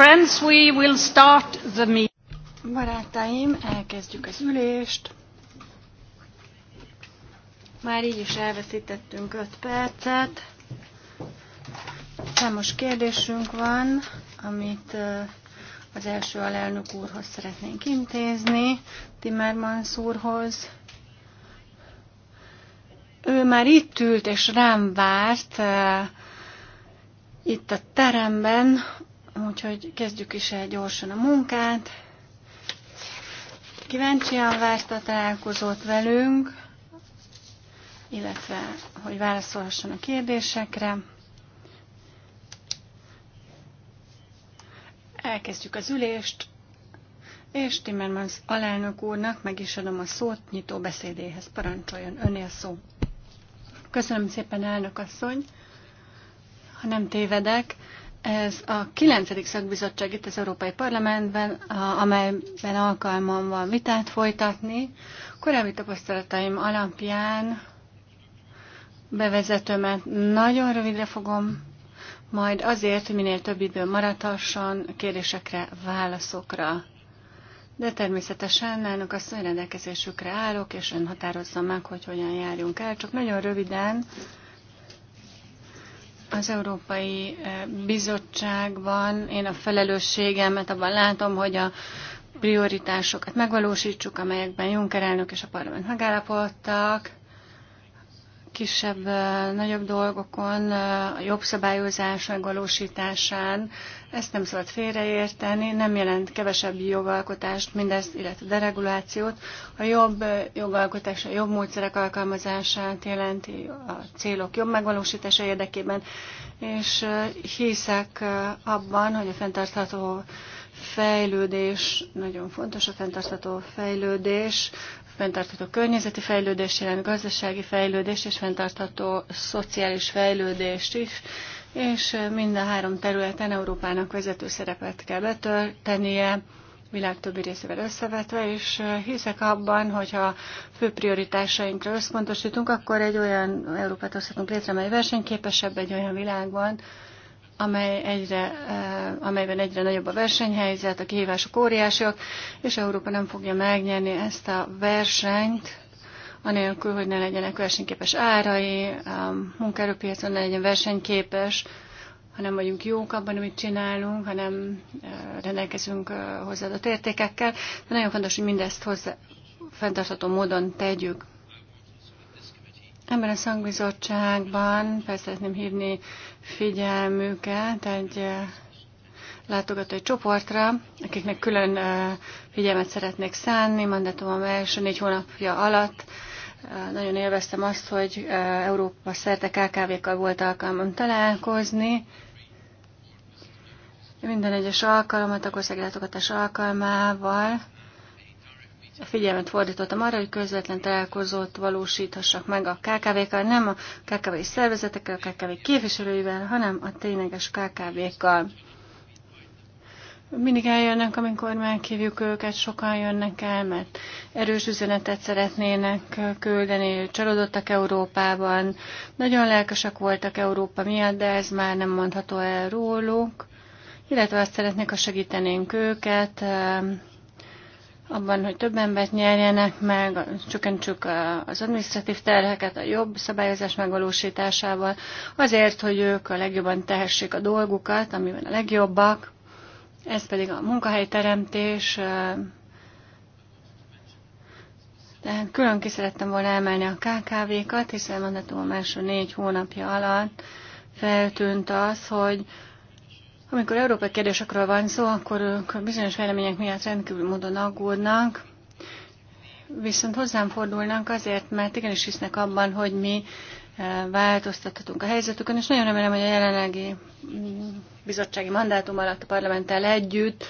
Friends, we will start the meeting. Barátaim, elkezdjük az ülést. Már így is elveszítettünk 5 percet. Számos kérdésünk van, amit az első alelnök úrhoz szeretnénk intézni, Timmermans úrhoz. Ő már itt ült és rám várt, itt a teremben, Úgyhogy kezdjük is el gyorsan a munkát. Kíváncsian várta a találkozót velünk, illetve hogy válaszolhasson a kérdésekre. Elkezdjük az ülést, és Timmermans alelnök úrnak meg is adom a szót nyitó beszédéhez. Parancsoljon, önél szó. Köszönöm szépen, elnök asszony. Ha nem tévedek, ez a kilencedik szakbizottság itt az Európai Parlamentben, amelyben alkalmam van vitát folytatni. Korábbi tapasztalataim alapján bevezetőmet nagyon rövidre fogom, majd azért, hogy minél több idő maradhasson kérdésekre, válaszokra. De természetesen nálunk azt, hogy rendelkezésükre állok, és ön határozza meg, hogy hogyan járjunk el. Csak nagyon röviden, az Európai eh, Bizottságban én a felelősségemet abban látom, hogy a prioritásokat megvalósítsuk, amelyekben Juncker elnök és a parlament megállapodtak kisebb, nagyobb dolgokon, a jobb szabályozás megvalósításán. Ezt nem szabad félreérteni, nem jelent kevesebb jogalkotást, mindezt, illetve deregulációt. A jobb jogalkotás, a jobb módszerek alkalmazását jelenti a célok jobb megvalósítása érdekében, és hiszek abban, hogy a fenntartható fejlődés, nagyon fontos a fenntartható fejlődés, fenntartható környezeti fejlődés jelent gazdasági fejlődés és fenntartható szociális fejlődést is, és mind a három területen Európának vezető szerepet kell betöltenie, világ többi részével összevetve, és hiszek abban, hogyha fő prioritásainkra összpontosítunk, akkor egy olyan Európát hozhatunk létre, amely versenyképesebb egy olyan világban, amely egyre, e, amelyben egyre nagyobb a versenyhelyzet, a kihívások óriásiak, és Európa nem fogja megnyerni ezt a versenyt, anélkül, hogy ne legyenek versenyképes árai, a munkaerőpiacon ne legyen versenyképes, ha nem vagyunk jók abban, amit csinálunk, hanem e, rendelkezünk e, hozzáadott értékekkel. De nagyon fontos, hogy mindezt hozzá fenntartható módon tegyük. Ebben a szangbizottságban fel szeretném hívni figyelmüket egy látogatói csoportra, akiknek külön figyelmet szeretnék szánni a első négy hónapja alatt. Nagyon élveztem azt, hogy Európa szerte KKV-kkal volt alkalmam találkozni. Minden egyes alkalmat, a látogatás alkalmával figyelmet fordítottam arra, hogy közvetlen találkozót valósíthassak meg a KKV-kkal, nem a KKV szervezetekkel, a KKV képviselőivel, hanem a tényleges KKV-kkal. Mindig eljönnek, amikor meghívjuk őket, sokan jönnek el, mert erős üzenetet szeretnének küldeni, csalódottak Európában, nagyon lelkesek voltak Európa miatt, de ez már nem mondható el róluk, illetve azt szeretnék, ha segítenénk őket, abban, hogy több embert nyerjenek meg, csökkentsük az administratív terheket a jobb szabályozás megvalósításával, azért, hogy ők a legjobban tehessék a dolgukat, amiben a legjobbak, ez pedig a munkahelyteremtés, tehát külön ki szerettem volna emelni a KKV-kat, hiszen mondhatom a másod négy hónapja alatt feltűnt az, hogy amikor európai kérdésekről van szó, akkor ők bizonyos vélemények miatt rendkívül módon aggódnak, viszont hozzám fordulnak azért, mert igenis hisznek abban, hogy mi eh, változtathatunk a helyzetükön, és nagyon remélem, hogy a jelenlegi mm, bizottsági mandátum alatt a parlamenttel együtt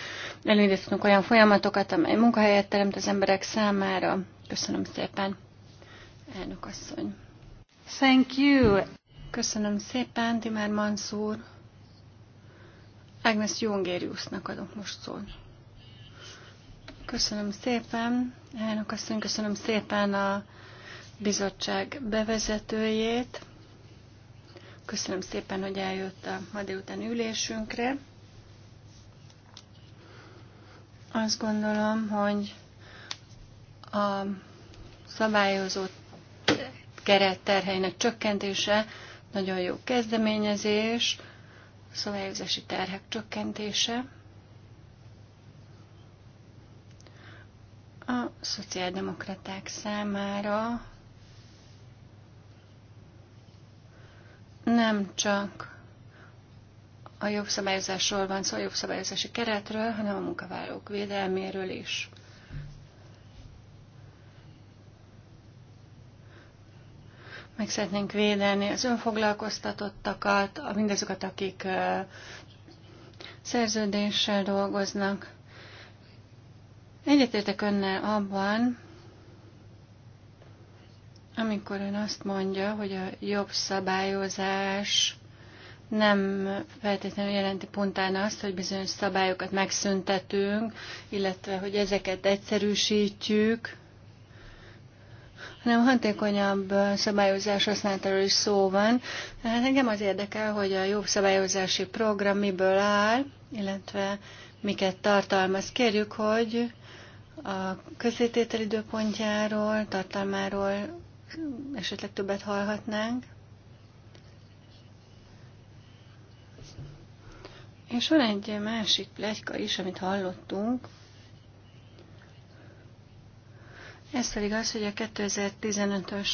elindítottunk olyan folyamatokat, amely munkahelyet teremt az emberek számára. Köszönöm szépen, elnök asszony. Thank you. Köszönöm szépen, Timár Mansur. Agnes Jungériusnak adok most szót. Köszönöm szépen, elnök asszony, köszönöm szépen a bizottság bevezetőjét. Köszönöm szépen, hogy eljött a ma délután ülésünkre. Azt gondolom, hogy a szabályozott keret terheinek csökkentése nagyon jó kezdeményezés, szabályozási terhek csökkentése, a szociáldemokraták számára nem csak a jobb szabályozásról van szó, a jobb szabályozási keretről, hanem a munkavállalók védelméről is. Meg szeretnénk védeni az önfoglalkoztatottakat, a mindazokat, akik szerződéssel dolgoznak. Egyetértek önnel abban, amikor ön azt mondja, hogy a jobb szabályozás nem feltétlenül jelenti pontán azt, hogy bizonyos szabályokat megszüntetünk, illetve hogy ezeket egyszerűsítjük, hanem hatékonyabb szabályozás használatáról is szó van. Hát engem az érdekel, hogy a jobb szabályozási program miből áll, illetve miket tartalmaz. Kérjük, hogy a közététel időpontjáról, tartalmáról esetleg többet hallhatnánk. És van egy másik plegyka is, amit hallottunk, Ez pedig az, hogy a 2015-ös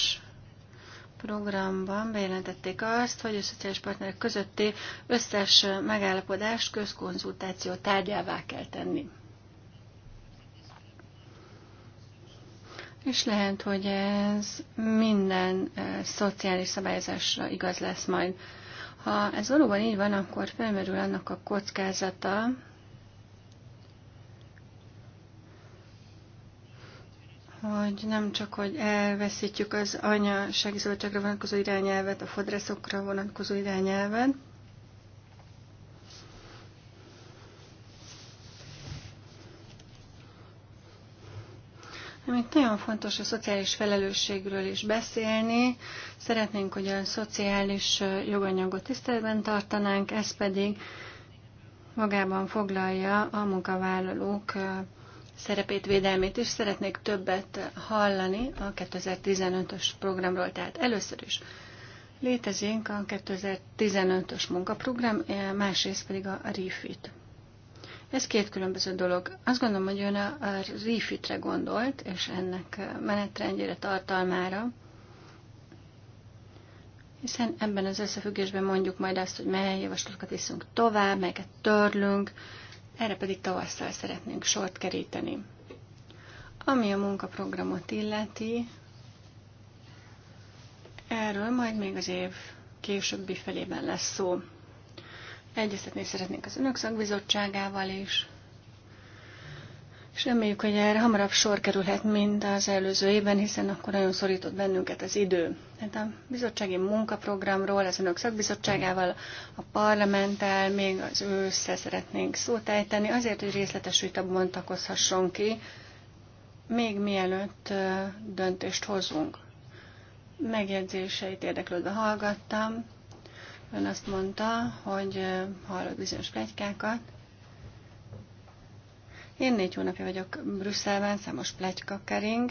programban bejelentették azt, hogy a szociális partnerek közötti összes megállapodást közkonzultáció tárgyává kell tenni. És lehet, hogy ez minden eh, szociális szabályozásra igaz lesz majd. Ha ez valóban így van, akkor felmerül annak a kockázata, hogy nem csak, hogy elveszítjük az anyasági szabadságra vonatkozó irányelvet, a fodrászokra vonatkozó irányelvet, Amit nagyon fontos a szociális felelősségről is beszélni. Szeretnénk, hogy a szociális joganyagot tiszteletben tartanánk, ez pedig magában foglalja a munkavállalók szerepét, védelmét is szeretnék többet hallani a 2015-ös programról. Tehát először is létezik a 2015-ös munkaprogram, eh, másrészt pedig a REFIT. Ez két különböző dolog. Azt gondolom, hogy ön a REFIT-re gondolt, és ennek menetrendjére, tartalmára, hiszen ebben az összefüggésben mondjuk majd azt, hogy mely javaslatokat viszünk tovább, melyeket törlünk, erre pedig tavasszal szeretnénk sort keríteni. Ami a munkaprogramot illeti, erről majd még az év későbbi felében lesz szó. Egyeztetni szeretnénk az Önök szakbizottságával is, és reméljük, hogy erre hamarabb sor kerülhet, mint az előző évben, hiszen akkor nagyon szorított bennünket az idő. Tehát a bizottsági munkaprogramról, az önök szakbizottságával, a parlamenttel még az ősszel szeretnénk szót ejteni, azért, hogy részletes vitabban takozhasson ki, még mielőtt döntést hozunk. Megjegyzéseit érdeklődve hallgattam. Ön azt mondta, hogy hallott bizonyos plegykákat, én négy hónapja vagyok Brüsszelben, számos plegyka kering.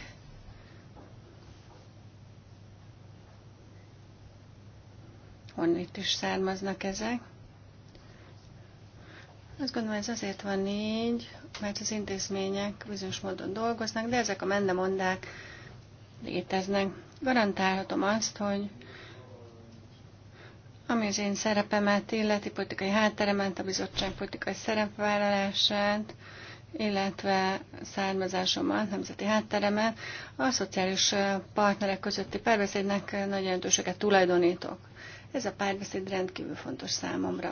Honnét is származnak ezek. Azt gondolom, ez azért van így, mert az intézmények bizonyos módon dolgoznak, de ezek a mendemondák léteznek. Garantálhatom azt, hogy ami az én szerepemet illeti, politikai hátteremet, a bizottság politikai szerepvállalását, illetve származásommal, nemzeti hátteremmel, a szociális partnerek közötti párbeszédnek nagy jelentőséget tulajdonítok. Ez a párbeszéd rendkívül fontos számomra.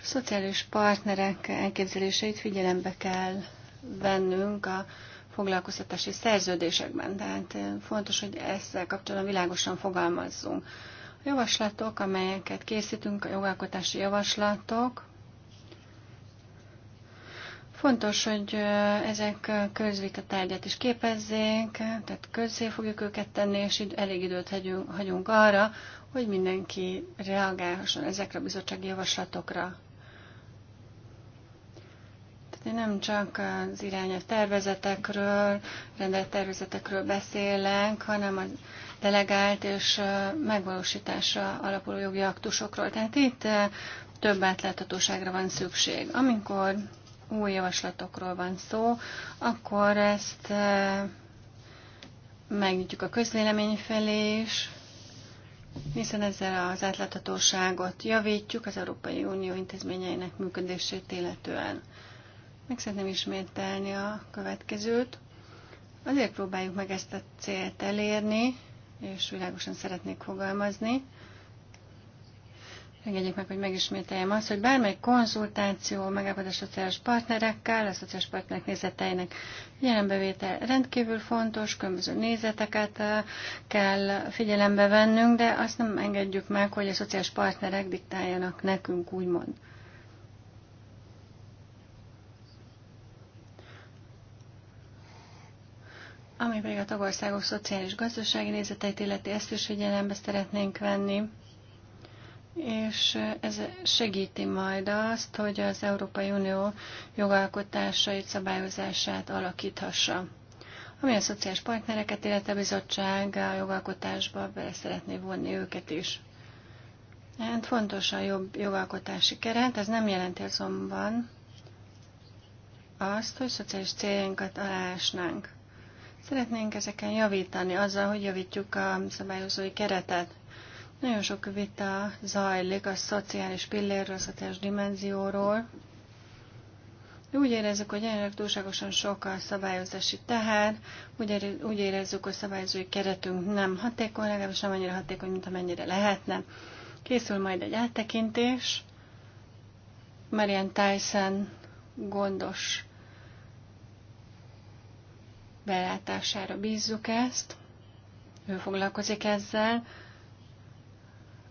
A szociális partnerek elképzeléseit figyelembe kell vennünk a foglalkoztatási szerződésekben, tehát fontos, hogy ezzel kapcsolatban világosan fogalmazzunk. A javaslatok, amelyeket készítünk, a jogalkotási javaslatok, Fontos, hogy ezek közvita tárgyát is képezzék, tehát közzé fogjuk őket tenni, és így elég időt hagyunk arra, hogy mindenki reagálhasson ezekre a bizottsági javaslatokra. Tehát én nem csak az irányelv tervezetekről, rendelt tervezetekről beszélek, hanem a delegált és megvalósításra alapuló jogi aktusokról. Tehát itt több átláthatóságra van szükség. Amikor új javaslatokról van szó, akkor ezt e, megnyitjuk a közvélemény felé is, hiszen ezzel az átláthatóságot javítjuk az Európai Unió intézményeinek működését illetően. Meg szeretném ismételni a következőt. Azért próbáljuk meg ezt a célt elérni, és világosan szeretnék fogalmazni, Engedjék meg, hogy megismételjem azt, hogy bármely konzultáció megállapodás a szociális partnerekkel, a szociális partnerek nézeteinek figyelembevétel rendkívül fontos, különböző nézeteket kell figyelembe vennünk, de azt nem engedjük meg, hogy a szociális partnerek diktáljanak nekünk, úgymond. Ami pedig a tagországok szociális-gazdasági nézeteit illeti, ezt is figyelembe szeretnénk venni és ez segíti majd azt, hogy az Európai Unió jogalkotásait, szabályozását alakíthassa. Ami a szociális partnereket, illetve a bizottság a jogalkotásba bele szeretné vonni őket is. Hát fontos a jobb jogalkotási keret, ez nem jelenti azonban azt, hogy szociális céljainkat aláásnánk. Szeretnénk ezeken javítani azzal, hogy javítjuk a szabályozói keretet. Nagyon sok vita zajlik a szociális pillérről, a szociális dimenzióról. Úgy érezzük, hogy ennek túlságosan sok a szabályozási teher, úgy, érezzük, hogy a szabályozói keretünk nem hatékony, legalábbis nem annyira hatékony, mint amennyire lehetne. Készül majd egy áttekintés. Marian Tyson gondos belátására bízzuk ezt. Ő foglalkozik ezzel.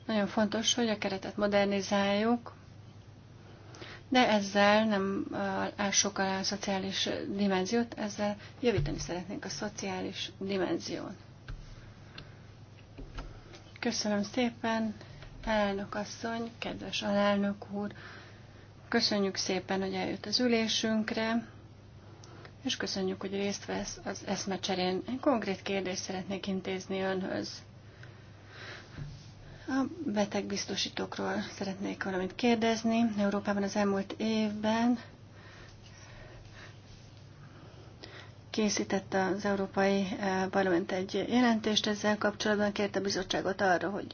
Nagyon fontos, hogy a keretet modernizáljuk, de ezzel nem ássuk alá a szociális dimenziót, ezzel javítani szeretnénk a szociális dimenzión. Köszönöm szépen, elnök asszony, kedves alelnök úr, köszönjük szépen, hogy eljött az ülésünkre, és köszönjük, hogy részt vesz az eszmecserén. Egy konkrét kérdést szeretnék intézni önhöz. A betegbiztosítókról szeretnék valamit kérdezni. Európában az elmúlt évben készített az Európai eh, Parlament egy jelentést ezzel kapcsolatban, kérte a bizottságot arra, hogy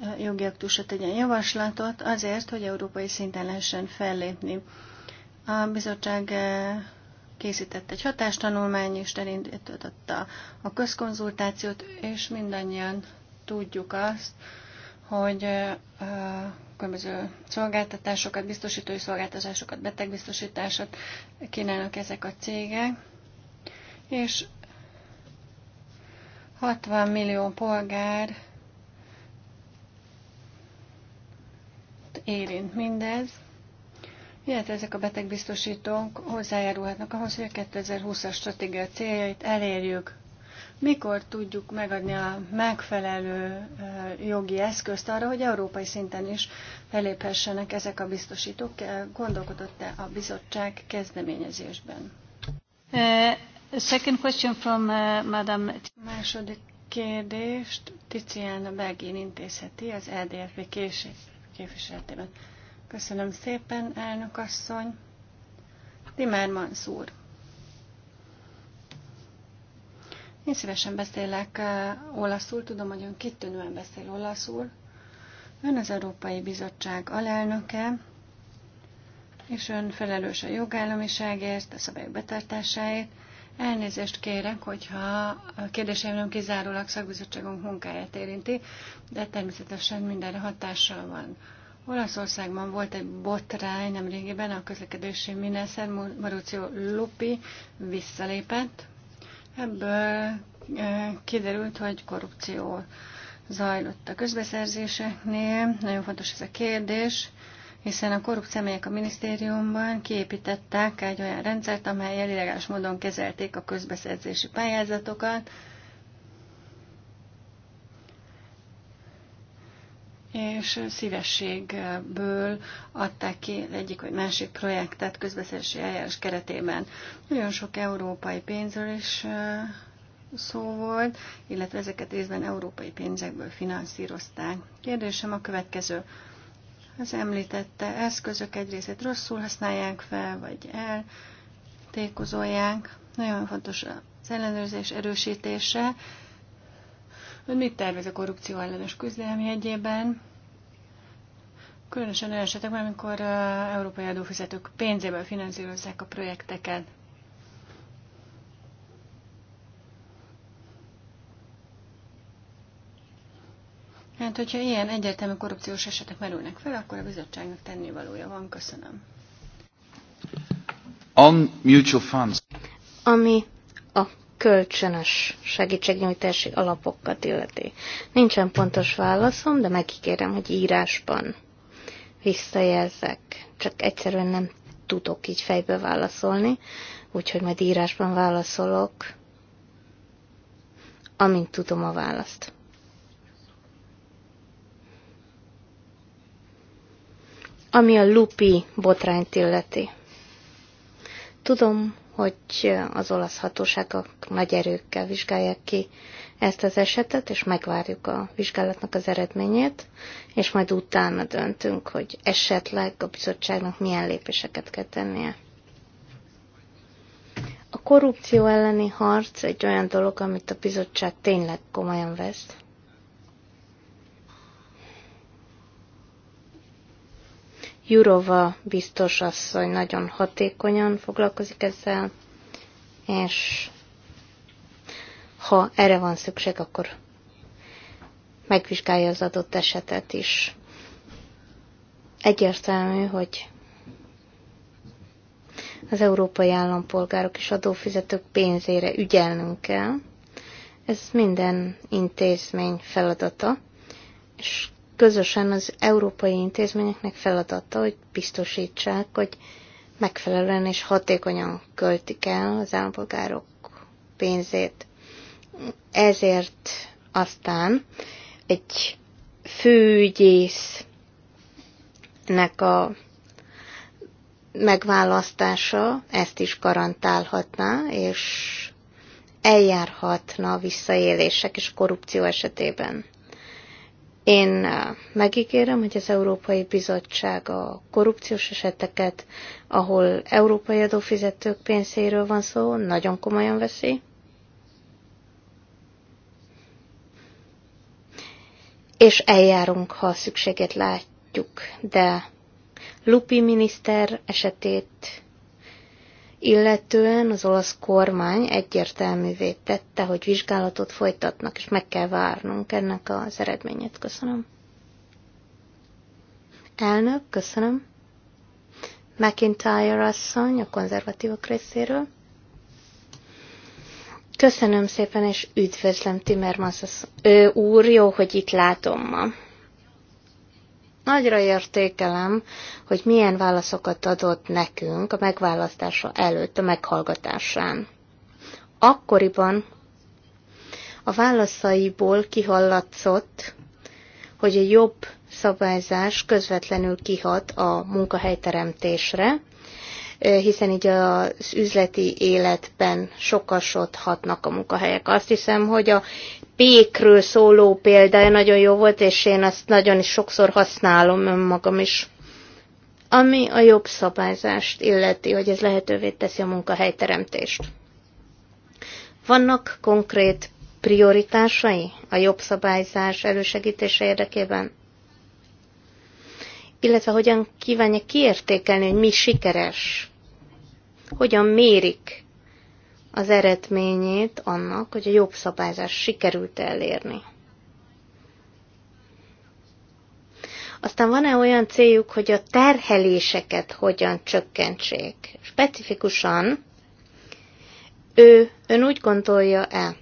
eh, jogi aktusra tegyen javaslatot, azért, hogy európai szinten lehessen fellépni. A bizottság eh, készített egy hatástanulmány, és elindította a közkonzultációt, és mindannyian tudjuk azt, hogy különböző szolgáltatásokat, biztosítói szolgáltatásokat, betegbiztosításot kínálnak ezek a cégek, és 60 millió polgár érint mindez, illetve ezek a betegbiztosítók hozzájárulhatnak ahhoz, hogy a 2020-as stratégia céljait elérjük. Mikor tudjuk megadni a megfelelő jogi eszközt arra, hogy európai szinten is feléphessenek ezek a biztosítók? Gondolkodott-e a bizottság kezdeményezésben? Uh, second question from uh, Madame... Második kérdést Tizian Begin intézheti az LDFB e képviseletében. Köszönöm szépen, elnök asszony. Timmermans úr. Én szívesen beszélek eh, olaszul, tudom, hogy ön kitűnően beszél olaszul. Ön az Európai Bizottság alelnöke, és ön felelős a jogállamiságért, a szabályok betartásáért. Elnézést kérek, hogyha a kérdéseim nem kizárólag szakbizottságunk munkáját érinti, de természetesen mindenre hatással van. Olaszországban volt egy botrány nemrégiben, a közlekedési miniszter Marucio Lupi visszalépett, Ebből e, kiderült, hogy korrupció zajlott a közbeszerzéseknél. Nagyon fontos ez a kérdés, hiszen a korrupt személyek a minisztériumban kiépítettek egy olyan rendszert, amely illegális módon kezelték a közbeszerzési pályázatokat, és szívességből adták ki egyik vagy másik projektet közbeszerzési eljárás keretében. Nagyon sok európai pénzről is szó volt, illetve ezeket részben európai pénzekből finanszírozták. Kérdésem a következő. Az említette eszközök egy részét rosszul használják fel, vagy eltékozolják. Nagyon fontos az ellenőrzés erősítése, Ön mit tervez a korrupció ellenes küzdelem jegyében? Különösen olyan esetekben, amikor európai adófizetők pénzéből finanszírozzák a projekteket. Hát, hogyha ilyen egyértelmű korrupciós esetek merülnek fel, akkor a bizottságnak tennivalója van. Köszönöm. On mutual funds. Ami kölcsönös segítségnyújtási alapokat illeti. Nincsen pontos válaszom, de megígérem, hogy írásban visszajelzek. Csak egyszerűen nem tudok így fejbe válaszolni, úgyhogy majd írásban válaszolok, amint tudom a választ. Ami a lupi botrányt illeti. Tudom, hogy az olasz hatóságok nagy erőkkel vizsgálják ki ezt az esetet, és megvárjuk a vizsgálatnak az eredményét, és majd utána döntünk, hogy esetleg a bizottságnak milyen lépéseket kell tennie. A korrupció elleni harc egy olyan dolog, amit a bizottság tényleg komolyan vesz, Jurova biztos asszony nagyon hatékonyan foglalkozik ezzel, és ha erre van szükség, akkor megvizsgálja az adott esetet is. Egyértelmű, hogy az európai állampolgárok és adófizetők pénzére ügyelnünk kell. Ez minden intézmény feladata, és közösen az európai intézményeknek feladata, hogy biztosítsák, hogy megfelelően és hatékonyan költik el az állampolgárok pénzét. Ezért aztán egy főügyésznek a megválasztása ezt is garantálhatná, és eljárhatna visszaélések és korrupció esetében. Én megígérem, hogy az Európai Bizottság a korrupciós eseteket, ahol európai adófizetők pénzéről van szó, nagyon komolyan veszi. És eljárunk, ha szükséget látjuk, de Lupi miniszter esetét illetően az olasz kormány egyértelművé tette, hogy vizsgálatot folytatnak, és meg kell várnunk ennek az eredményét. Köszönöm. Elnök, köszönöm. McIntyre asszony a konzervatívok részéről. Köszönöm szépen, és üdvözlöm Timmermans úr, jó, hogy itt látom ma. Nagyra értékelem, hogy milyen válaszokat adott nekünk a megválasztása előtt, a meghallgatásán. Akkoriban a válaszaiból kihallatszott, hogy a jobb szabályzás közvetlenül kihat a munkahelyteremtésre, hiszen így az üzleti életben sokasodhatnak a munkahelyek. Azt hiszem, hogy a pékről szóló példája nagyon jó volt, és én azt nagyon is sokszor használom önmagam is. Ami a jobb szabályzást illeti, hogy ez lehetővé teszi a munkahelyteremtést. Vannak konkrét prioritásai a jobb szabályzás elősegítése érdekében? Illetve hogyan kívánja kiértékelni, hogy mi sikeres? Hogyan mérik az eredményét annak, hogy a jobb szabályzás sikerült elérni. Aztán van-e olyan céljuk, hogy a terheléseket hogyan csökkentsék? Specifikusan ő, ön úgy gondolja-e,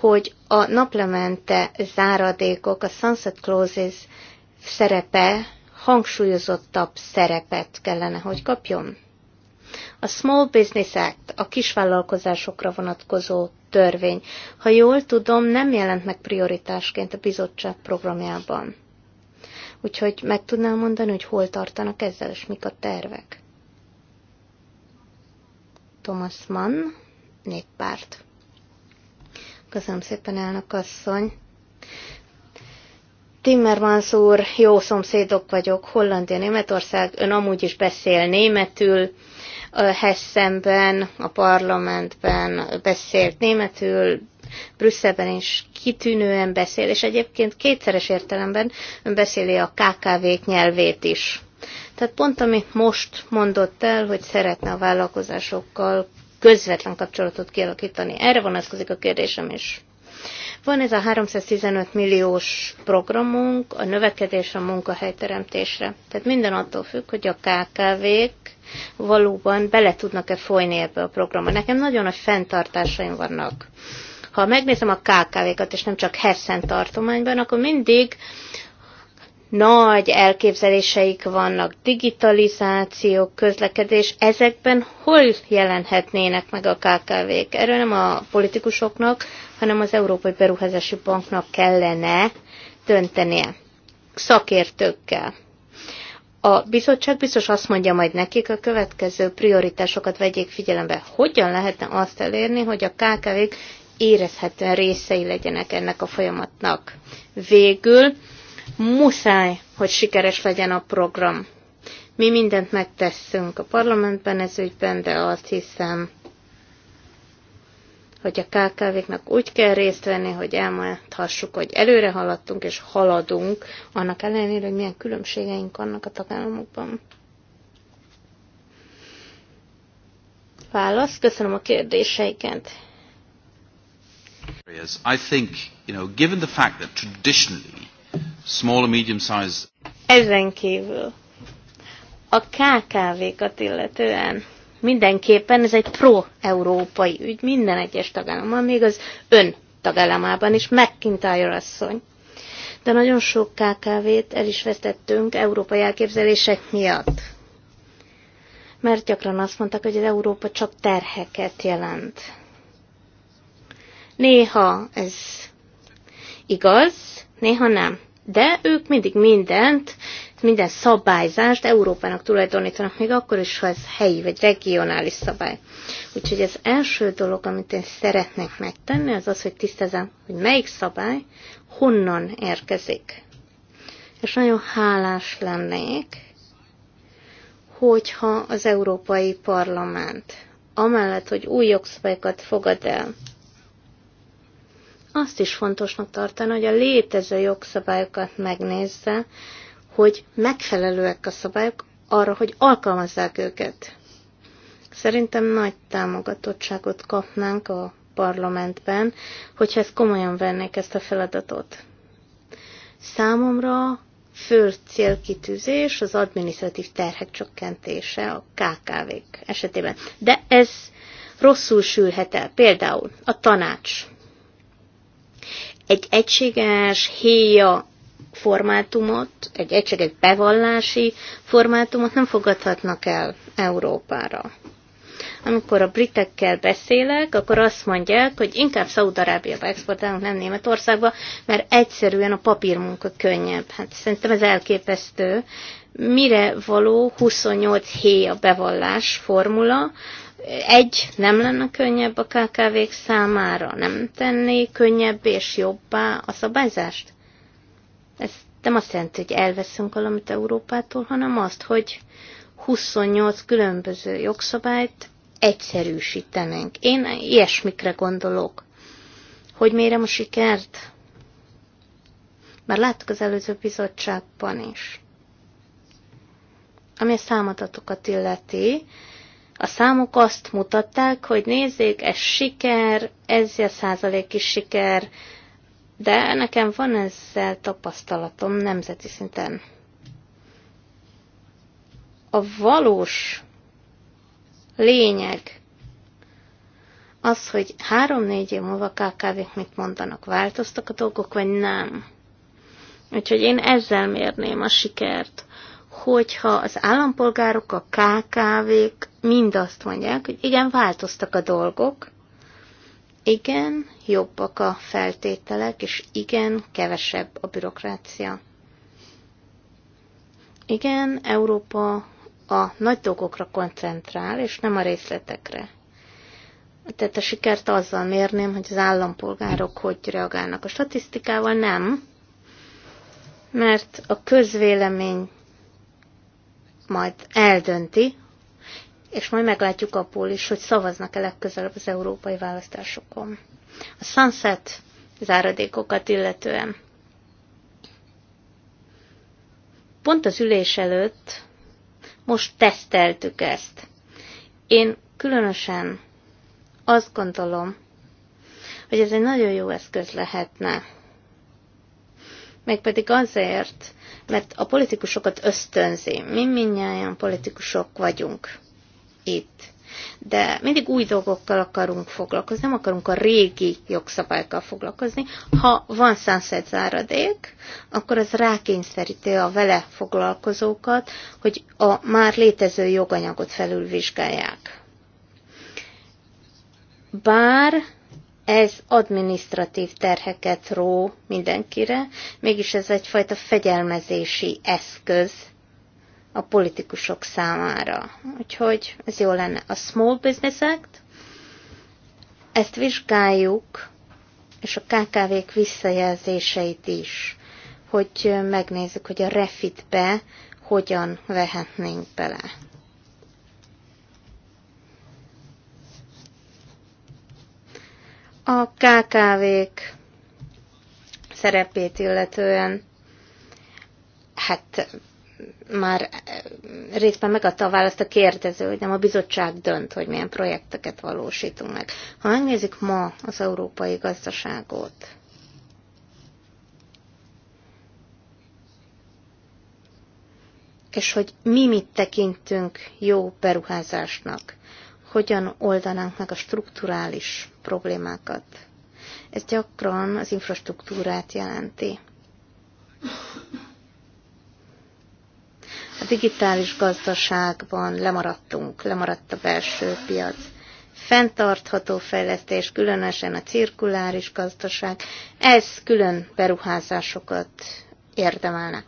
hogy a naplemente záradékok, a sunset clauses szerepe hangsúlyozottabb szerepet kellene, hogy kapjon? A Small Business Act, a kisvállalkozásokra vonatkozó törvény, ha jól tudom, nem jelent meg prioritásként a bizottság programjában. Úgyhogy meg tudnám mondani, hogy hol tartanak ezzel, és mik a tervek? Thomas Mann, néppárt. Köszönöm szépen, elnök asszony. Timmermans úr, jó szomszédok vagyok, Hollandia, Németország, ön amúgy is beszél németül, Hessenben, a parlamentben beszélt németül, Brüsszelben is kitűnően beszél, és egyébként kétszeres értelemben ön beszéli a KKV-k nyelvét is. Tehát pont amit most mondott el, hogy szeretne a vállalkozásokkal közvetlen kapcsolatot kialakítani. Erre vonatkozik a kérdésem is. Van ez a 315 milliós programunk a növekedés a munkahelyteremtésre. Tehát minden attól függ, hogy a KKV-k valóban bele tudnak-e folyni ebbe a programba. Nekem nagyon nagy fenntartásaim vannak. Ha megnézem a KKV-kat, és nem csak Hessen tartományban, akkor mindig nagy elképzeléseik vannak, digitalizáció, közlekedés, ezekben hol jelenhetnének meg a KKV-k? Erről nem a politikusoknak, hanem az Európai Beruházási Banknak kellene döntenie szakértőkkel. A bizottság biztos azt mondja majd nekik, a következő prioritásokat vegyék figyelembe. Hogyan lehetne azt elérni, hogy a KKV-k érezhetően részei legyenek ennek a folyamatnak? Végül Muszáj, hogy sikeres legyen a program. Mi mindent megteszünk a parlamentben ez ügyben, de azt hiszem, hogy a KKV-knak úgy kell részt venni, hogy elmondhassuk, hogy előre haladtunk és haladunk, annak ellenére, hogy milyen különbségeink vannak a tagállamokban. Válasz, köszönöm a kérdéseiket. I think, you know, given the fact that traditionally small, medium size. Ezen kívül a KKV-kat illetően mindenképpen ez egy pro-európai ügy minden egyes tagállamban, még az ön tagállamában is, McIntyre asszony. De nagyon sok KKV-t el is vesztettünk európai elképzelések miatt. Mert gyakran azt mondták, hogy az Európa csak terheket jelent. Néha ez igaz, néha nem de ők mindig mindent, minden szabályzást Európának tulajdonítanak, még akkor is, ha ez helyi vagy regionális szabály. Úgyhogy az első dolog, amit én szeretnék megtenni, az az, hogy tisztázom, hogy melyik szabály honnan érkezik. És nagyon hálás lennék, hogyha az Európai Parlament amellett, hogy új jogszabályokat fogad el, azt is fontosnak tartani, hogy a létező jogszabályokat megnézze, hogy megfelelőek a szabályok arra, hogy alkalmazzák őket. Szerintem nagy támogatottságot kapnánk a parlamentben, hogyha ezt komolyan vennék ezt a feladatot. Számomra fő célkitűzés az adminisztratív terhek csökkentése a KKV-k esetében. De ez rosszul sülhet el. Például a tanács egy egységes héja formátumot, egy egységes bevallási formátumot nem fogadhatnak el Európára. Amikor a britekkel beszélek, akkor azt mondják, hogy inkább Szaúd-Arábiába exportálunk, nem Németországba, mert egyszerűen a papírmunka könnyebb. Hát szerintem ez elképesztő. Mire való 28 héja bevallás formula, egy, nem lenne könnyebb a KKV-k számára, nem tenné könnyebb és jobbá a szabályzást? Ez nem azt jelenti, hogy elveszünk valamit Európától, hanem azt, hogy 28 különböző jogszabályt egyszerűsítenénk. Én ilyesmikre gondolok. Hogy mérem a sikert? Már láttuk az előző bizottságban is. Ami a számadatokat illeti, a számok azt mutatták, hogy nézzék, ez siker, ez a százalék is siker, de nekem van ezzel tapasztalatom nemzeti szinten. A valós lényeg az, hogy három-négy év múlva kkv mit mondanak, változtak a dolgok, vagy nem. Úgyhogy én ezzel mérném a sikert hogyha az állampolgárok, a KKV-k mind azt mondják, hogy igen, változtak a dolgok, igen, jobbak a feltételek, és igen, kevesebb a bürokrácia. Igen, Európa a nagy dolgokra koncentrál, és nem a részletekre. Tehát a sikert azzal mérném, hogy az állampolgárok hogy reagálnak. A statisztikával nem, mert a közvélemény majd eldönti, és majd meglátjuk abból is, hogy szavaznak-e legközelebb az európai választásokon. A sunset záradékokat illetően. Pont az ülés előtt most teszteltük ezt. Én különösen azt gondolom, hogy ez egy nagyon jó eszköz lehetne. Mégpedig azért, mert a politikusokat ösztönzi. Mi mindnyáján politikusok vagyunk itt. De mindig új dolgokkal akarunk foglalkozni, nem akarunk a régi jogszabályokkal foglalkozni. Ha van sunset záradék, akkor az rákényszeríti a vele foglalkozókat, hogy a már létező joganyagot felülvizsgálják. Bár ez adminisztratív terheket ró mindenkire, mégis ez egyfajta fegyelmezési eszköz a politikusok számára. Úgyhogy ez jó lenne. A Small Business Act, ezt vizsgáljuk, és a KKV-k visszajelzéseit is, hogy megnézzük, hogy a refitbe hogyan vehetnénk bele. A KKV-k szerepét illetően, hát már részben megadta a választ a kérdező, hogy nem a bizottság dönt, hogy milyen projekteket valósítunk meg. Ha megnézzük ma az európai gazdaságot, és hogy mi mit tekintünk jó beruházásnak hogyan oldanánk meg a strukturális problémákat. Ez gyakran az infrastruktúrát jelenti. A digitális gazdaságban lemaradtunk, lemaradt a belső piac. Fentartható fejlesztés, különösen a cirkuláris gazdaság, ez külön beruházásokat érdemelne.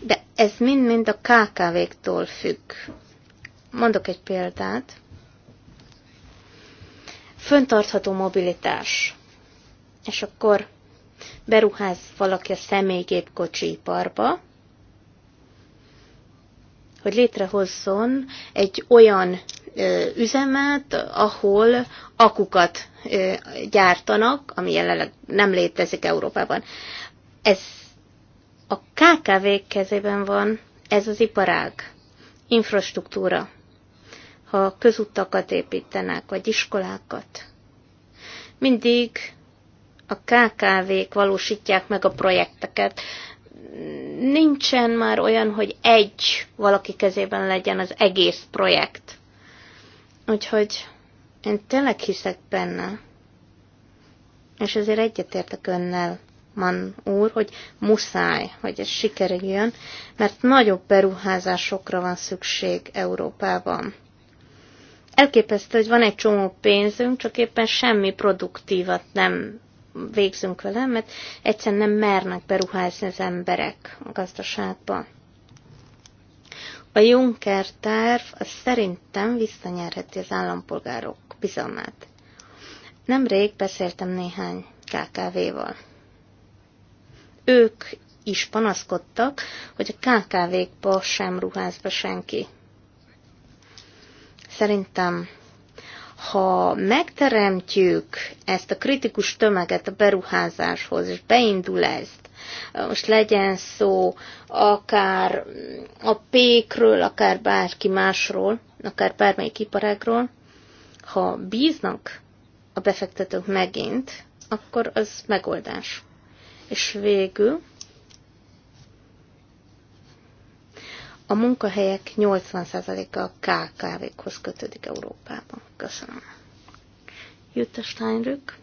De ez mind-mind a KKV-któl függ. Mondok egy példát. Föntartható mobilitás. És akkor beruház valaki a személygépkocsi iparba, hogy létrehozzon egy olyan üzemet, ahol akukat gyártanak, ami jelenleg nem létezik Európában. Ez a KKV kezében van ez az iparág, infrastruktúra ha közutakat építenek, vagy iskolákat. Mindig a KKV-k valósítják meg a projekteket. Nincsen már olyan, hogy egy valaki kezében legyen az egész projekt. Úgyhogy én tényleg hiszek benne. És ezért egyetértek önnel, Man úr, hogy muszáj, hogy ez sikerüljön, mert nagyobb beruházásokra van szükség Európában. Elképesztő, hogy van egy csomó pénzünk, csak éppen semmi produktívat nem végzünk vele, mert egyszerűen nem mernek beruházni az emberek a gazdaságba. A Juncker terv az szerintem visszanyerheti az állampolgárok bizalmát. Nemrég beszéltem néhány KKV-val. Ők is panaszkodtak, hogy a KKV-kba sem ruház be senki. Szerintem, ha megteremtjük ezt a kritikus tömeget a beruházáshoz, és beindul ezt, most legyen szó akár a pékről, akár bárki másról, akár bármelyik iparágról, ha bíznak a befektetők megint, akkor az megoldás. És végül A munkahelyek 80%-a a KKV-khoz kötődik Európában. Köszönöm. Jutta Steinrück.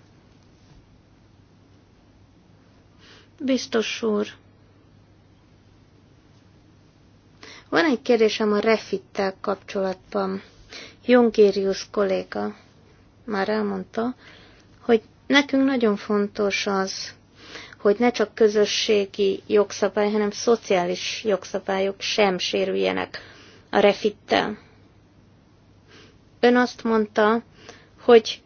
Biztos úr. Van egy kérdésem a refittel kapcsolatban. Jongérius kolléga már elmondta, hogy nekünk nagyon fontos az, hogy ne csak közösségi jogszabály, hanem szociális jogszabályok sem sérüljenek a refittel. Ön azt mondta, hogy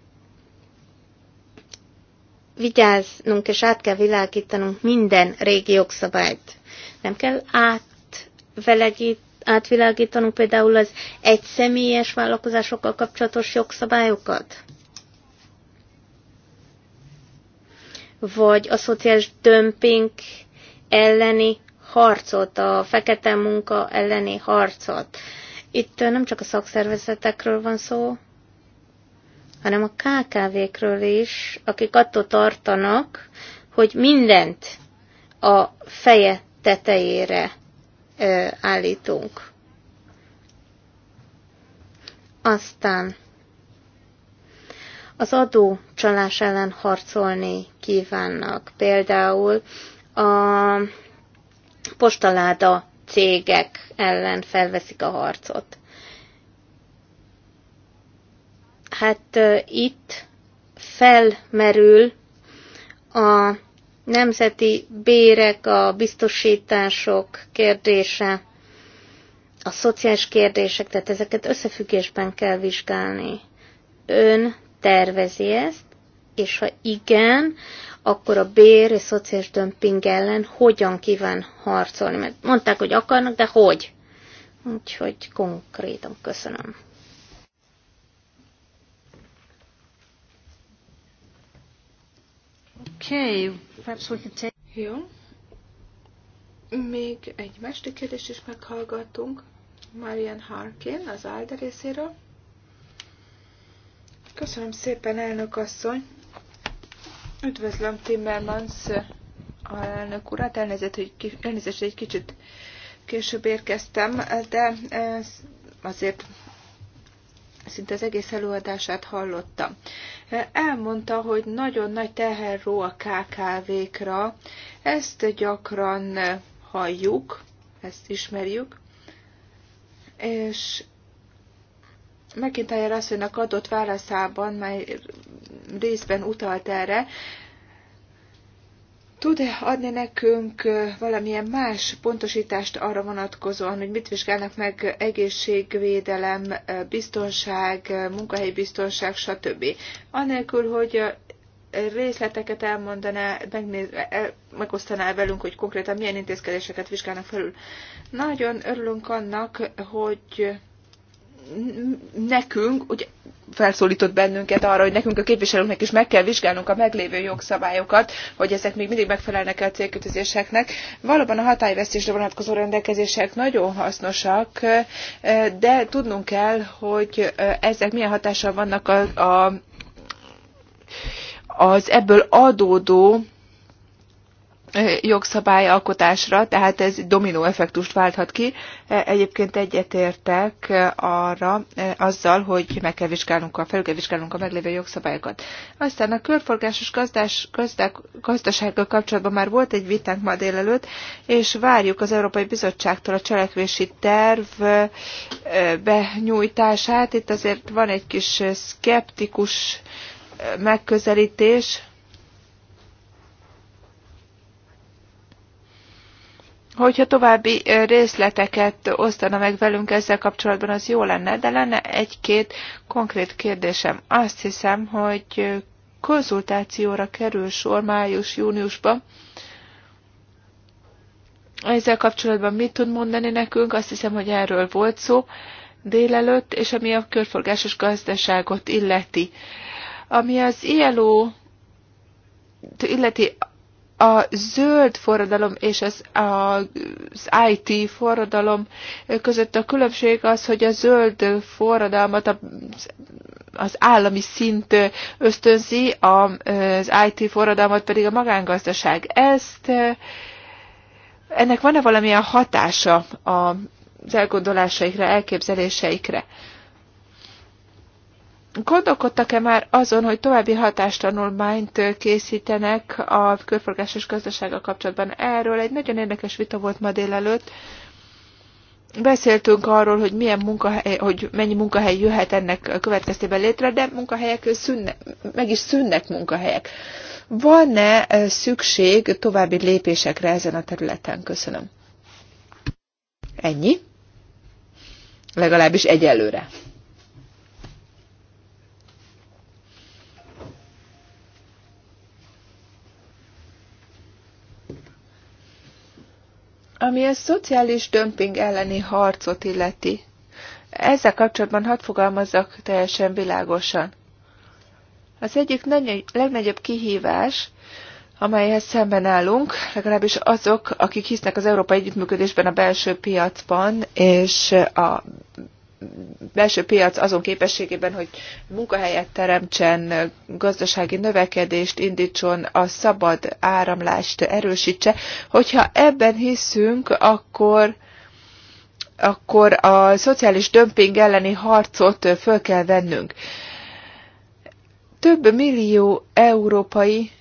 vigyáznunk és át kell világítanunk minden régi jogszabályt. Nem kell átvelegít, átvilágítanunk például az egyszemélyes vállalkozásokkal kapcsolatos jogszabályokat? vagy a szociális dömping elleni harcot, a fekete munka elleni harcot. Itt nem csak a szakszervezetekről van szó, hanem a KKV-kről is, akik attól tartanak, hogy mindent a feje tetejére állítunk. Aztán az adó csalás ellen harcolni kívánnak. Például a postaláda cégek ellen felveszik a harcot. Hát itt felmerül a nemzeti bérek, a biztosítások kérdése, a szociális kérdések, tehát ezeket összefüggésben kell vizsgálni. Ön tervezi ezt, és ha igen, akkor a bér és szociális dömping ellen hogyan kíván harcolni? Mert mondták, hogy akarnak, de hogy? Úgyhogy konkrétan köszönöm. Okay, perhaps we can take... Jó. Még egy másik kérdést is meghallgatunk. Marian Harkin az Alder részéről. Köszönöm szépen, elnök asszony. Üdvözlöm Timmermans elnök urat. Elnézést, hogy, elnézést, egy kicsit később érkeztem, de azért szinte az egész előadását hallottam. Elmondta, hogy nagyon nagy ró a KKV-kra, ezt gyakran halljuk, ezt ismerjük, és McIntyre asszonynak adott válaszában, mely részben utalt erre, tud-e adni nekünk valamilyen más pontosítást arra vonatkozóan, hogy mit vizsgálnak meg egészségvédelem, biztonság, munkahelyi biztonság, stb. Anélkül, hogy részleteket elmondaná, megnéz, el, e, megosztaná velünk, hogy konkrétan milyen intézkedéseket vizsgálnak felül. Nagyon örülünk annak, hogy nekünk, ugye felszólított bennünket arra, hogy nekünk a képviselőknek is meg kell vizsgálnunk a meglévő jogszabályokat, hogy ezek még mindig megfelelnek -e a célkötözéseknek. Valóban a hatályvesztésre vonatkozó rendelkezések nagyon hasznosak, de tudnunk kell, hogy ezek milyen hatással vannak a, a, az ebből adódó jogszabályalkotásra, tehát ez dominó effektust válthat ki. Egyébként egyetértek arra azzal, hogy meg kell vizsgálnunk a, felül kell vizsgálnunk a meglévő jogszabályokat. Aztán a körforgásos gazdás, gazdák, gazdasággal kapcsolatban már volt egy vitánk ma délelőtt, és várjuk az Európai Bizottságtól a cselekvési terv benyújtását. Itt azért van egy kis szkeptikus megközelítés, Hogyha további részleteket osztana meg velünk ezzel kapcsolatban, az jó lenne, de lenne egy-két konkrét kérdésem. Azt hiszem, hogy konzultációra kerül sor május-júniusban. Ezzel kapcsolatban mit tud mondani nekünk? Azt hiszem, hogy erről volt szó délelőtt, és ami a körforgásos gazdaságot illeti. Ami az ILO illeti a zöld forradalom és az, az IT forradalom között a különbség az, hogy a zöld forradalmat az állami szint ösztönzi, az IT forradalmat pedig a magángazdaság. Ezt, ennek van-e valamilyen hatása az elgondolásaikra, elképzeléseikre? Gondolkodtak-e már azon, hogy további hatástanulmányt készítenek a körforgásos gazdasággal kapcsolatban? Erről egy nagyon érdekes vita volt ma délelőtt. Beszéltünk arról, hogy, milyen munkahely, hogy mennyi munkahely jöhet ennek következtében létre, de munkahelyek szűnne, meg is szűnnek munkahelyek. Van-e szükség további lépésekre ezen a területen? Köszönöm. Ennyi. Legalábbis egyelőre. Ami a szociális dömping elleni harcot illeti, ezzel kapcsolatban hadd fogalmazzak teljesen világosan. Az egyik legnagyobb kihívás, amelyhez szemben állunk, legalábbis azok, akik hisznek az európai együttműködésben a belső piacban és a belső piac azon képességében, hogy munkahelyet teremtsen, gazdasági növekedést indítson, a szabad áramlást erősítse. Hogyha ebben hiszünk, akkor akkor a szociális dömping elleni harcot föl kell vennünk. Több millió európai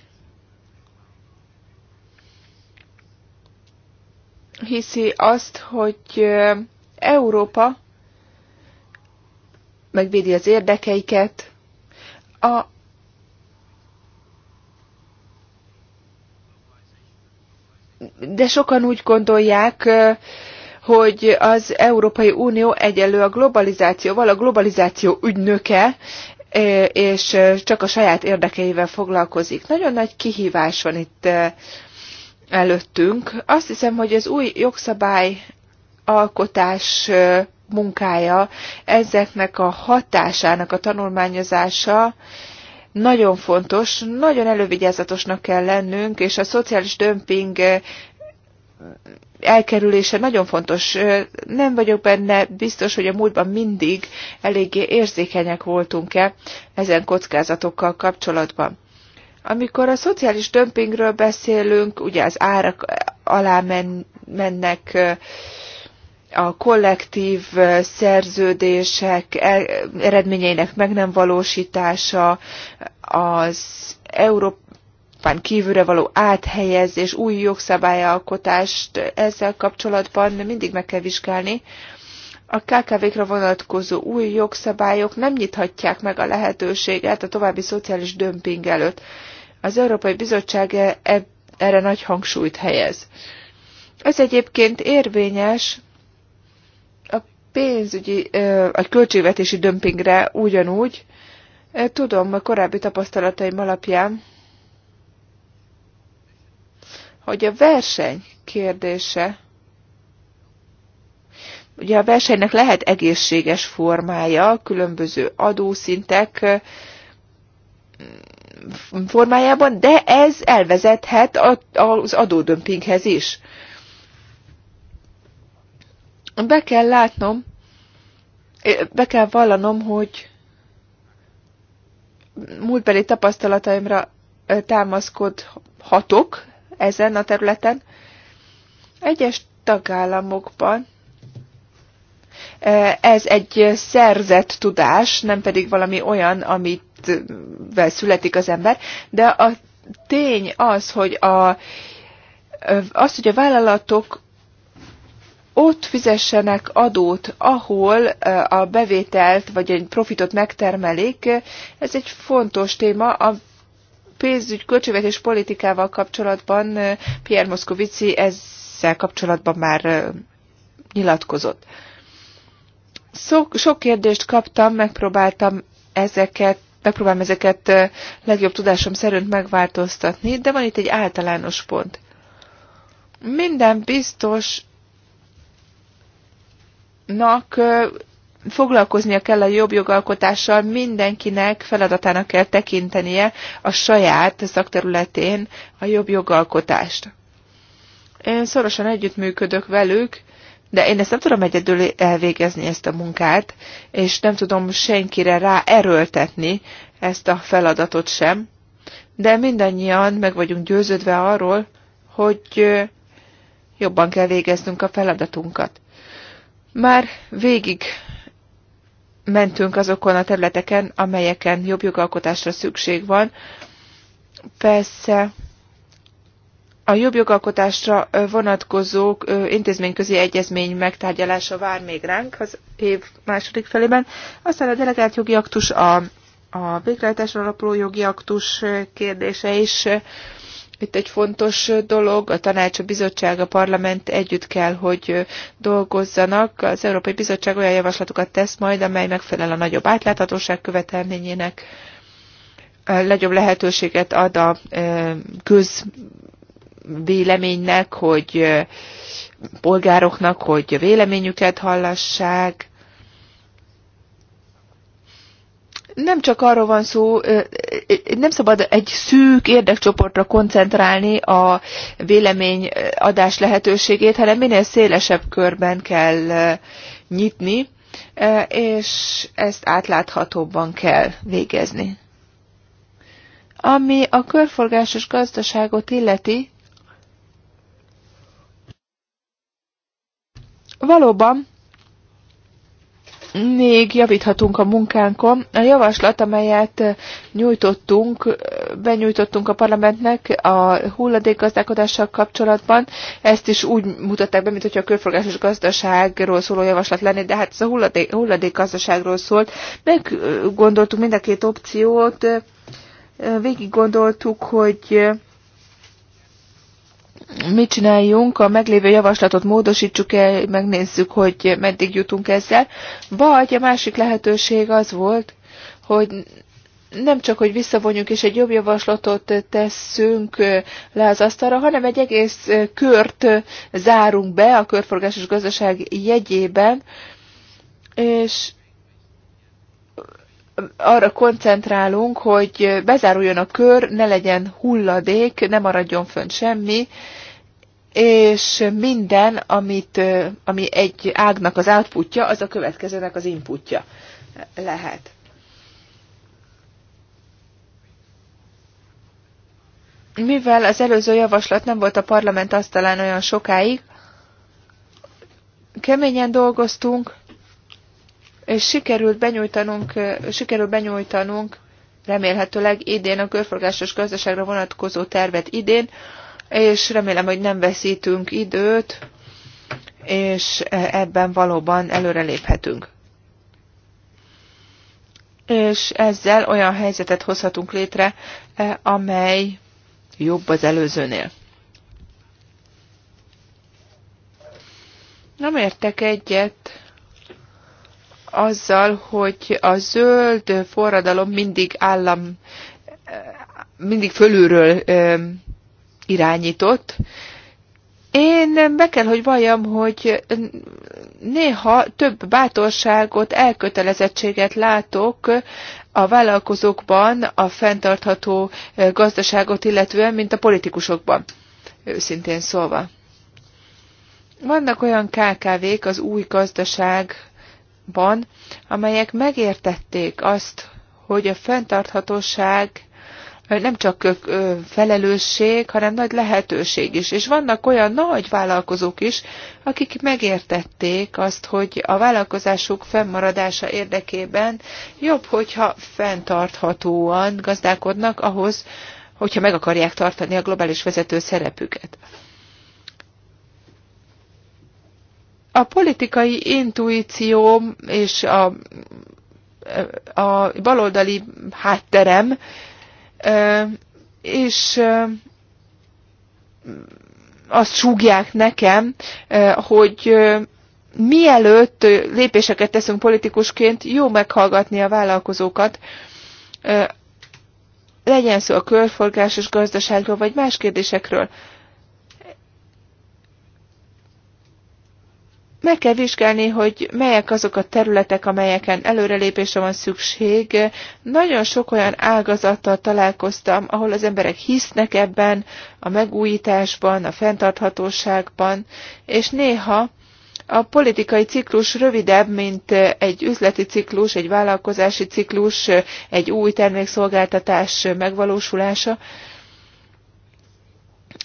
hiszi azt, hogy Európa megvédi az érdekeiket. A de sokan úgy gondolják, hogy az Európai Unió egyelő a globalizációval, a globalizáció ügynöke, és csak a saját érdekeivel foglalkozik. Nagyon nagy kihívás van itt előttünk. Azt hiszem, hogy az új jogszabály alkotás munkája, ezeknek a hatásának a tanulmányozása nagyon fontos, nagyon elővigyázatosnak kell lennünk, és a szociális dömping eh, elkerülése nagyon fontos. Eh, nem vagyok benne biztos, hogy a múltban mindig eléggé érzékenyek voltunk-e ezen kockázatokkal kapcsolatban. Amikor a szociális dömpingről beszélünk, ugye az árak alá men, mennek eh, a kollektív szerződések e, eredményeinek meg nem valósítása, az Európán kívülre való áthelyezés, új jogszabályalkotást ezzel kapcsolatban mindig meg kell vizsgálni. A KKV-kra vonatkozó új jogszabályok nem nyithatják meg a lehetőséget a további szociális dömping előtt. Az Európai Bizottság e, erre nagy hangsúlyt helyez. Ez egyébként érvényes pénzügyi, a költségvetési dömpingre ugyanúgy. Tudom, a korábbi tapasztalataim alapján, hogy a verseny kérdése, ugye a versenynek lehet egészséges formája, különböző adószintek formájában, de ez elvezethet az adódömpinghez is. Be kell látnom, be kell vallanom, hogy múltbeli tapasztalataimra támaszkodhatok ezen a területen. Egyes tagállamokban ez egy szerzett tudás, nem pedig valami olyan, amit születik az ember, de a tény az, hogy a, az, hogy a vállalatok ott fizessenek adót, ahol a bevételt vagy egy profitot megtermelik. Ez egy fontos téma. A pénzügy költségvetés politikával kapcsolatban Pierre Moscovici ezzel kapcsolatban már nyilatkozott. Sok, sok kérdést kaptam, megpróbáltam ezeket megpróbálom ezeket legjobb tudásom szerint megváltoztatni, de van itt egy általános pont. Minden biztos nak foglalkoznia kell a jobb jogalkotással, mindenkinek feladatának kell tekintenie a saját szakterületén a jobb jogalkotást. Én szorosan együttműködök velük, de én ezt nem tudom egyedül elvégezni ezt a munkát, és nem tudom senkire rá erőltetni ezt a feladatot sem, de mindannyian meg vagyunk győződve arról, hogy jobban kell végeznünk a feladatunkat. Már végig mentünk azokon a területeken, amelyeken jobb jogalkotásra szükség van. Persze a jobb jogalkotásra vonatkozó intézményközi egyezmény megtárgyalása vár még ránk az év második felében. Aztán a delegált jogi aktus, a, a végrehajtásra alapuló jogi aktus kérdése is itt egy fontos dolog, a tanács, a bizottság, a parlament együtt kell, hogy dolgozzanak. Az Európai Bizottság olyan javaslatokat tesz majd, amely megfelel a nagyobb átláthatóság követelményének, legjobb lehetőséget ad a közvéleménynek, hogy polgároknak, hogy véleményüket hallassák, nem csak arról van szó, nem szabad egy szűk érdekcsoportra koncentrálni a véleményadás lehetőségét, hanem minél szélesebb körben kell nyitni, és ezt átláthatóbban kell végezni. Ami a körforgásos gazdaságot illeti, valóban még javíthatunk a munkánkon. A javaslat, amelyet eh, nyújtottunk, eh, benyújtottunk a parlamentnek a hulladékgazdálkodással kapcsolatban, ezt is úgy mutatták be, mint a körforgásos gazdaságról szóló javaslat lenne, de hát ez a hulladék, hulladékgazdaságról szólt. Meggondoltuk mind a két opciót, eh, végig gondoltuk, hogy mit csináljunk, a meglévő javaslatot módosítsuk el, megnézzük, hogy meddig jutunk ezzel. Vagy a másik lehetőség az volt, hogy nem csak, hogy visszavonjuk és egy jobb javaslatot tesszünk le az asztalra, hanem egy egész kört zárunk be a körforgásos gazdaság jegyében, és arra koncentrálunk, hogy bezáruljon a kör, ne legyen hulladék, ne maradjon fönt semmi, és minden, amit, ami egy ágnak az outputja, az a következőnek az inputja lehet. Mivel az előző javaslat nem volt a parlament asztalán olyan sokáig, keményen dolgoztunk, és sikerült benyújtanunk, sikerült benyújtanunk remélhetőleg idén a körforgásos gazdaságra vonatkozó tervet idén, és remélem, hogy nem veszítünk időt, és ebben valóban előreléphetünk. És ezzel olyan helyzetet hozhatunk létre, eh, amely jobb az előzőnél. Nem értek egyet azzal, hogy a zöld forradalom mindig állam, eh, mindig fölülről eh, irányított. Én be kell, hogy valljam, hogy néha több bátorságot, elkötelezettséget látok a vállalkozókban, a fenntartható gazdaságot illetően, mint a politikusokban, őszintén szólva. Vannak olyan KKV-k az új gazdaságban, amelyek megértették azt, hogy a fenntarthatóság nem csak felelősség, hanem nagy lehetőség is. És vannak olyan nagy vállalkozók is, akik megértették azt, hogy a vállalkozásuk fennmaradása érdekében jobb, hogyha fenntarthatóan gazdálkodnak ahhoz, hogyha meg akarják tartani a globális vezető szerepüket. A politikai intuícióm és a, a baloldali hátterem és azt súgják nekem, hogy mielőtt lépéseket teszünk politikusként, jó meghallgatni a vállalkozókat, legyen szó a körforgásos gazdaságról, vagy más kérdésekről. meg kell vizsgálni, hogy melyek azok a területek, amelyeken előrelépésre van szükség. Nagyon sok olyan ágazattal találkoztam, ahol az emberek hisznek ebben, a megújításban, a fenntarthatóságban, és néha a politikai ciklus rövidebb, mint egy üzleti ciklus, egy vállalkozási ciklus, egy új termékszolgáltatás megvalósulása.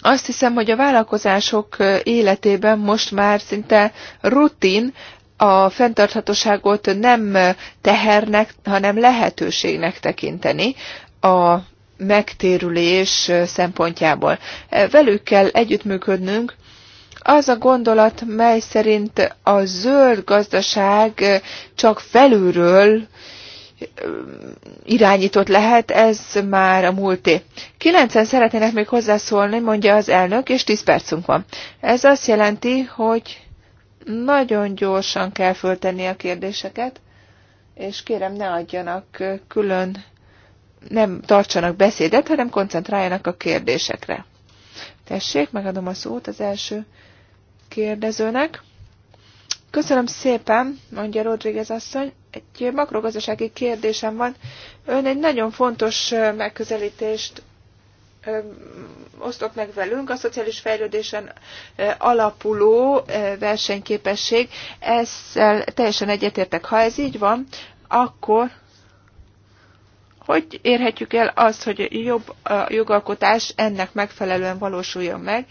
Azt hiszem, hogy a vállalkozások életében most már szinte rutin a fenntarthatóságot nem tehernek, hanem lehetőségnek tekinteni a megtérülés szempontjából. Velük kell együttműködnünk, az a gondolat, mely szerint a zöld gazdaság csak felülről irányított lehet, ez már a múlté. Kilencen szeretnének még hozzászólni, mondja az elnök, és tíz percünk van. Ez azt jelenti, hogy nagyon gyorsan kell föltenni a kérdéseket, és kérem ne adjanak külön, nem tartsanak beszédet, hanem koncentráljanak a kérdésekre. Tessék, megadom a szót az első kérdezőnek. Köszönöm szépen, mondja Rodriguez asszony. Egy makrogazdasági kérdésem van. Ön egy nagyon fontos megközelítést osztott meg velünk, a szociális fejlődésen alapuló versenyképesség. Ezzel teljesen egyetértek. Ha ez így van, akkor hogy érhetjük el azt, hogy jobb a jogalkotás ennek megfelelően valósuljon meg,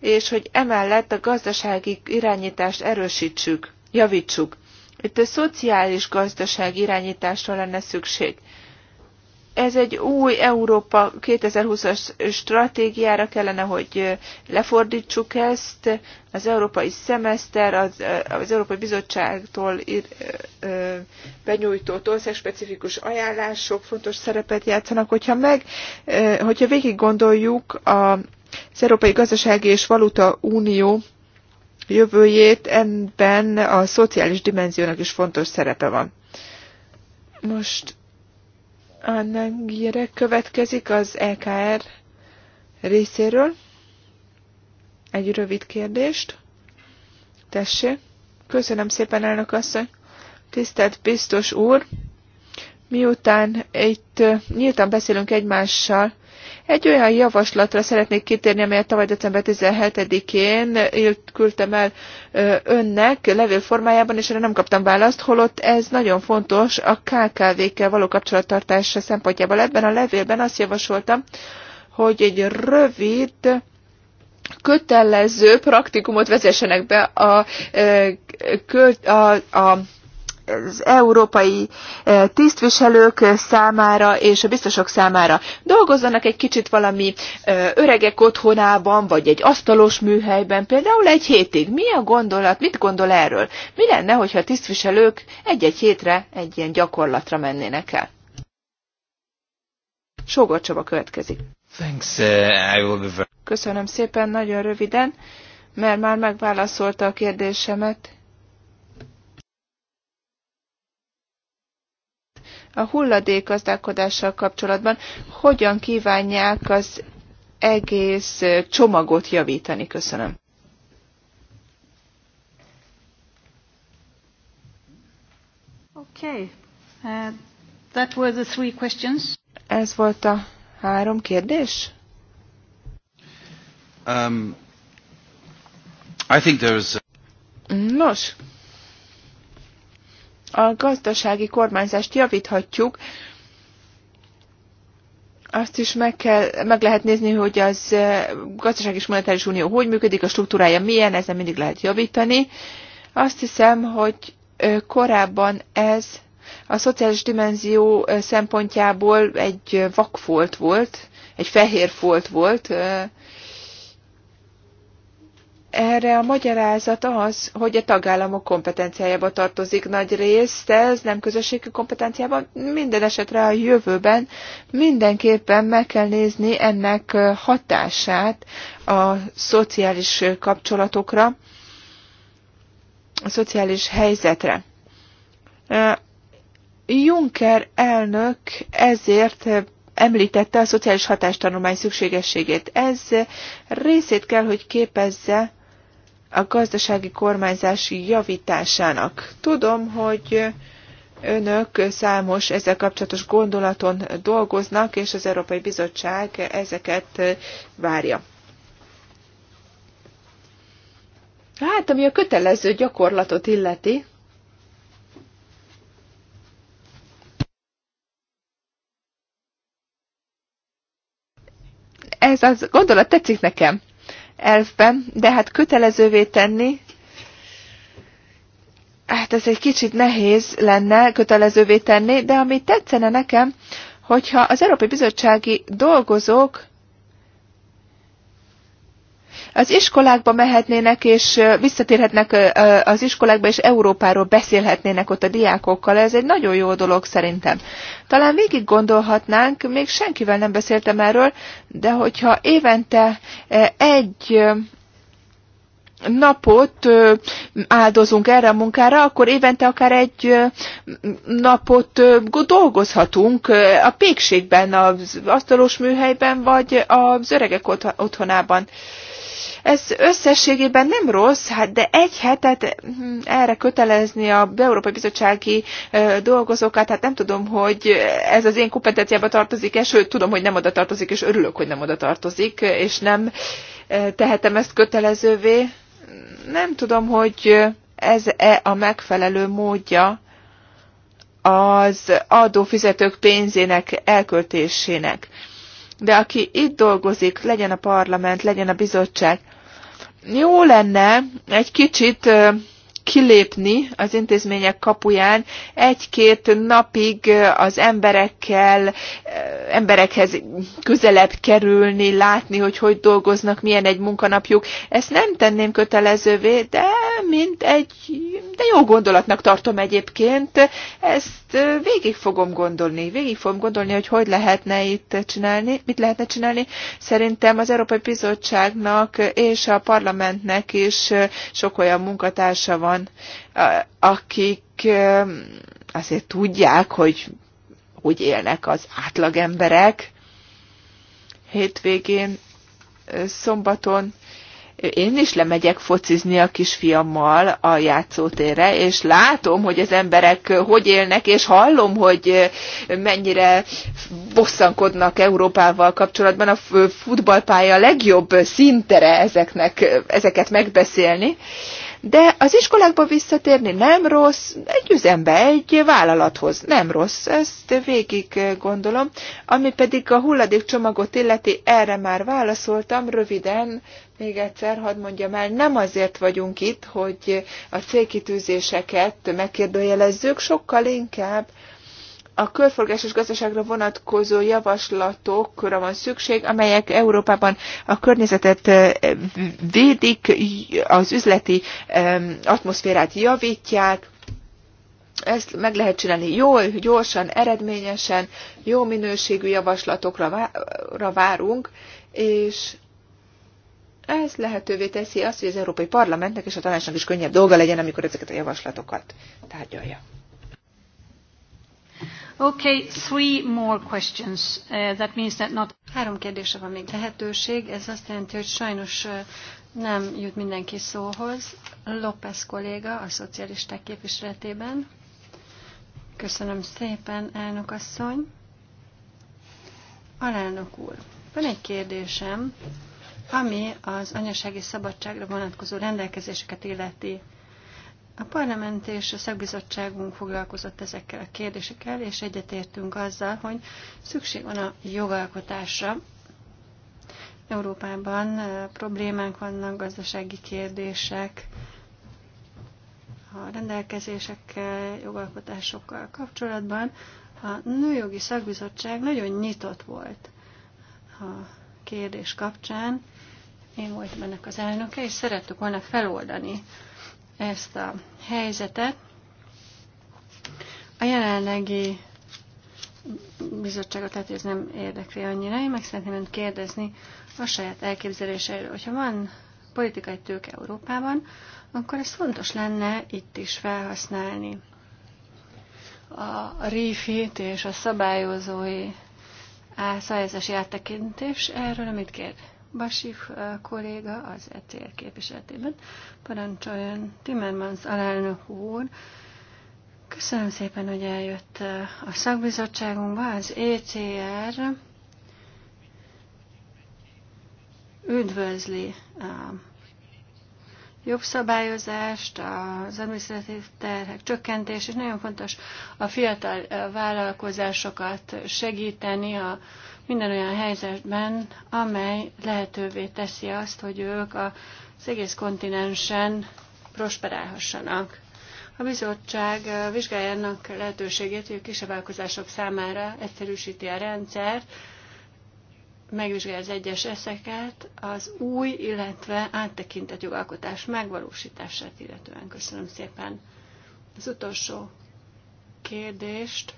és hogy emellett a gazdasági irányítást erősítsük, javítsuk. Itt a szociális gazdaság irányításra lenne szükség. Ez egy új Európa 2020-as stratégiára kellene, hogy lefordítsuk ezt. Az Európai Szemeszter, az, az Európai Bizottságtól ír, ö, benyújtott országspecifikus ajánlások fontos szerepet játszanak. Hogyha, meg, ö, hogyha végig gondoljuk a, az Európai Gazdasági és Valuta Unió jövőjét, ebben a szociális dimenziónak is fontos szerepe van. Most Anna gyerek következik az EKR részéről. Egy rövid kérdést. Tessék. Köszönöm szépen, elnök asszony. Tisztelt biztos úr, miután itt eh, nyíltan beszélünk egymással egy olyan javaslatra szeretnék kitérni, amelyet tavaly december 17-én küldtem el önnek levél formájában, és erre nem kaptam választ, holott ez nagyon fontos a KKV-kkel való kapcsolattartás szempontjából. Ebben a levélben azt javasoltam, hogy egy rövid kötelező praktikumot vezessenek be a, a, a az európai eh, tisztviselők eh, számára és a biztosok számára. Dolgozzanak egy kicsit valami eh, öregek otthonában, vagy egy asztalos műhelyben, például egy hétig. Mi a gondolat, mit gondol erről? Mi lenne, hogyha a tisztviselők egy-egy hétre egy ilyen gyakorlatra mennének el? Sógor Csaba következik. Thanks, uh, I will be... Köszönöm szépen, nagyon röviden, mert már megválaszolta a kérdésemet a hulladék kapcsolatban hogyan kívánják az egész csomagot javítani. Köszönöm. Okay. Uh, that were the three questions. Ez volt a három kérdés? Um, I think there is... Nos, a gazdasági kormányzást javíthatjuk, azt is meg, kell, meg lehet nézni, hogy az eh, gazdaság és monetáris unió hogy működik, a struktúrája milyen, ezen mindig lehet javítani. Azt hiszem, hogy eh, korábban ez a szociális dimenzió eh, szempontjából egy vakfolt volt, egy fehér folt volt, erre a magyarázat az, hogy a tagállamok kompetenciájába tartozik nagy részt, ez nem közösségi kompetenciában, minden esetre a jövőben mindenképpen meg kell nézni ennek hatását a szociális kapcsolatokra, a szociális helyzetre. Juncker elnök ezért említette a szociális hatástanulmány szükségességét. Ez részét kell, hogy képezze a gazdasági kormányzási javításának. Tudom, hogy önök számos ezzel kapcsolatos gondolaton dolgoznak, és az Európai Bizottság ezeket várja. Hát, ami a kötelező gyakorlatot illeti, ez az gondolat tetszik nekem elfben, de hát kötelezővé tenni, hát ez egy kicsit nehéz lenne kötelezővé tenni, de ami tetszene nekem, hogyha az Európai Bizottsági dolgozók az iskolákba mehetnének, és visszatérhetnek az iskolákba, és Európáról beszélhetnének ott a diákokkal. Ez egy nagyon jó dolog szerintem. Talán végig gondolhatnánk, még senkivel nem beszéltem erről, de hogyha évente egy napot áldozunk erre a munkára, akkor évente akár egy napot dolgozhatunk a pékségben, az asztalos műhelyben, vagy az öregek otthonában. Ez összességében nem rossz, hát de egy hetet hm, erre kötelezni a Európai Bizottsági dolgozókat, hát nem tudom, hogy ez az én kompetenciába tartozik, és sőt, tudom, hogy nem oda tartozik, és örülök, hogy nem oda tartozik, és nem tehetem ezt kötelezővé. Nem tudom, hogy ez-e a megfelelő módja az adófizetők pénzének elköltésének. De aki itt dolgozik, legyen a parlament, legyen a bizottság, jó lenne egy kicsit kilépni az intézmények kapuján, egy-két napig az emberekkel, emberekhez közelebb kerülni, látni, hogy hogy dolgoznak, milyen egy munkanapjuk. Ezt nem tenném kötelezővé, de mint egy, de jó gondolatnak tartom egyébként. Ezt végig fogom gondolni, végig fogom gondolni, hogy hogy lehetne itt csinálni, mit lehetne csinálni. Szerintem az Európai Bizottságnak és a parlamentnek is sok olyan munkatársa van, van, akik azért tudják, hogy hogy élnek az átlagemberek. Hétvégén, szombaton én is lemegyek focizni a kisfiammal a játszótérre, és látom, hogy az emberek hogy élnek, és hallom, hogy mennyire bosszankodnak Európával kapcsolatban. A futballpálya a legjobb szintere ezeknek, ezeket megbeszélni. De az iskolákba visszatérni nem rossz, egy üzembe, egy vállalathoz nem rossz, ezt végig gondolom. Ami pedig a hulladékcsomagot illeti, erre már válaszoltam röviden, még egyszer hadd mondjam el, nem azért vagyunk itt, hogy a célkitűzéseket megkérdőjelezzük, sokkal inkább a körforgásos gazdaságra vonatkozó javaslatokra van szükség, amelyek Európában a környezetet védik, az üzleti atmoszférát javítják, ezt meg lehet csinálni jól, gyorsan, eredményesen, jó minőségű javaslatokra várunk, és ez lehetővé teszi azt, hogy az Európai Parlamentnek és a tanácsnak is könnyebb dolga legyen, amikor ezeket a javaslatokat tárgyalja. Okay, three more questions. Uh, that means that not... Három kérdése van még lehetőség. Ez azt jelenti, hogy sajnos nem jut mindenki szóhoz. López kolléga a szocialisták képviseletében. Köszönöm szépen, elnök asszony. Alelnök úr, van egy kérdésem, ami az anyasági szabadságra vonatkozó rendelkezéseket illeti. A parlament és a szakbizottságunk foglalkozott ezekkel a kérdésekkel, és egyetértünk azzal, hogy szükség van a jogalkotásra. Európában eh, problémánk vannak, gazdasági kérdések, a rendelkezésekkel, jogalkotásokkal kapcsolatban. A Nőjogi Szakbizottság nagyon nyitott volt a kérdés kapcsán. Én voltam ennek az elnöke, és szerettük volna feloldani ezt a helyzetet. A jelenlegi bizottságot lehet, hogy ez nem érdekli annyira. Én meg szeretném önt kérdezni a saját elképzeléseiről. Hogyha van politikai tőke Európában, akkor ez fontos lenne itt is felhasználni. A refit és a szabályozói szabályozási áttekintés, erről mit kérd? Basif kolléga az ECR képviseletében. Parancsoljon Timmermans alelnök úr. Köszönöm szépen, hogy eljött a szakbizottságunkba, az ECR üdvözli a jobb szabályozást, az administratív terhek csökkentését, és nagyon fontos a fiatal vállalkozásokat segíteni, a minden olyan helyzetben, amely lehetővé teszi azt, hogy ők az egész kontinensen prosperálhassanak. A bizottság vizsgálja annak lehetőségét, hogy a kisebb vállalkozások számára egyszerűsíti a rendszert, megvizsgálja az egyes eszeket az új, illetve áttekintett jogalkotás megvalósítását illetően. Köszönöm szépen. Az utolsó kérdést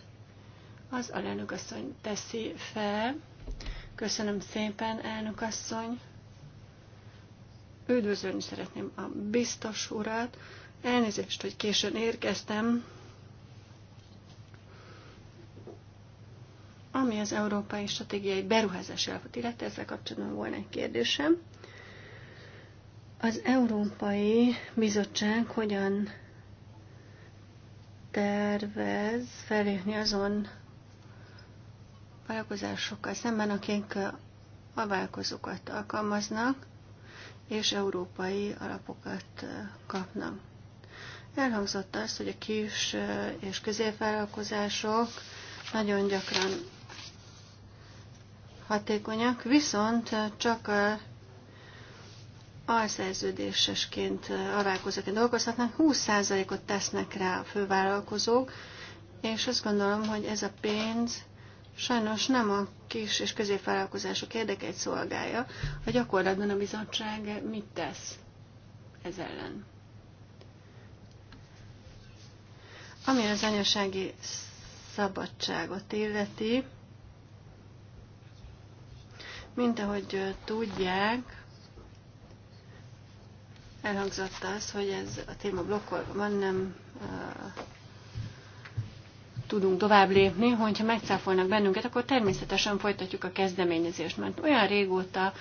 az alelnök asszony teszi fel. Köszönöm szépen, elnök asszony. Üdvözölni szeretném a biztos urat. Elnézést, hogy későn érkeztem. Ami az Európai Stratégiai Beruházási Alapot illeti, ezzel kapcsolatban volna egy kérdésem. Az Európai Bizottság hogyan tervez felépni azon vállalkozásokkal szemben, akik a vállalkozókat alkalmaznak, és európai alapokat kapnak. Elhangzott az, hogy a kis és középvállalkozások nagyon gyakran hatékonyak, viszont csak a alszerződésesként alvállalkozóként dolgozhatnak, 20%-ot tesznek rá a fővállalkozók, és azt gondolom, hogy ez a pénz sajnos nem a kis és középvállalkozások érdekeit szolgálja, a gyakorlatban a bizottság mit tesz ez ellen. Ami az anyasági szabadságot illeti, mint ahogy tudják, elhangzott az, hogy ez a téma blokkolva van, nem tudunk tovább lépni, hogyha megcáfolnak bennünket, akkor természetesen folytatjuk a kezdeményezést, mert olyan régóta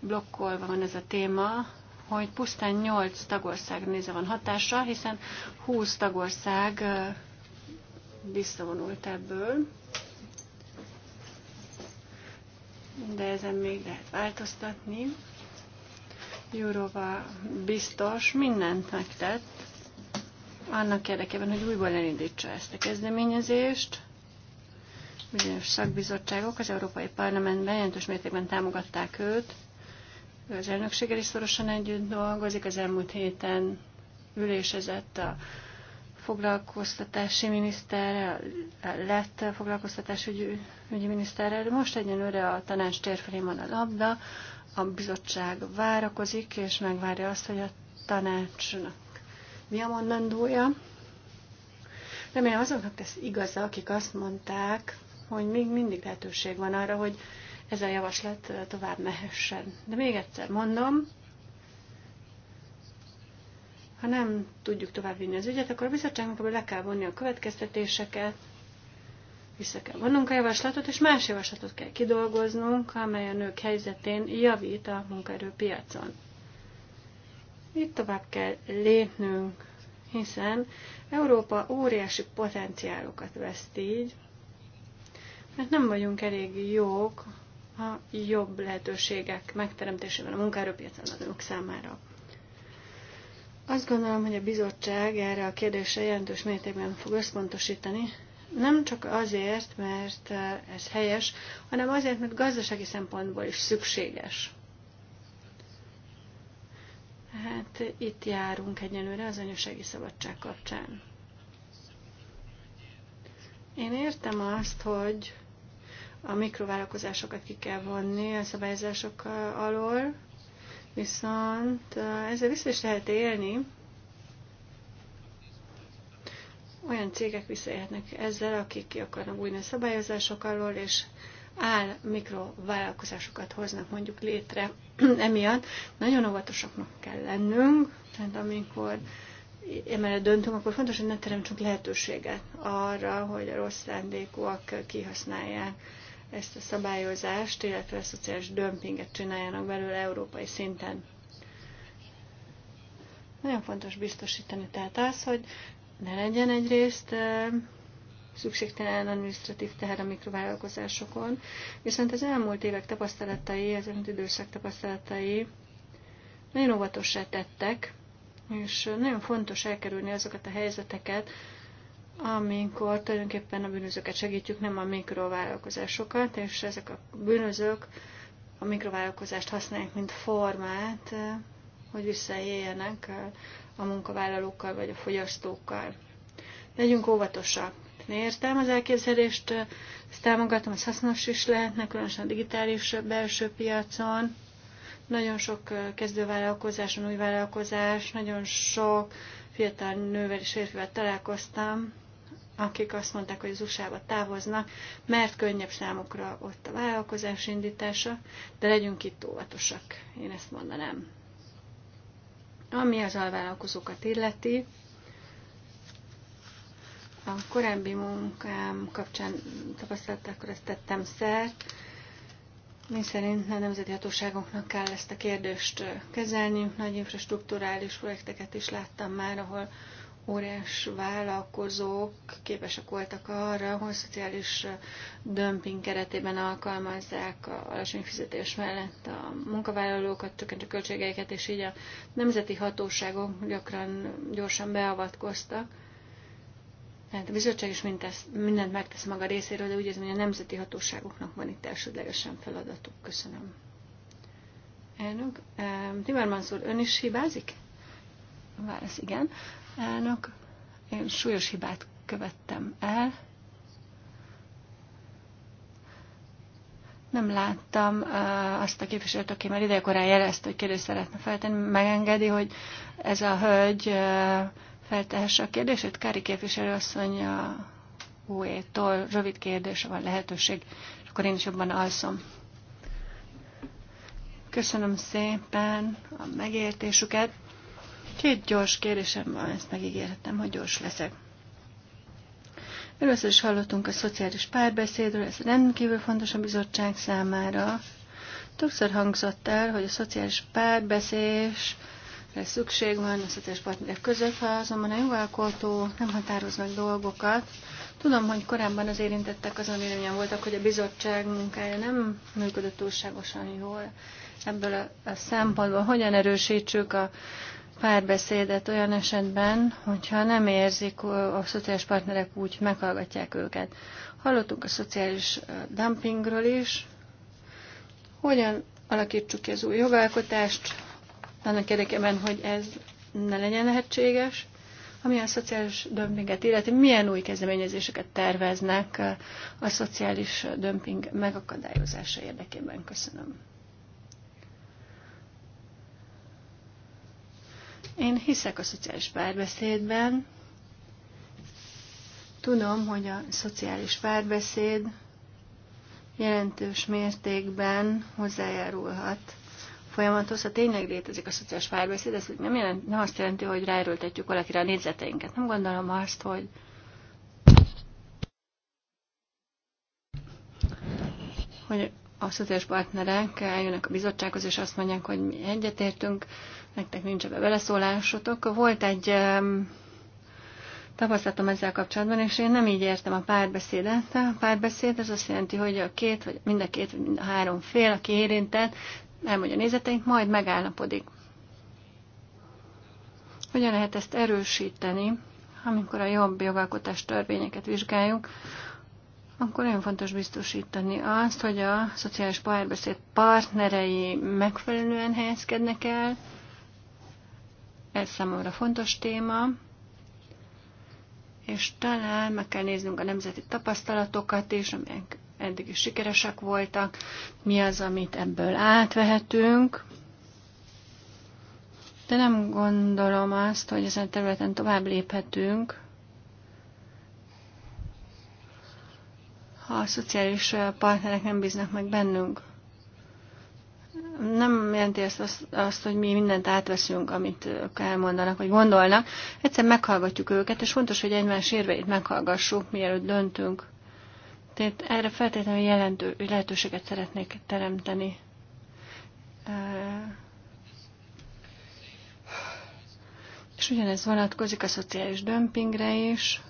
blokkolva van ez a téma, hogy pusztán 8 tagország néze van hatása, hiszen 20 tagország visszavonult ebből. De ezen még lehet változtatni. Jurova biztos mindent megtett, annak érdekében, hogy újból elindítsa ezt a kezdeményezést. Bizonyos szakbizottságok az Európai Parlamentben jelentős mértékben támogatták őt. Ő az elnökséggel is szorosan együtt dolgozik. Az elmúlt héten ülésezett a foglalkoztatási miniszterrel, lett ügy, ügyi miniszterrel. Most egyenlőre a tanács térfelé van a labda, a bizottság várakozik, és megvárja azt, hogy a tanácsnak mi a mondandója. Remélem azoknak tesz igaza, akik azt mondták, hogy még mindig lehetőség van arra, hogy ez a javaslat tovább mehessen. De még egyszer mondom, ha nem tudjuk továbbvinni az ügyet, akkor a bizottságnak le kell vonni a következtetéseket, vissza kell vonnunk a javaslatot, és más javaslatot kell kidolgoznunk, amely a nők helyzetén javít a munkaerőpiacon. Itt tovább kell lépnünk, hiszen Európa óriási potenciálokat veszt így, mert nem vagyunk elég jók a jobb lehetőségek megteremtésében a munkaerőpiacon a nők számára. Azt gondolom, hogy a bizottság erre a kérdésre jelentős mértékben fog összpontosítani, nem csak azért, mert ez helyes, hanem azért, mert gazdasági szempontból is szükséges. Hát itt járunk egyelőre az anyasági szabadság kapcsán. Én értem azt, hogy a mikrovállalkozásokat ki kell vonni a szabályozások alól, viszont ezzel vissza is lehet élni. Olyan cégek visszaélhetnek ezzel, akik ki akarnak bújni a szabályozások alól, és áll mikrovállalkozásokat hoznak mondjuk létre emiatt. Nagyon óvatosaknak kell lennünk, tehát amikor emellett döntünk, akkor fontos, hogy ne teremtsünk lehetőséget arra, hogy a rossz szándékúak kihasználják ezt a szabályozást, illetve a szociális dömpinget csináljanak belőle európai szinten. Nagyon fontos biztosítani tehát az, hogy ne legyen egyrészt eh, szükségtelen administratív teher a mikrovállalkozásokon, viszont az elmúlt évek tapasztalatai, az elmúlt időszak tapasztalatai nagyon óvatossá tettek, és nagyon fontos elkerülni azokat a helyzeteket, amikor tulajdonképpen a bűnözőket segítjük, nem a mikrovállalkozásokat, és ezek a bűnözők a mikrovállalkozást használják, mint formát, hogy visszaéljenek a munkavállalókkal vagy a fogyasztókkal. Legyünk óvatosak, értem az elképzelést, ezt támogatom, ez hasznos is lehetne, különösen a digitális belső piacon. Nagyon sok kezdővállalkozás, új vállalkozás, nagyon sok fiatal nővel és férfivel találkoztam, akik azt mondták, hogy az USA-ba távoznak, mert könnyebb számukra ott a vállalkozás indítása, de legyünk itt óvatosak, én ezt mondanám. Ami az alvállalkozókat illeti, a korábbi munkám kapcsán tapasztaltakor ezt tettem szert, mi szerint a nemzeti hatóságoknak kell ezt a kérdést kezelni, Nagy infrastruktúrális projekteket is láttam már, ahol óriás vállalkozók képesek voltak arra, hogy szociális dömping keretében alkalmazzák a alacsony fizetés mellett a munkavállalókat, csökkentő költségeiket, és így a nemzeti hatóságok gyakran gyorsan beavatkoztak tehát a bizottság is mindez, mindent megtesz maga részéről, de úgy érzem, hogy a nemzeti hatóságoknak van itt elsődlegesen feladatuk. Köszönöm. Elnök, Timmermans úr, ön is hibázik? Válasz igen. Elnök, én súlyos hibát követtem el. Nem láttam uh, azt a képviselőt, aki már idejekorán jelezte, hogy kérdést szeretne feltenni. Megengedi, hogy ez a hölgy uh, feltehesse a kérdését. Kári képviselő asszony a UE-tól rövid kérdése van lehetőség, és akkor én is jobban alszom. Köszönöm szépen a megértésüket. Két gyors kérdésem van, ezt megígérhetem, hogy gyors leszek. Először is hallottunk a szociális párbeszédről, ez rendkívül fontos a bizottság számára. Többször hangzott el, hogy a szociális párbeszés szükség van a szociális partnerek között, ha azonban a jogalkotó nem határoz meg dolgokat. Tudom, hogy korábban az érintettek azon véleményen voltak, hogy a bizottság munkája nem működött túlságosan jól. Ebből a, a szempontból hogyan erősítsük a párbeszédet olyan esetben, hogyha nem érzik a szociális partnerek úgy, meghallgatják őket. Hallottuk a szociális dumpingról is. Hogyan alakítsuk ki az új jogalkotást, annak érdekében, hogy ez ne legyen lehetséges, ami a szociális dömpinget illeti, milyen új kezdeményezéseket terveznek a szociális dömping megakadályozása érdekében. Köszönöm. Én hiszek a szociális párbeszédben. Tudom, hogy a szociális párbeszéd jelentős mértékben hozzájárulhat folyamatos, ha tényleg létezik a szociális párbeszéd, ez nem, jelent, nem azt jelenti, hogy ráerőltetjük valakire a nézeteinket. Nem gondolom azt, hogy hogy a szociális partnerek eljönnek a bizottsághoz, és azt mondják, hogy mi egyetértünk, nektek nincs ebbe beleszólásotok. Volt egy tapasztalatom ezzel kapcsolatban, és én nem így értem a párbeszédet. A párbeszéd az azt jelenti, hogy a két, vagy mind a két, vagy mind a három fél, aki érintett, elmondja nézeteink, majd megállapodik. Hogyan lehet ezt erősíteni, amikor a jobb jogalkotás törvényeket vizsgáljuk, akkor nagyon fontos biztosítani azt, hogy a szociális párbeszéd partnerei megfelelően helyezkednek el. Ez számomra fontos téma. És talán meg kell néznünk a nemzeti tapasztalatokat is, amelyek eddig is sikeresek voltak, mi az, amit ebből átvehetünk. De nem gondolom azt, hogy ezen a területen tovább léphetünk. ha a szociális partnerek nem bíznak meg bennünk. Nem jelenti ezt azt, azt, hogy mi mindent átveszünk, amit ők elmondanak, vagy gondolnak. Egyszer meghallgatjuk őket, és fontos, hogy egymás érveit meghallgassuk, mielőtt döntünk feltét, erre feltétlenül jelentő lehetőséget szeretnék teremteni. És ugyanez vonatkozik a szociális dömpingre is.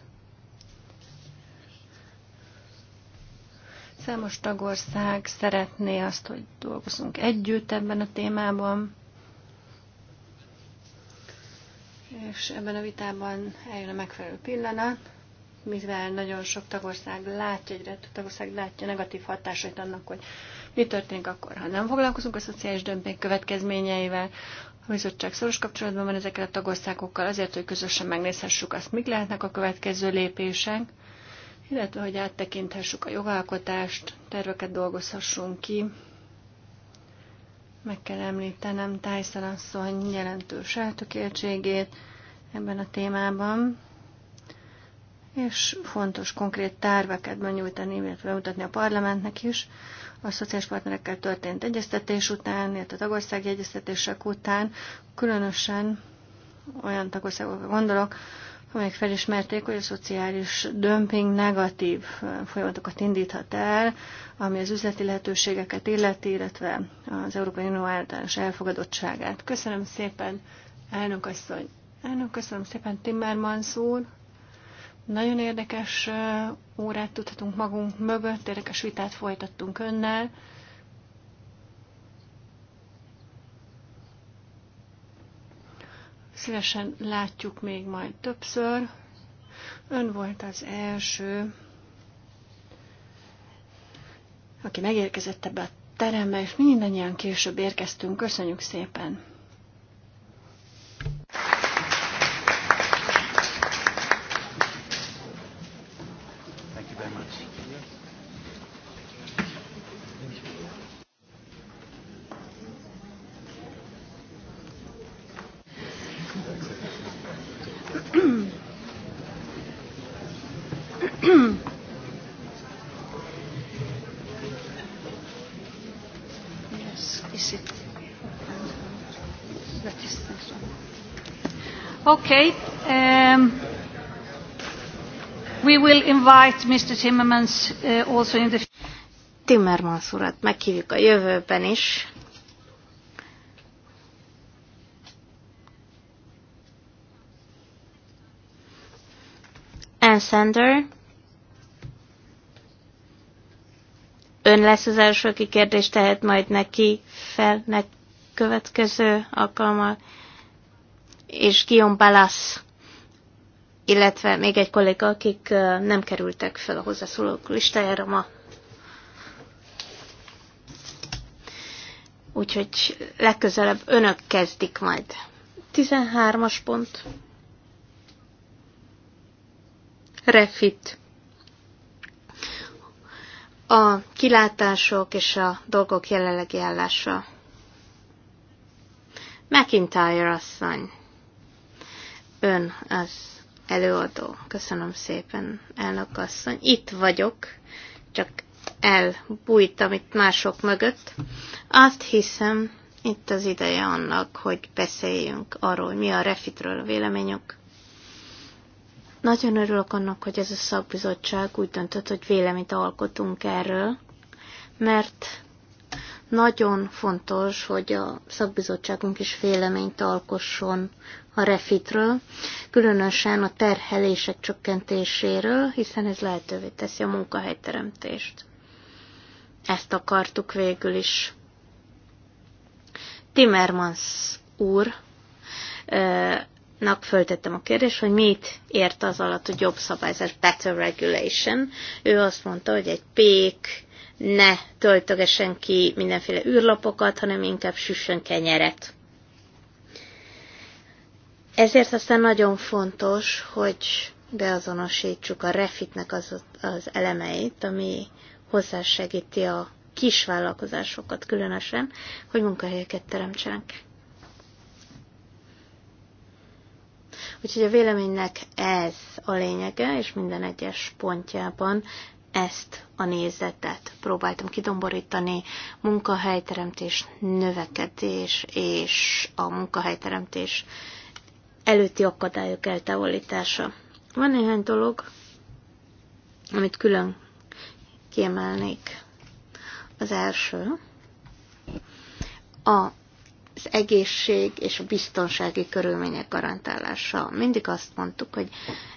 Számos tagország szeretné azt, hogy dolgozunk együtt ebben a témában, és ebben a vitában eljön a megfelelő pillanat mivel nagyon sok tagország látja, egyre több tagország látja negatív hatásait annak, hogy mi történik akkor, ha nem foglalkozunk a szociális dömping következményeivel. A bizottság szoros kapcsolatban van ezekkel a tagországokkal azért, hogy közösen megnézhessük azt, mik lehetnek a következő lépések, illetve hogy áttekinthessük a jogalkotást, terveket dolgozhassunk ki. Meg kell említenem Tyson asszony jelentős eltökéltségét ebben a témában és fontos konkrét terveket benyújtani, illetve bemutatni a parlamentnek is, a szociális partnerekkel történt egyeztetés után, illetve a tagországi egyeztetések után, különösen olyan tagországokra gondolok, amelyek felismerték, hogy a szociális dömping negatív folyamatokat indíthat el, ami az üzleti lehetőségeket illeti, illetve az Európai Unió általános elfogadottságát. Köszönöm szépen, elnök asszony! Elnök, köszönöm szépen, Timmermans úr! Nagyon érdekes órát tudhatunk magunk mögött, érdekes vitát folytattunk önnel. Szívesen látjuk még majd többször. Ön volt az első, aki megérkezett ebbe a terembe, és mindannyian később érkeztünk. Köszönjük szépen! Okay. Um, we will invite Mr. Timmermans uh, also in the. Timmermans urat meghívjuk a jövőben is, Sander. Ön lesz az első, aki kérdést tehet majd neki fel ne következő alkalommal. És Guillaume Balasz, illetve még egy kolléga, akik nem kerültek fel a hozzászólók listájára ma. Úgyhogy legközelebb önök kezdik majd. 13-as pont refit. A kilátások és a dolgok jelenlegi állása. McIntyre asszony. Ön az előadó. Köszönöm szépen, elnök asszony. Itt vagyok, csak elbújtam itt mások mögött. Azt hiszem, itt az ideje annak, hogy beszéljünk arról, mi a refitről a véleményünk. Nagyon örülök annak, hogy ez a szakbizottság úgy döntött, hogy véleményt alkotunk erről, mert nagyon fontos, hogy a szakbizottságunk is véleményt alkosson a refitről, különösen a terhelések csökkentéséről, hiszen ez lehetővé teszi a munkahelyteremtést. Ezt akartuk végül is. Timmermans úr nak föltettem a kérdést, hogy mit ért az alatt a jobb szabályzás, better regulation. Ő azt mondta, hogy egy pék ne töltögessen ki mindenféle űrlapokat, hanem inkább süssön kenyeret. Ezért aztán nagyon fontos, hogy beazonosítsuk a refitnek az, az elemeit, ami hozzásegíti a kisvállalkozásokat különösen, hogy munkahelyeket teremtsenek. Úgyhogy a véleménynek ez a lényege, és minden egyes pontjában ezt a nézetet próbáltam kidomborítani, munkahelyteremtés, növekedés és a munkahelyteremtés előtti akadályok eltávolítása. Van néhány dolog, amit külön kiemelnék. Az első, a az egészség és a biztonsági körülmények garantálása. Mindig azt mondtuk, hogy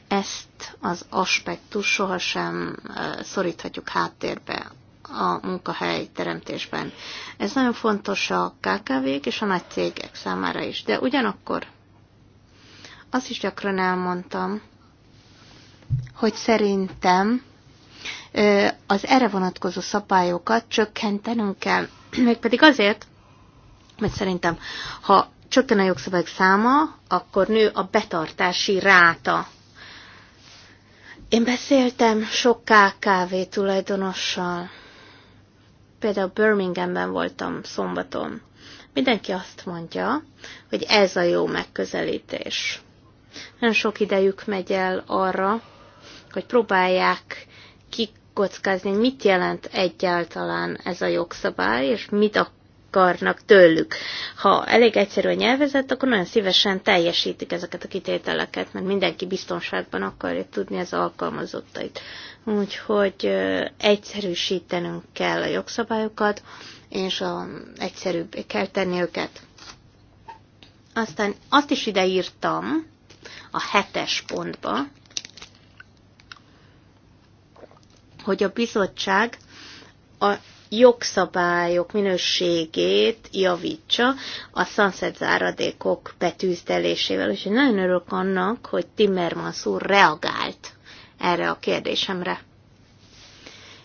ezt az aspektus sohasem szoríthatjuk háttérbe a munkahely teremtésben. Ez nagyon fontos a KKV-k és a nagy cégek számára is, de ugyanakkor azt is gyakran elmondtam, hogy szerintem az erre vonatkozó szabályokat csökkentenünk kell, mégpedig azért, mert szerintem, ha csökken a jogszabályok száma, akkor nő a betartási ráta. Én beszéltem sok KKV tulajdonossal, például Birminghamben voltam szombaton. Mindenki azt mondja, hogy ez a jó megközelítés. Nagyon sok idejük megy el arra, hogy próbálják kikockázni, mit jelent egyáltalán ez a jogszabály, és mit a akarnak tőlük. Ha elég egyszerű a nyelvezet, akkor nagyon szívesen teljesítik ezeket a kitételeket, mert mindenki biztonságban akarja tudni az alkalmazottait. Úgyhogy egyszerűsítenünk kell a jogszabályokat, és a, egyszerűbb kell tenni őket. Aztán azt is ide írtam a hetes pontba, hogy a bizottság a jogszabályok minőségét javítsa a szanszed záradékok betűzdelésével. Úgyhogy nagyon örülök annak, hogy Timmermans úr reagált erre a kérdésemre.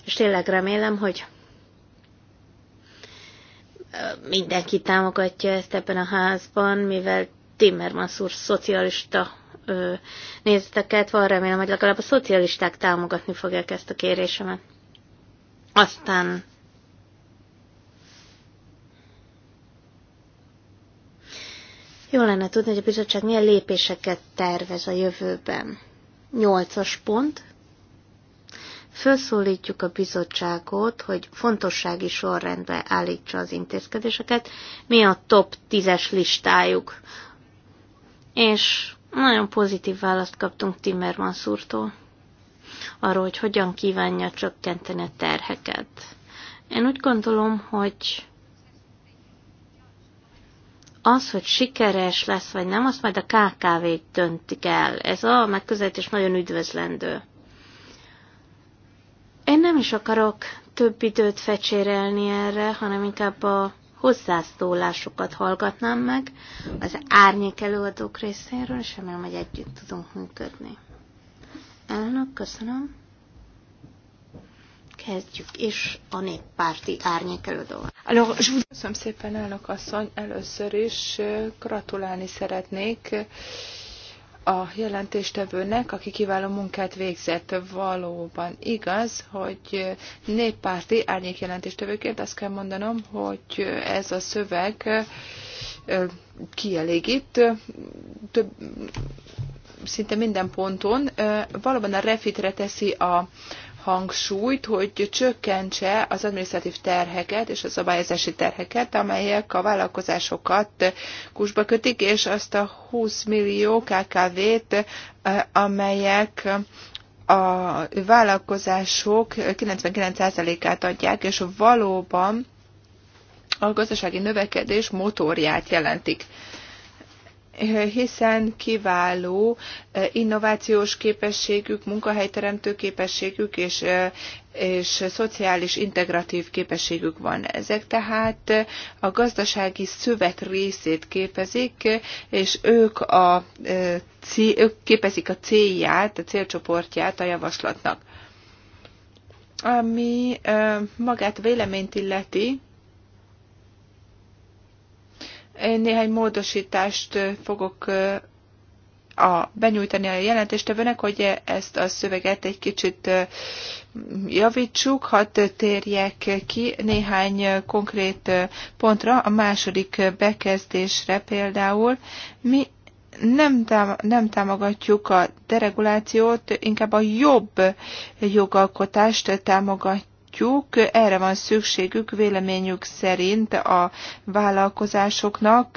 És tényleg remélem, hogy mindenki támogatja ezt ebben a házban, mivel Timmermans úr szocialista nézeteket van, remélem, hogy legalább a szocialisták támogatni fogják ezt a kérésemet. Aztán Jó lenne tudni, hogy a bizottság milyen lépéseket tervez a jövőben. Nyolcas pont. Felszólítjuk a bizottságot, hogy fontossági sorrendbe állítsa az intézkedéseket. Mi a top 10-es listájuk? És nagyon pozitív választ kaptunk Timmermans úrtól arról, hogy hogyan kívánja csökkenteni a terheket. Én úgy gondolom, hogy az, hogy sikeres lesz vagy nem, azt majd a KKV-k döntik el. Ez a megközelítés nagyon üdvözlendő. Én nem is akarok több időt fecsérelni erre, hanem inkább a hozzászólásokat hallgatnám meg az árnyék előadók részéről, és remélem, hogy együtt tudunk működni. Elnök, köszönöm kezdjük is a néppárti árnyékelődóval. Alors, Köszönöm szépen, elnök asszony. Először is gratulálni szeretnék a jelentéstevőnek, aki kiváló munkát végzett. Valóban igaz, hogy néppárti árnyék jelentéstevőként azt kell mondanom, hogy ez a szöveg kielégít. Több, szinte minden ponton valóban a refitre teszi a hangsúlyt, hogy csökkentse az administratív terheket és a szabályozási terheket, amelyek a vállalkozásokat kusba kötik, és azt a 20 millió KKV-t, eh, amelyek a vállalkozások 99%-át adják, és valóban a gazdasági növekedés motorját jelentik hiszen kiváló eh, innovációs képességük, munkahelyteremtő képességük és, eh, és szociális integratív képességük van. Ezek tehát eh, a gazdasági szövet részét képezik, és ők, a, ők képezik a célját, a célcsoportját a javaslatnak. Ami magát véleményt illeti, én néhány módosítást fogok a, benyújtani a jelentéstevőnek, hogy ezt a szöveget egy kicsit javítsuk, hadd térjek ki néhány konkrét pontra, a második bekezdésre például. Mi nem, tám- nem támogatjuk a deregulációt, inkább a jobb jogalkotást támogatjuk látjuk, erre van szükségük véleményük szerint a vállalkozásoknak,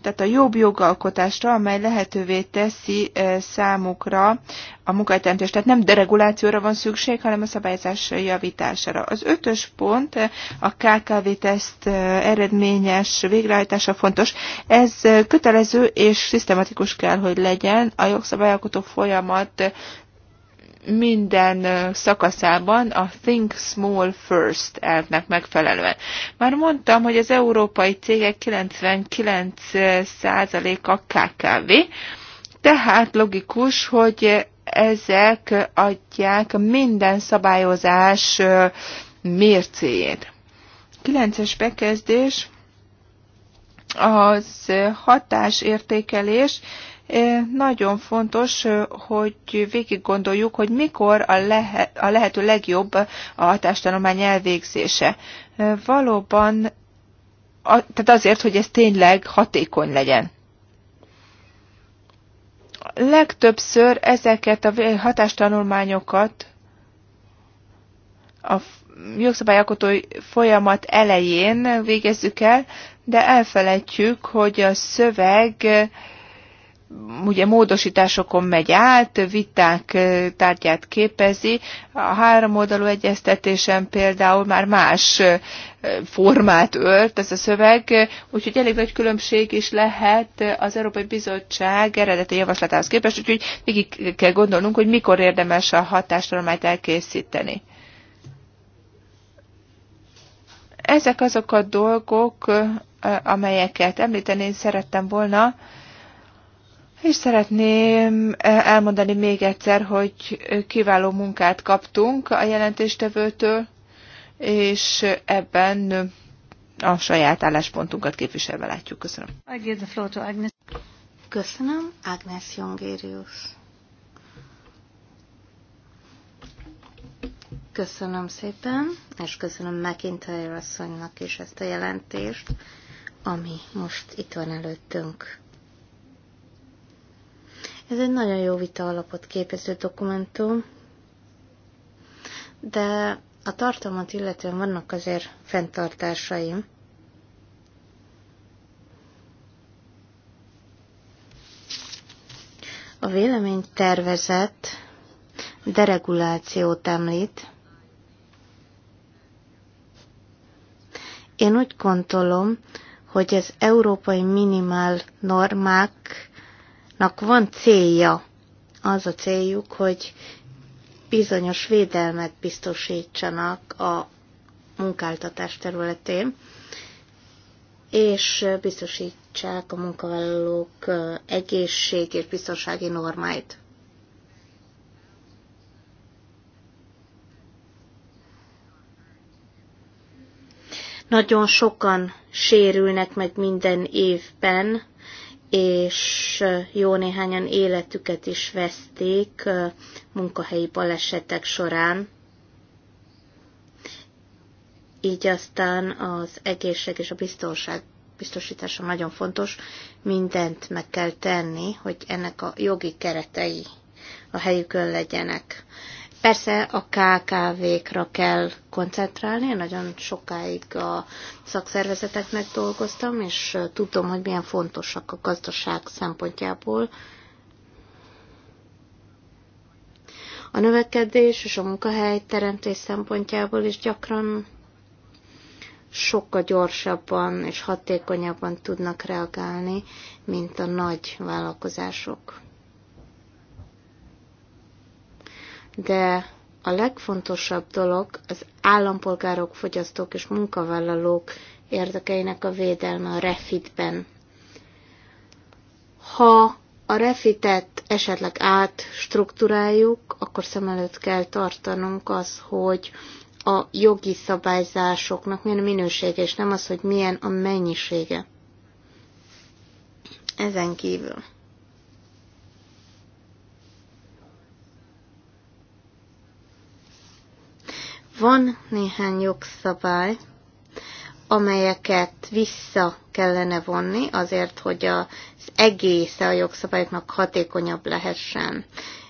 tehát a jobb jogalkotásra, amely lehetővé teszi eh, számukra a munkahelyteremtést. Tehát nem deregulációra van szükség, hanem a szabályozás javítására. Az ötös pont a KKV-teszt eh, eredményes végrehajtása fontos. Ez eh, kötelező és szisztematikus kell, hogy legyen a jogszabályalkotó folyamat minden szakaszában a Think Small First elvnek megfelelően. Már mondtam, hogy az európai cégek 99%-a KKV, tehát logikus, hogy ezek adják minden szabályozás mércéjét. 9-es bekezdés az hatásértékelés nagyon fontos, hogy végig gondoljuk, hogy mikor a, lehet, a lehető legjobb a hatástanulmány elvégzése. Valóban, a, tehát azért, hogy ez tényleg hatékony legyen legtöbbször ezeket a hatástanulmányokat a jogszabályalkotói folyamat elején végezzük el, de elfelejtjük, hogy a szöveg ugye módosításokon megy át, viták tárgyát képezi. A háromoldalú egyeztetésen például már más formát ölt ez a szöveg, úgyhogy elég nagy különbség is lehet az Európai Bizottság eredeti javaslatához képest, úgyhogy végig kell gondolnunk, hogy mikor érdemes a hatástanulmányt elkészíteni. Ezek azok a dolgok, amelyeket említeni szerettem volna, és szeretném eh, elmondani még egyszer, hogy eh, kiváló munkát kaptunk a jelentéstevőtől, és ebben eh, a saját álláspontunkat képviselve látjuk. Köszönöm. I give the floor to Agnes. Köszönöm, Agnes Jongérius. Köszönöm szépen, és köszönöm McIntyre asszonynak is ezt a jelentést, ami most itt van előttünk. Ez egy nagyon jó vita alapot képező dokumentum, de a tartalmat illetően vannak azért fenntartásaim. A vélemény tervezett deregulációt említ. Én úgy gondolom, hogy az európai minimál normák Nak van célja. Az a céljuk, hogy bizonyos védelmet biztosítsanak a munkáltatás területén, és biztosítsák a munkavállalók egészség és biztonsági normáit. Nagyon sokan sérülnek meg minden évben és jó néhányan életüket is veszték munkahelyi balesetek során. Így aztán az egészség és a biztonság biztosítása nagyon fontos. Mindent meg kell tenni, hogy ennek a jogi keretei a helyükön legyenek. Persze a KKV-kra kell koncentrálni, én nagyon sokáig a szakszervezeteknek dolgoztam, és tudom, hogy milyen fontosak a gazdaság szempontjából a növekedés és a munkahely teremtés szempontjából is gyakran sokkal gyorsabban és hatékonyabban tudnak reagálni, mint a nagy vállalkozások. de a legfontosabb dolog az állampolgárok, fogyasztók és munkavállalók érdekeinek a védelme a refitben. Ha a refitet esetleg átstruktúráljuk, akkor szem előtt kell tartanunk az, hogy a jogi szabályzásoknak milyen a minősége, és nem az, hogy milyen a mennyisége. Ezen kívül. Van néhány jogszabály, amelyeket vissza kellene vonni azért, hogy az egésze a jogszabályoknak hatékonyabb lehessen,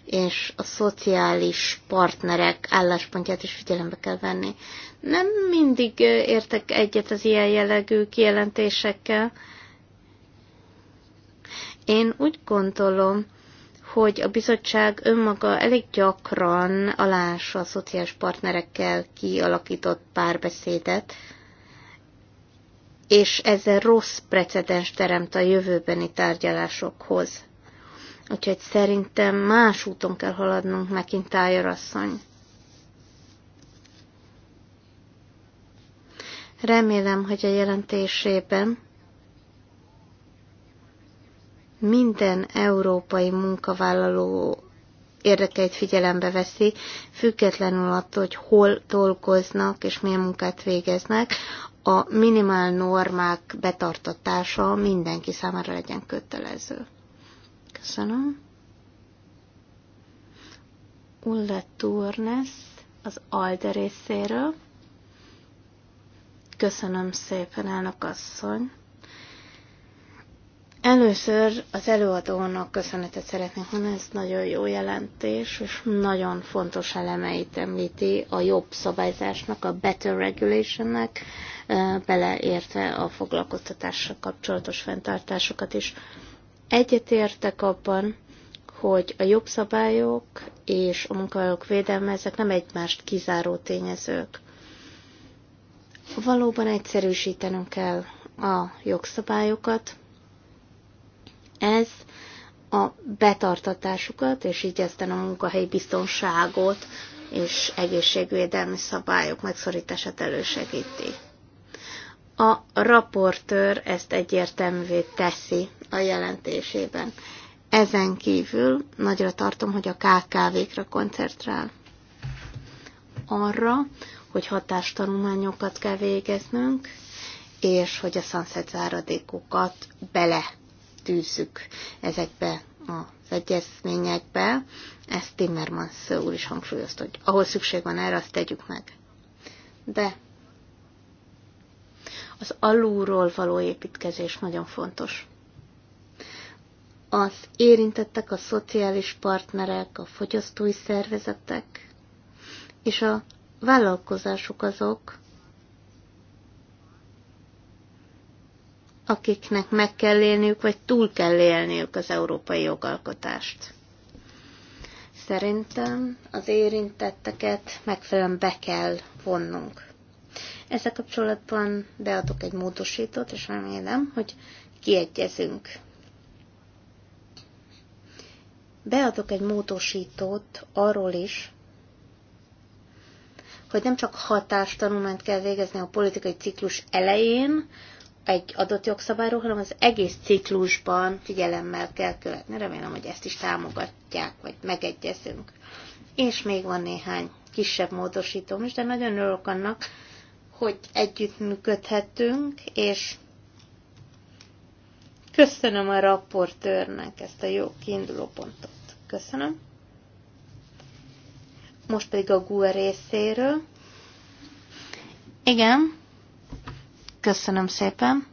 és a szociális partnerek álláspontját is figyelembe kell venni. Nem mindig értek egyet az ilyen jellegű kijelentésekkel. Én úgy gondolom, hogy a bizottság önmaga elég gyakran alássa a szociális partnerekkel kialakított párbeszédet, és ezzel rossz precedens teremt a jövőbeni tárgyalásokhoz. Úgyhogy szerintem más úton kell haladnunk, McIntyre asszony. Remélem, hogy a jelentésében minden európai munkavállaló érdekeit figyelembe veszi, függetlenül attól, hogy hol dolgoznak és milyen munkát végeznek, a minimál normák betartatása mindenki számára legyen kötelező. Köszönöm. Ulla Turnes az Alde részéről. Köszönöm szépen, elnök asszony. Először az előadónak köszönetet szeretnék mondani, ez nagyon jó jelentés, és nagyon fontos elemeit említi a jobb szabályzásnak, a better regulationnek, beleértve a foglalkoztatással kapcsolatos fenntartásokat is. Egyetértek abban, hogy a jobb szabályok és a munkavállalók védelme ezek nem egymást kizáró tényezők. Valóban egyszerűsítenünk kell a jogszabályokat, ez a betartatásukat, és így ezt a munkahelyi biztonságot és egészségvédelmi szabályok megszorítását elősegíti. A raportőr ezt egyértelművé teszi a jelentésében. Ezen kívül nagyra tartom, hogy a KKV-kra koncentrál. Arra, hogy hatástanulmányokat kell végeznünk, és hogy a szanszedzáradékokat bele tűzzük ezekbe az egyezményekbe. Ezt Timmermans úr is hangsúlyozta, hogy ahol szükség van erre, azt tegyük meg. De az alulról való építkezés nagyon fontos. Az érintettek, a szociális partnerek, a fogyasztói szervezetek és a vállalkozások azok, akiknek meg kell élniük, vagy túl kell élniük az európai jogalkotást. Szerintem az érintetteket megfelelően be kell vonnunk. Ezzel kapcsolatban beadok egy módosítót, és remélem, hogy kiegyezünk. Beadok egy módosítót arról is, hogy nem csak hatástanulmányt kell végezni a politikai ciklus elején, egy adott jogszabályról, hanem az egész ciklusban figyelemmel kell követni. Remélem, hogy ezt is támogatják, vagy megegyezünk. És még van néhány kisebb módosítom is, de nagyon örülök annak, hogy együttműködhetünk, és köszönöm a raportőrnek ezt a jó kiinduló pontot. Köszönöm. Most pedig a GUE részéről. Igen, Köszönöm szépen,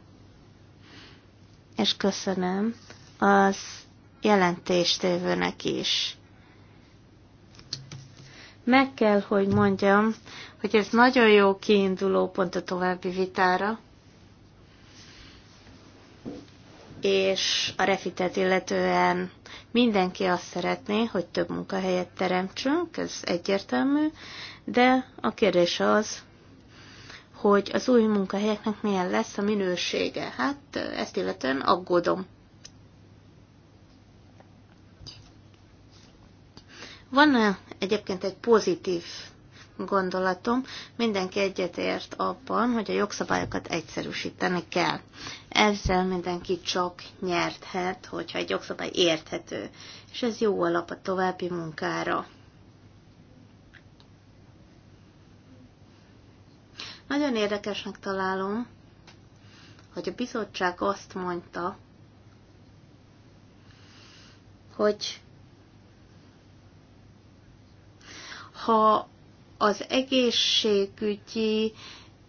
és köszönöm az jelentéstévőnek is. Meg kell, hogy mondjam, hogy ez nagyon jó kiinduló pont a további vitára, és a refitet illetően mindenki azt szeretné, hogy több munkahelyet teremtsünk, ez egyértelmű, de a kérdés az, hogy az új munkahelyeknek milyen lesz a minősége. Hát ezt illetően aggódom. Van -e egyébként egy pozitív gondolatom, mindenki egyetért abban, hogy a jogszabályokat egyszerűsíteni kell. Ezzel mindenki csak nyerthet, hogyha egy jogszabály érthető, és ez jó alap a további munkára. Nagyon érdekesnek találom, hogy a bizottság azt mondta, hogy ha az egészségügyi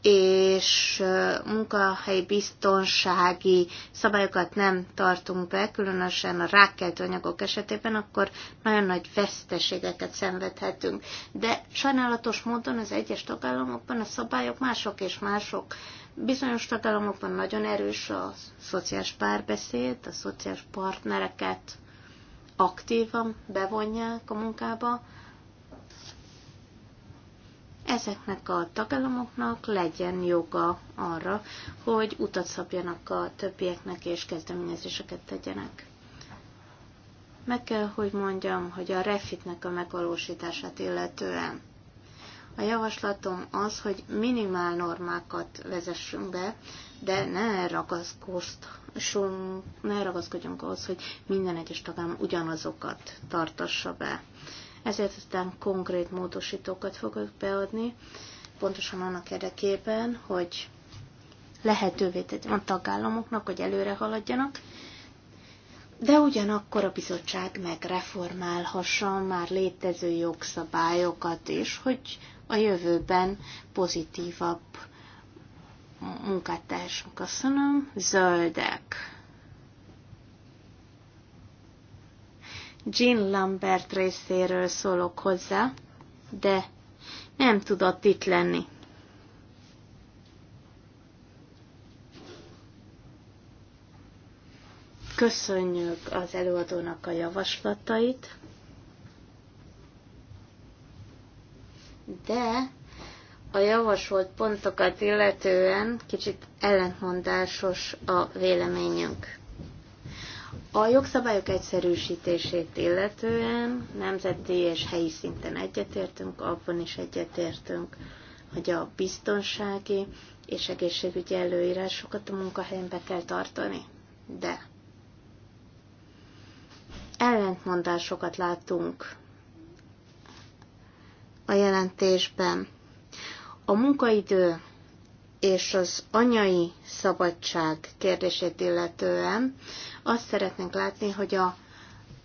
és munkahelyi biztonsági szabályokat nem tartunk be, különösen a rákkeltő anyagok esetében, akkor nagyon nagy veszteségeket szenvedhetünk. De sajnálatos módon az egyes tagállamokban a szabályok mások és mások. Bizonyos tagállamokban nagyon erős a szociális párbeszéd, a szociális partnereket aktívan bevonják a munkába, ezeknek a tagállamoknak legyen joga arra, hogy utat szabjanak a többieknek és kezdeményezéseket tegyenek. Meg kell, hogy mondjam, hogy a refitnek a megvalósítását illetően a javaslatom az, hogy minimál normákat vezessünk be, de ne, ragaszkodjunk, ne ragaszkodjunk ahhoz, hogy minden egyes tagállam ugyanazokat tartassa be ezért aztán konkrét módosítókat fogok beadni, pontosan annak érdekében, hogy lehetővé tegyem a tagállamoknak, hogy előre haladjanak, de ugyanakkor a bizottság megreformálhassa már létező jogszabályokat is, hogy a jövőben pozitívabb munkát tehessünk. Köszönöm. Zöldek. Jean Lambert részéről szólok hozzá, de nem tudott itt lenni. Köszönjük az előadónak a javaslatait, de a javasolt pontokat illetően kicsit ellentmondásos a véleményünk. A jogszabályok egyszerűsítését illetően nemzeti és helyi szinten egyetértünk, abban is egyetértünk, hogy a biztonsági és egészségügyi előírásokat a munkahelyen be kell tartani. De ellentmondásokat látunk a jelentésben. A munkaidő és az anyai szabadság kérdését illetően azt szeretnénk látni, hogy a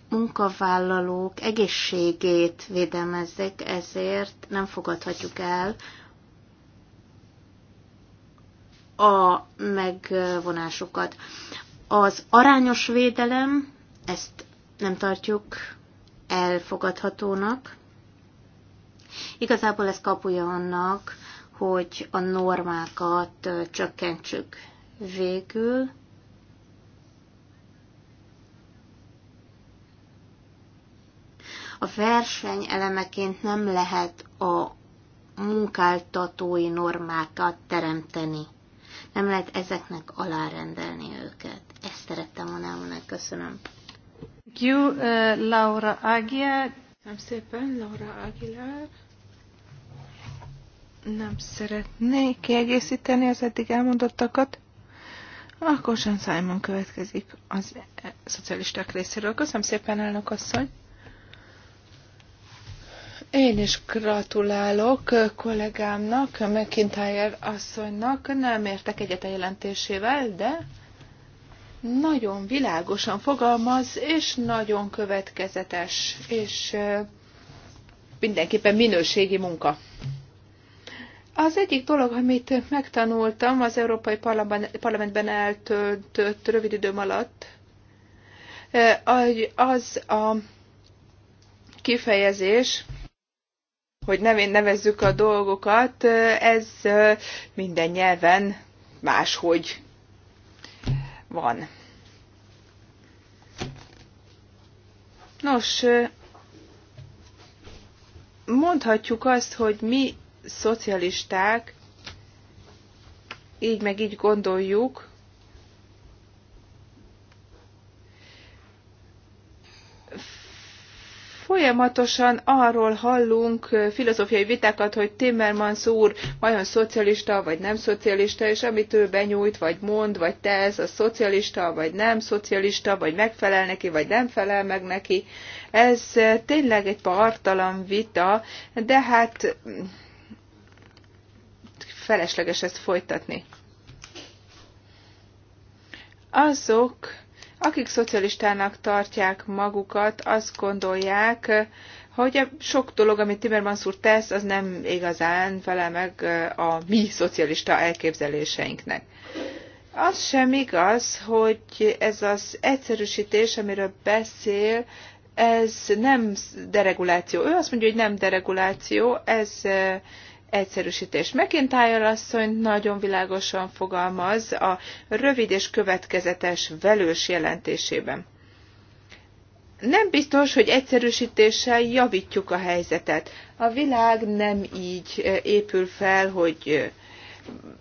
munkavállalók egészségét védelmezzék, ezért nem fogadhatjuk el a megvonásokat. Az arányos védelem, ezt nem tartjuk elfogadhatónak. Igazából ez kapuja annak, hogy a normákat csökkentsük végül. A verseny elemeként nem lehet a munkáltatói normákat teremteni. Nem lehet ezeknek alárendelni őket. Ezt szerettem volna elmondani. Köszönöm. Thank you, uh, Laura Aguilar. Nem szépen, Laura Aguilar. Nem szeretnék kiegészíteni az eddig elmondottakat. Akkor Sean Simon következik az eh, szocialisták részéről. Köszönöm szépen, elnök asszony! Én is gratulálok kollégámnak, McIntyre asszonynak. Nem értek egyet a jelentésével, de nagyon világosan fogalmaz, és nagyon következetes, és mindenképpen minőségi munka. Az egyik dolog, amit megtanultam az Európai Parlamentben eltöltött rövid időm alatt, az a kifejezés, hogy nevén nevezzük a dolgokat, ez minden nyelven máshogy van. Nos, mondhatjuk azt, hogy mi szocialisták így meg így gondoljuk, Folyamatosan arról hallunk filozófiai vitákat, hogy Timmermans úr vajon szocialista vagy nem szocialista, és amit ő benyújt, vagy mond, vagy tesz, az szocialista vagy nem szocialista, vagy megfelel neki, vagy nem felel meg neki. Ez tényleg egy partalan vita, de hát mm, felesleges ezt folytatni. Azok, akik szocialistának tartják magukat, azt gondolják, hogy a sok dolog, amit Timmermans úr tesz, az nem igazán vele meg a mi szocialista elképzeléseinknek. Az sem igaz, hogy ez az egyszerűsítés, amiről beszél, ez nem dereguláció. Ő azt mondja, hogy nem dereguláció, ez egyszerűsítés. McIntyre asszony nagyon világosan fogalmaz a rövid és következetes velős jelentésében. Nem biztos, hogy egyszerűsítéssel javítjuk a helyzetet. A világ nem így eh, épül fel, hogy eh,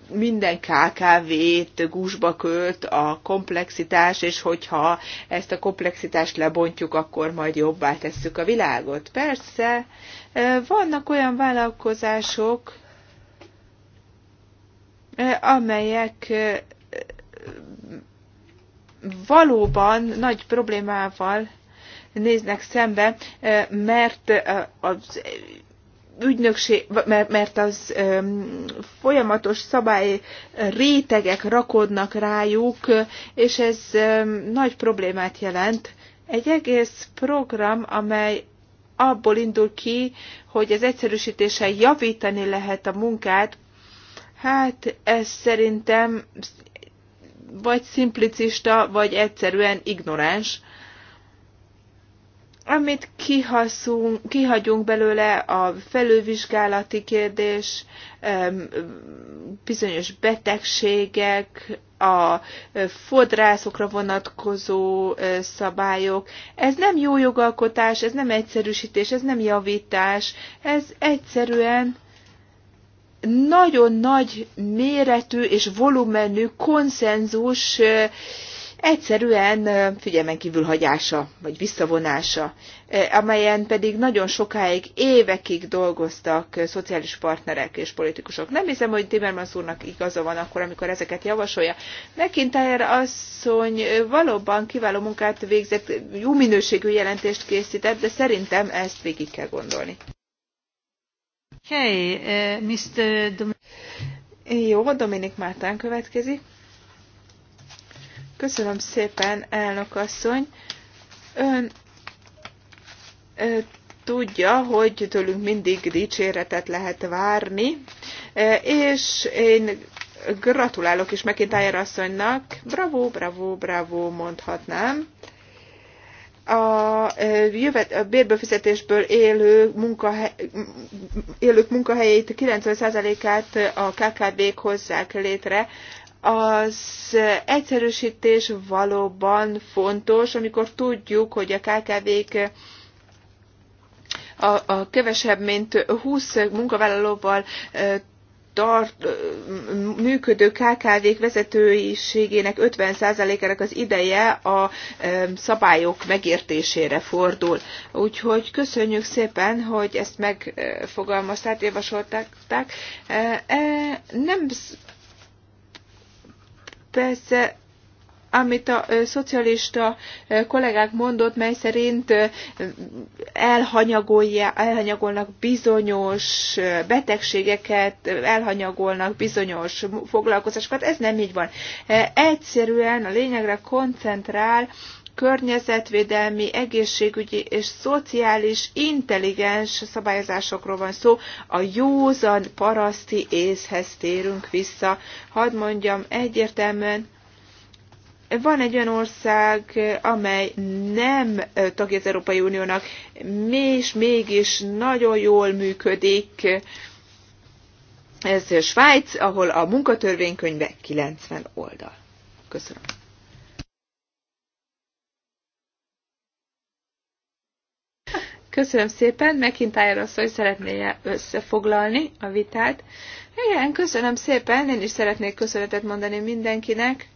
minden KKV-t gúzsba költ a komplexitás, és hogyha ezt a komplexitást lebontjuk, akkor majd jobbá tesszük a világot. Persze, vannak olyan vállalkozások, amelyek valóban nagy problémával néznek szembe, mert az ügynökség, mert az folyamatos szabály rétegek rakodnak rájuk, és ez nagy problémát jelent. Egy egész program, amely abból indul ki, hogy az egyszerűsítéssel javítani lehet a munkát, hát ez szerintem vagy szimplicista, vagy egyszerűen ignoráns amit kihaszunk, kihagyunk belőle, a felülvizsgálati kérdés, bizonyos betegségek, a fodrászokra vonatkozó szabályok. Ez nem jó jogalkotás, ez nem egyszerűsítés, ez nem javítás, ez egyszerűen nagyon nagy méretű és volumenű konszenzus egyszerűen figyelmen kívül hagyása, vagy visszavonása, amelyen pedig nagyon sokáig, évekig dolgoztak szociális partnerek és politikusok. Nem hiszem, hogy Timmermans úrnak igaza van akkor, amikor ezeket javasolja. McIntyre asszony valóban kiváló munkát végzett, jó minőségű jelentést készített, de szerintem ezt végig kell gondolni. Hey, uh, Mr. Dom- jó, Dominik Mártán következik. Köszönöm szépen, elnök asszony. Ön ö, tudja, hogy tőlünk mindig dicséretet lehet várni, és én gratulálok is McIntyre asszonynak. Bravo, bravo, bravo, mondhatnám a, jövet, a bérbefizetésből élő munkahely, élők munkahelyét 90%-át a KKV-k hozzák létre. Az egyszerűsítés valóban fontos, amikor tudjuk, hogy a KKV-k a, a kevesebb, mint 20 munkavállalóval tart, működő KKV-k vezetőiségének 50%-ának az ideje a szabályok megértésére fordul. Úgyhogy köszönjük szépen, hogy ezt megfogalmazták, javasolták. E, nem Persze amit a szocialista kollégák mondott, mely szerint elhanyagolnak bizonyos betegségeket, elhanyagolnak bizonyos foglalkozásokat. Ez nem így van. Egyszerűen a lényegre koncentrál környezetvédelmi, egészségügyi és szociális intelligens szabályozásokról van szó. A józan paraszti észhez térünk vissza. Hadd mondjam egyértelműen, van egy olyan ország, amely nem tagja az Európai Uniónak, és mégis nagyon jól működik. Ez Svájc, ahol a munkatörvénykönyve 90 oldal. Köszönöm. Köszönöm szépen, McIntyre asszony szeretné összefoglalni a vitát. Igen, köszönöm szépen, én is szeretnék köszönetet mondani mindenkinek.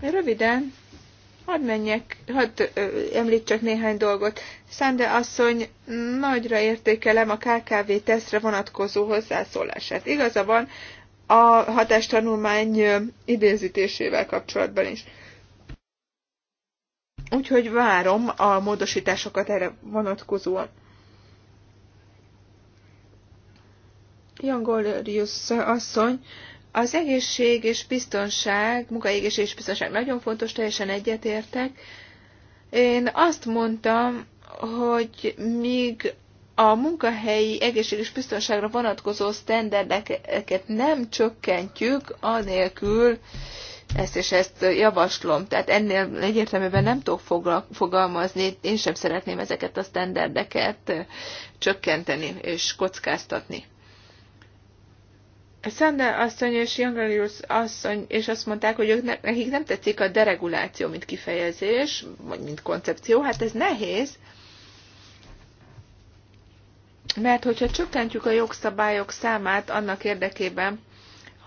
Röviden, hadd menjek, hadd említsek néhány dolgot. Szende asszony, nagyra értékelem a KKV tesztre vonatkozó hozzászólását. Igaza van a hatástanulmány időzítésével kapcsolatban is. Úgyhogy várom a módosításokat erre vonatkozóan. Jangolrius asszony, az egészség és biztonság, munkaégészség és biztonság nagyon fontos, teljesen egyetértek. Én azt mondtam, hogy míg a munkahelyi egészség és biztonságra vonatkozó sztenderdeket nem csökkentjük, anélkül, ezt és ezt javaslom. Tehát ennél egyértelműen nem tudok fogalmazni, én sem szeretném ezeket a standardeket csökkenteni és kockáztatni. Sander asszony és Jangalius asszony, és azt mondták, hogy ők ne, nekik nem tetszik a dereguláció, mint kifejezés, vagy mint koncepció. Hát ez nehéz, mert hogyha csökkentjük a jogszabályok számát annak érdekében,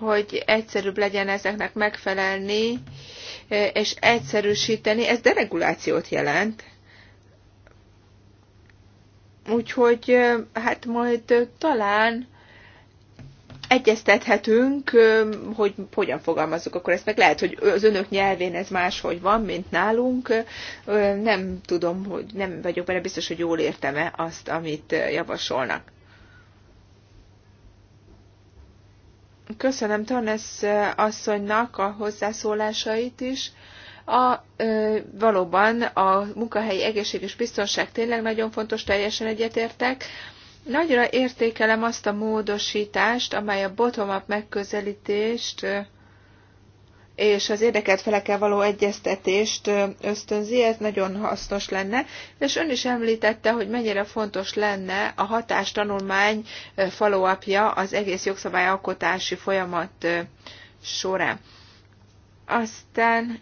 hogy egyszerűbb legyen ezeknek megfelelni, e, és egyszerűsíteni. Ez deregulációt jelent. Úgyhogy e, hát majd talán egyeztethetünk, e, hogy hogyan fogalmazzuk akkor ezt meg. Lehet, hogy az önök nyelvén ez máshogy van, mint nálunk. Nem tudom, hogy nem vagyok benne biztos, hogy jól értem-e azt, amit javasolnak. Köszönöm Tarnes asszonynak a hozzászólásait is. A, ö, valóban a munkahelyi egészség és biztonság tényleg nagyon fontos, teljesen egyetértek. Nagyra értékelem azt a módosítást, amely a bottom-up megközelítést és az érdekelt felekkel való egyeztetést ösztönzi, ez nagyon hasznos lenne. És ön is említette, hogy mennyire fontos lenne a hatástanulmány follow az egész jogszabályalkotási folyamat során. Aztán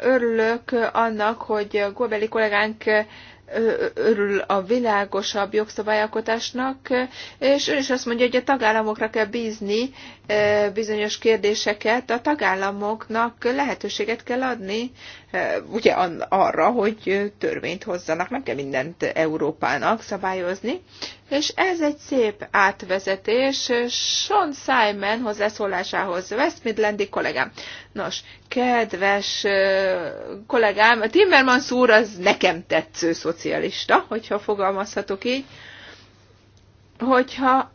örülök annak, hogy Góbeli kollégánk örül a világosabb jogszabályalkotásnak, és ő is azt mondja, hogy a tagállamokra kell bízni bizonyos kérdéseket, a tagállamoknak lehetőséget kell adni Eh, ugye arra, hogy törvényt hozzanak, nem kell mindent Európának szabályozni, és ez egy szép átvezetés Sean Simon hozzászólásához, West Midlandi kollégám. Nos, kedves eh, kollégám, a Timmermans úr az nekem tetsző szocialista, hogyha fogalmazhatok így, hogyha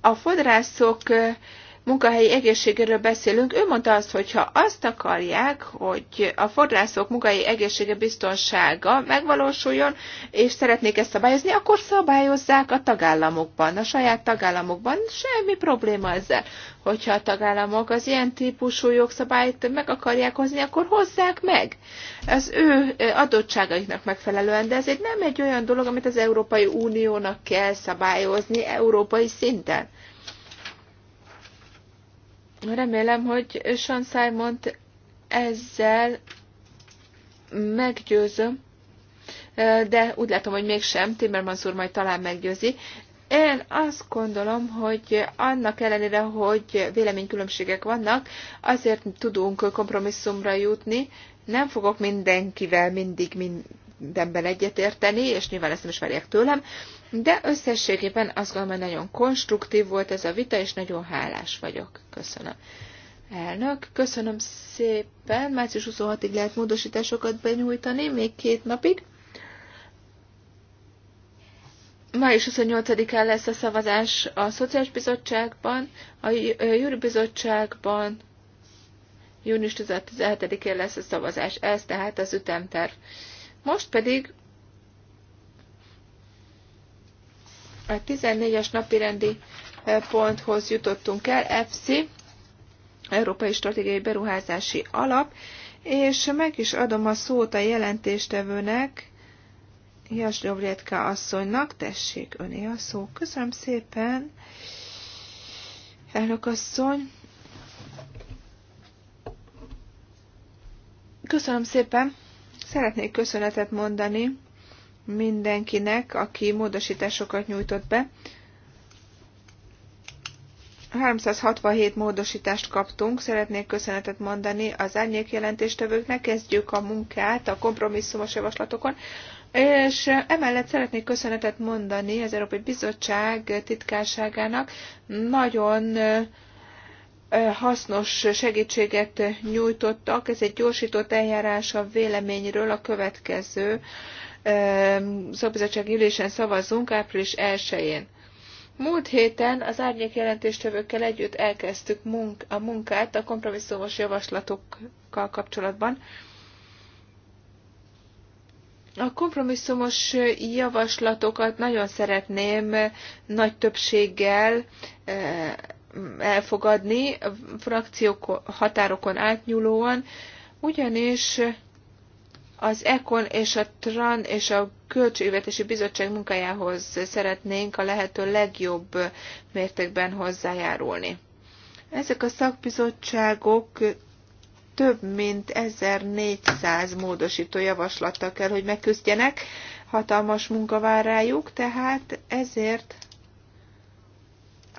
a fodrászok eh, munkahelyi egészségéről beszélünk, ő mondta azt, hogy ha azt akarják, hogy a fodrászok munkahelyi egészsége biztonsága megvalósuljon, és szeretnék ezt szabályozni, akkor szabályozzák a tagállamokban, a saját tagállamokban. Semmi probléma ezzel. Hogyha a tagállamok az ilyen típusú jogszabályt meg akarják hozni, akkor hozzák meg. Az ő adottságaiknak megfelelően, de ez egy nem egy olyan dolog, amit az Európai Uniónak kell szabályozni európai szinten. Remélem, hogy Sean simon ezzel meggyőzöm, de úgy látom, hogy mégsem, Timmermans úr majd talán meggyőzi. Én azt gondolom, hogy annak ellenére, hogy véleménykülönbségek vannak, azért tudunk kompromisszumra jutni. Nem fogok mindenkivel mindig mind mindenben egyetérteni, és nyilván ezt nem is várják tőlem, de összességében azt gondolom, hogy nagyon konstruktív volt ez a vita, és nagyon hálás vagyok. Köszönöm. Elnök, köszönöm szépen. Március 26-ig lehet módosításokat benyújtani, még két napig. Május 28-án lesz a szavazás a Szociális Bizottságban, a Júri Bizottságban, június 17-én lesz a szavazás. Ez tehát az ütemterv. Most pedig a 14-es rendi eh, ponthoz jutottunk el, EFSI, Európai Stratégiai Beruházási Alap, és meg is adom a szót a jelentéstevőnek, Dobrietka asszonynak, tessék öné a szó. Köszönöm szépen, elnök asszony. Köszönöm szépen. Szeretnék köszönetet mondani mindenkinek, aki módosításokat nyújtott be. 367 módosítást kaptunk, szeretnék köszönetet mondani az árnyékjelentéstevőknek, kezdjük a munkát a kompromisszumos javaslatokon, és emellett szeretnék köszönetet mondani az Európai Bizottság titkárságának, nagyon hasznos segítséget nyújtottak. Ez egy gyorstott eljárás a véleményről a következő szabizottsági ülésen szavazunk április one én Múlt héten az árnyék jelentéstevőkkel együtt elkezdtük a munkát a kompromisszumos javaslatokkal kapcsolatban. A kompromisszumos javaslatokat nagyon szeretném nagy többséggel elfogadni frakciók határokon átnyúlóan, ugyanis az ECON és a TRAN és a Költségvetési Bizottság munkájához szeretnénk a lehető legjobb mértékben hozzájárulni. Ezek a szakbizottságok több mint 1400 módosító javaslattal kell, hogy megküzdjenek, hatalmas munka vár rájuk, tehát ezért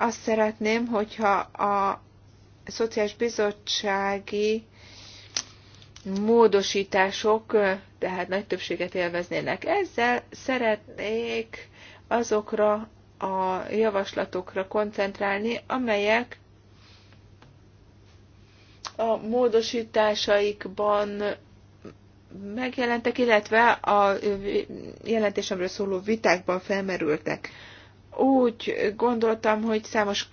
azt szeretném, hogyha a Szociális Bizottsági módosítások, tehát nagy többséget élveznének. Ezzel szeretnék azokra a javaslatokra koncentrálni, amelyek a módosításaikban megjelentek, illetve a jelentésemről szóló vitákban felmerültek úgy gondoltam, hogy számos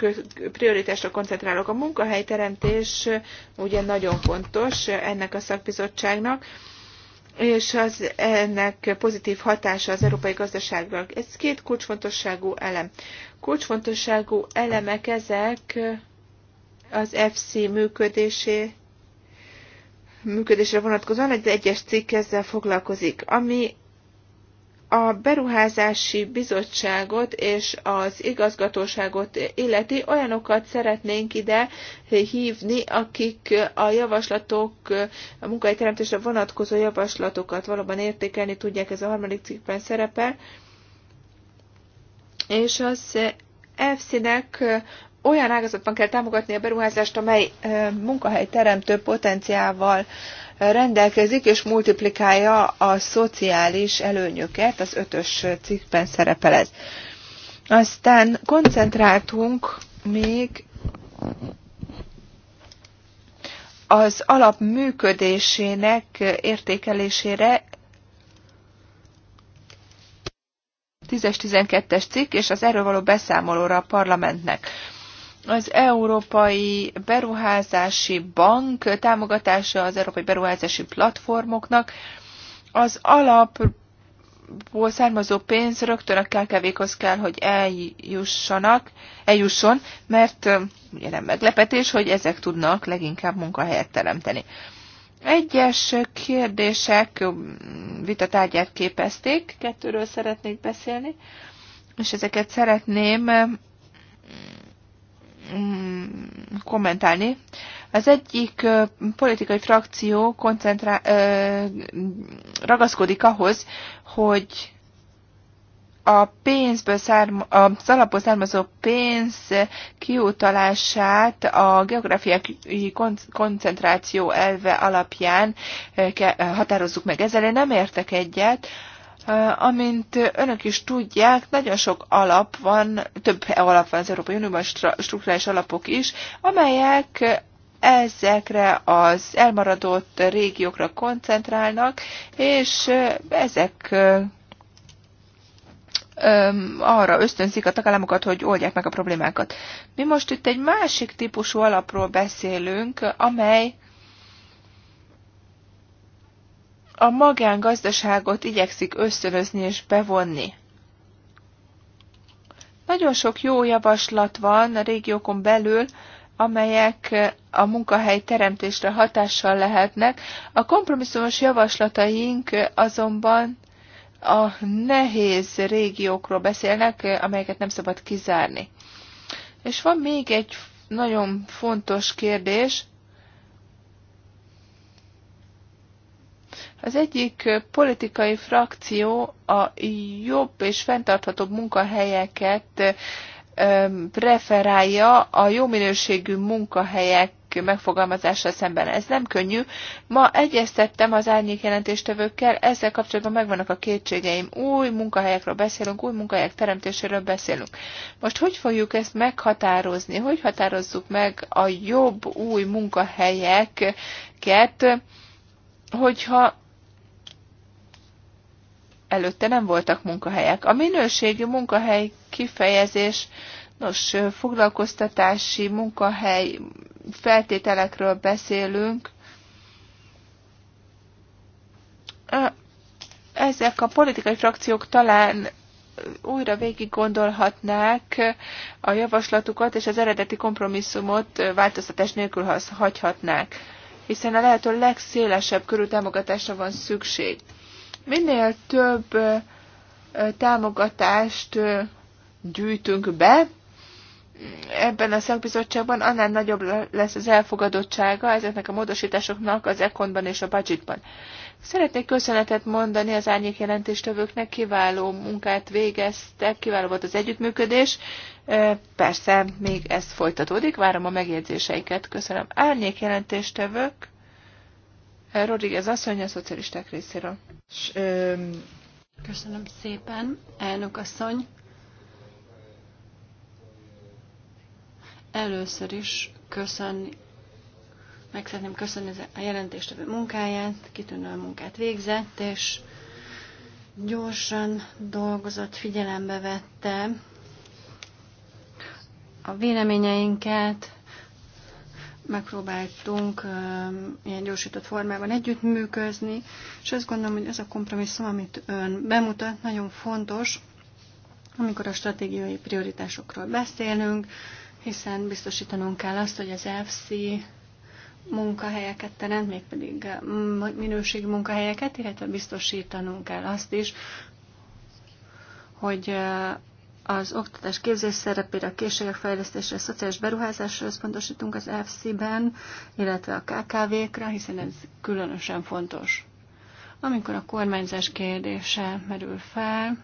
prioritásra koncentrálok. A munkahelyteremtés ugye nagyon fontos ennek a szakbizottságnak, és az ennek pozitív hatása az európai gazdaságra. Ez két kulcsfontosságú elem. Kulcsfontosságú elemek ezek az FC működésé, működésre vonatkozóan, egy egyes cikk ezzel foglalkozik, ami a beruházási bizottságot és az igazgatóságot illeti, olyanokat szeretnénk ide hívni, akik a javaslatok, a munkahelyteremtésre vonatkozó javaslatokat valóban értékelni tudják, ez a harmadik cikkben szerepel, és az EFSZ-nek olyan ágazatban kell támogatni a beruházást, amely munkahely teremtő potenciával rendelkezik és multiplikálja a szociális előnyöket, az ötös cikkben szerepel ez. Aztán koncentráltunk még az alap működésének értékelésére 10-12-es cikk és az erről való beszámolóra a parlamentnek az Európai Beruházási Bank támogatása az Európai Beruházási Platformoknak, az alapból származó pénz rögtön a kkv kell, hogy eljussanak, eljusson, mert ugye nem meglepetés, hogy ezek tudnak leginkább munkahelyet teremteni. Egyes kérdések vitatárgyát képezték, kettőről szeretnék beszélni, és ezeket szeretném Mm, kommentálni. Az egyik politikai frakció ragaszkodik ahhoz, hogy a pénzből szárma, az alapból származó pénz kiutalását a geográfiai koncentráció elve alapján határozzuk meg. Ezzel én nem értek egyet. Amint önök is tudják, nagyon sok alap van, több alap van az Európai Unióban, struktúrális alapok is, amelyek ezekre az elmaradott régiókra koncentrálnak, és ezek arra ösztönzik a tagállamokat, hogy oldják meg a problémákat. Mi most itt egy másik típusú alapról beszélünk, amely a magángazdaságot igyekszik ösztönözni és bevonni. Nagyon sok jó javaslat van a régiókon belül, amelyek a munkahely teremtésre hatással lehetnek. A kompromisszumos javaslataink azonban a nehéz régiókról beszélnek, amelyeket nem szabad kizárni. És van még egy nagyon fontos kérdés, Az egyik politikai frakció a jobb és fenntarthatóbb munkahelyeket preferálja a jó minőségű munkahelyek megfogalmazása szemben. Ez nem könnyű. Ma egyeztettem az árnyék jelentéstevőkkel, ezzel kapcsolatban megvannak a kétségeim. Új munkahelyekről beszélünk, új munkahelyek teremtéséről beszélünk. Most hogy fogjuk ezt meghatározni? Hogy határozzuk meg a jobb új munkahelyeket, hogyha előtte nem voltak munkahelyek. A minőségi munkahely kifejezés, nos, foglalkoztatási munkahely feltételekről beszélünk. Ezek a politikai frakciók talán újra végig gondolhatnák a javaslatukat, és az eredeti kompromisszumot változtatás nélkül hagyhatnák, hiszen a lehető legszélesebb körű támogatásra van szükség. Minél több támogatást gyűjtünk be ebben a szakbizottságban, annál nagyobb lesz az elfogadottsága ezeknek a módosításoknak az ekonban és a budgetban. Szeretnék köszönetet mondani az árnyék jelentéstevőknek, kiváló munkát végeztek, kiváló volt az együttműködés. Persze, még ez folytatódik, várom a megjegyzéseiket. Köszönöm. Árnyék jelentéstevők. Rodriguez asszony a szocialisták részéről. Köszönöm szépen, elnök asszony. Először is köszönni, meg szeretném köszönni a jelentéstevő munkáját, kitűnő munkát végzett, és gyorsan dolgozott, figyelembe vette a véleményeinket, megpróbáltunk ilyen gyorsított formában együttműközni, és azt gondolom, hogy ez a kompromisszum, amit ön bemutat, nagyon fontos, amikor a stratégiai prioritásokról beszélünk, hiszen biztosítanunk kell azt, hogy az FC munkahelyeket teremt, mégpedig minőségi munkahelyeket, illetve biztosítanunk kell azt is, hogy az oktatás képzés szerepére, a készségek fejlesztésre, a szociális beruházásra összpontosítunk az FC-ben, illetve a KKV-kra, hiszen ez különösen fontos. Amikor a kormányzás kérdése merül fel,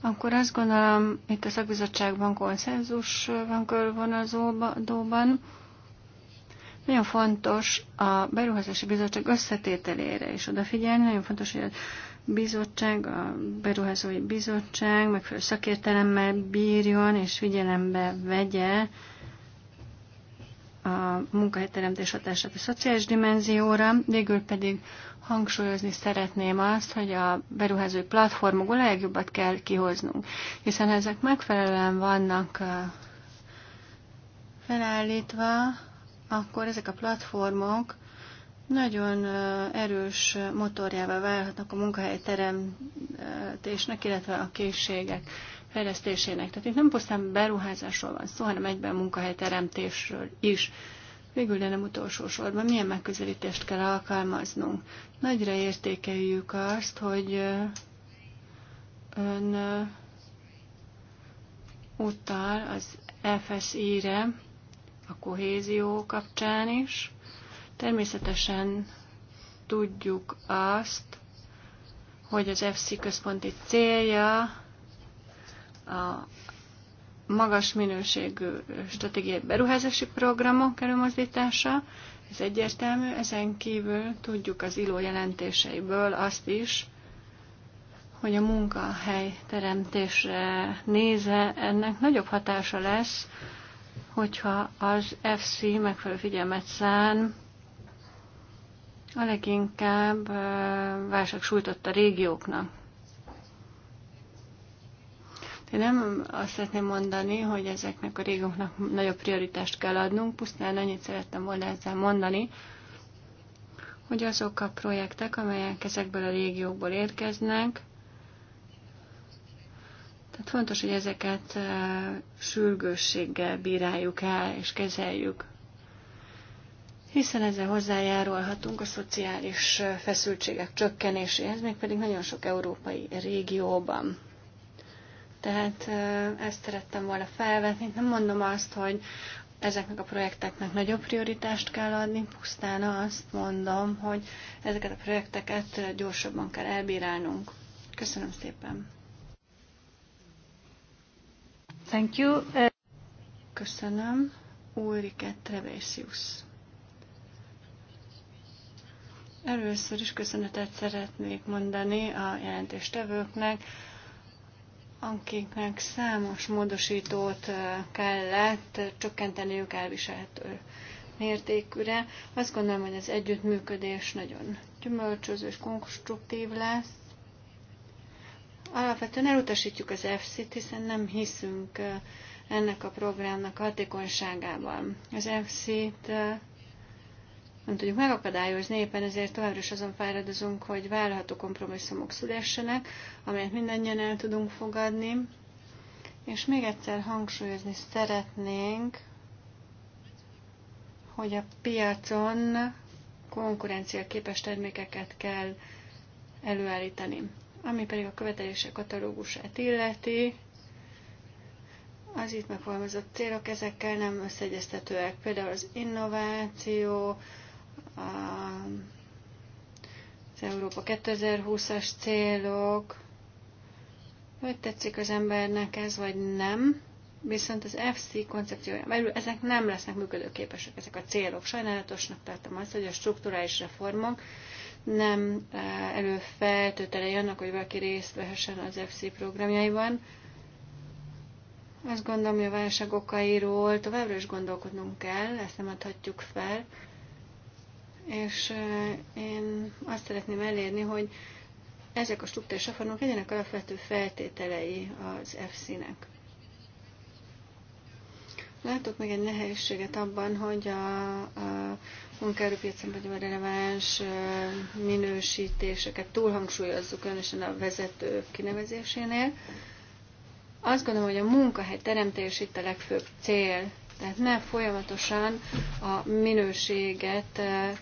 akkor azt gondolom, itt a szakbizottságban konszenzus van körvonalzóban, Nagyon fontos a beruházási bizottság összetételére is odafigyelni, nagyon fontos, hogy a bizottság, a beruházói bizottság megfelelő szakértelemmel bírjon és figyelembe vegye a munkahelyteremtés hatását a szociális dimenzióra, végül pedig hangsúlyozni szeretném azt, hogy a beruházói platformokból a legjobbat kell kihoznunk, hiszen ezek megfelelően vannak felállítva, akkor ezek a platformok nagyon erős motorjává válhatnak a munkahely teremtésnek, illetve a készségek fejlesztésének. Tehát itt nem pusztán beruházásról van szó, hanem egyben munkahely teremtésről is. Végül, de nem utolsó sorban, milyen megközelítést kell alkalmaznunk. Nagyra értékeljük azt, hogy ön utal az FSI-re a kohézió kapcsán is, Természetesen tudjuk azt, hogy az FC központi célja a magas minőségű stratégiai beruházási programok előmozdítása, ez egyértelmű, ezen kívül tudjuk az ILO jelentéseiből azt is, hogy a munkahely teremtésre nézve ennek nagyobb hatása lesz, hogyha az FC megfelelő figyelmet szán a leginkább válság sújtotta régióknak. Én nem azt szeretném mondani, hogy ezeknek a régióknak nagyobb prioritást kell adnunk, pusztán annyit szerettem volna ezzel mondani, hogy azok a projektek, amelyek ezekből a régiókból érkeznek, tehát fontos, hogy ezeket sürgősséggel bíráljuk el és kezeljük hiszen ezzel hozzájárulhatunk a szociális feszültségek csökkenéséhez, mégpedig nagyon sok európai régióban. Tehát ezt szerettem volna felvetni. Nem mondom azt, hogy ezeknek a projekteknek nagyobb prioritást kell adni, pusztán azt mondom, hogy ezeket a projekteket gyorsabban kell elbírálnunk. Köszönöm szépen! Thank you. Köszönöm. Ulrike Trebesius. Először is köszönetet szeretnék mondani a jelentéstevőknek, akiknek számos módosítót kellett csökkenteniük elviselhető mértékűre. Azt gondolom, hogy az együttműködés nagyon gyümölcsöző és konstruktív lesz. Alapvetően elutasítjuk az EFSZ-t, hiszen nem hiszünk ennek a programnak hatékonyságában. Az EFSZ-t nem tudjuk megakadályozni, éppen ezért továbbra is azon fáradozunk, hogy vállalható kompromisszumok szülessenek, amelyet mindannyian el tudunk fogadni. És még egyszer hangsúlyozni szeretnénk, hogy a piacon konkurencia képes termékeket kell előállítani. Ami pedig a követelések katalógusát illeti, az itt megfogalmazott célok ezekkel nem összeegyeztetőek. Például az innováció, az Európa 2020-as célok, hogy tetszik az embernek ez, vagy nem. Viszont az FC koncepciója mert ezek nem lesznek működőképesek, ezek a célok. Sajnálatosnak tartom azt, hogy a strukturális reformok nem e, előfeltőtelei annak, hogy valaki részt vehessen az FC programjaiban. Azt gondolom, hogy a válság okairól továbbra is gondolkodnunk kell, ezt nem adhatjuk fel és én azt szeretném elérni, hogy ezek a struktúrás reformok legyenek alapvető feltételei az FC-nek. Látok még egy nehézséget abban, hogy a, a munkaerőpiacon vagy a releváns minősítéseket túlhangsúlyozzuk, különösen a vezetők kinevezésénél. Azt gondolom, hogy a munkahely teremtés itt a legfőbb cél, tehát ne folyamatosan a minőséget eh,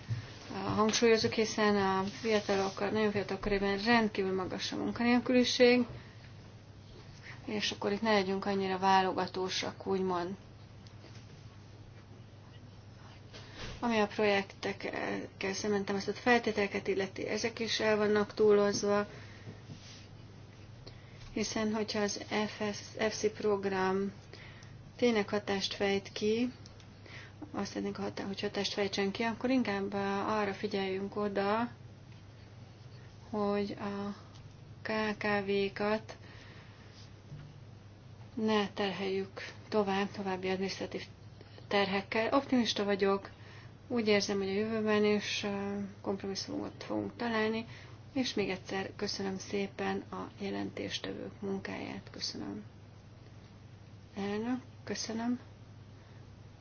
hangsúlyozunk, hiszen a fiatalok, nagyon fiatalok körében rendkívül magas a munkanélküliség, és akkor itt ne legyünk annyira válogatósak, úgymond. Ami a projektekkel szemben a feltételeket illeti, ezek is el vannak túlozva, hiszen hogyha az FS, FC program tényleg hatást fejt ki, azt szeretnénk, hogy hatást fejtsen ki, akkor inkább uh, arra figyeljünk oda, hogy a KKV-kat ne terheljük tovább, további administratív terhekkel. Optimista vagyok, úgy érzem, hogy a jövőben is uh, kompromisszumot fogunk találni, és még egyszer köszönöm szépen a jelentéstevők munkáját. Köszönöm. Elnök. Köszönöm.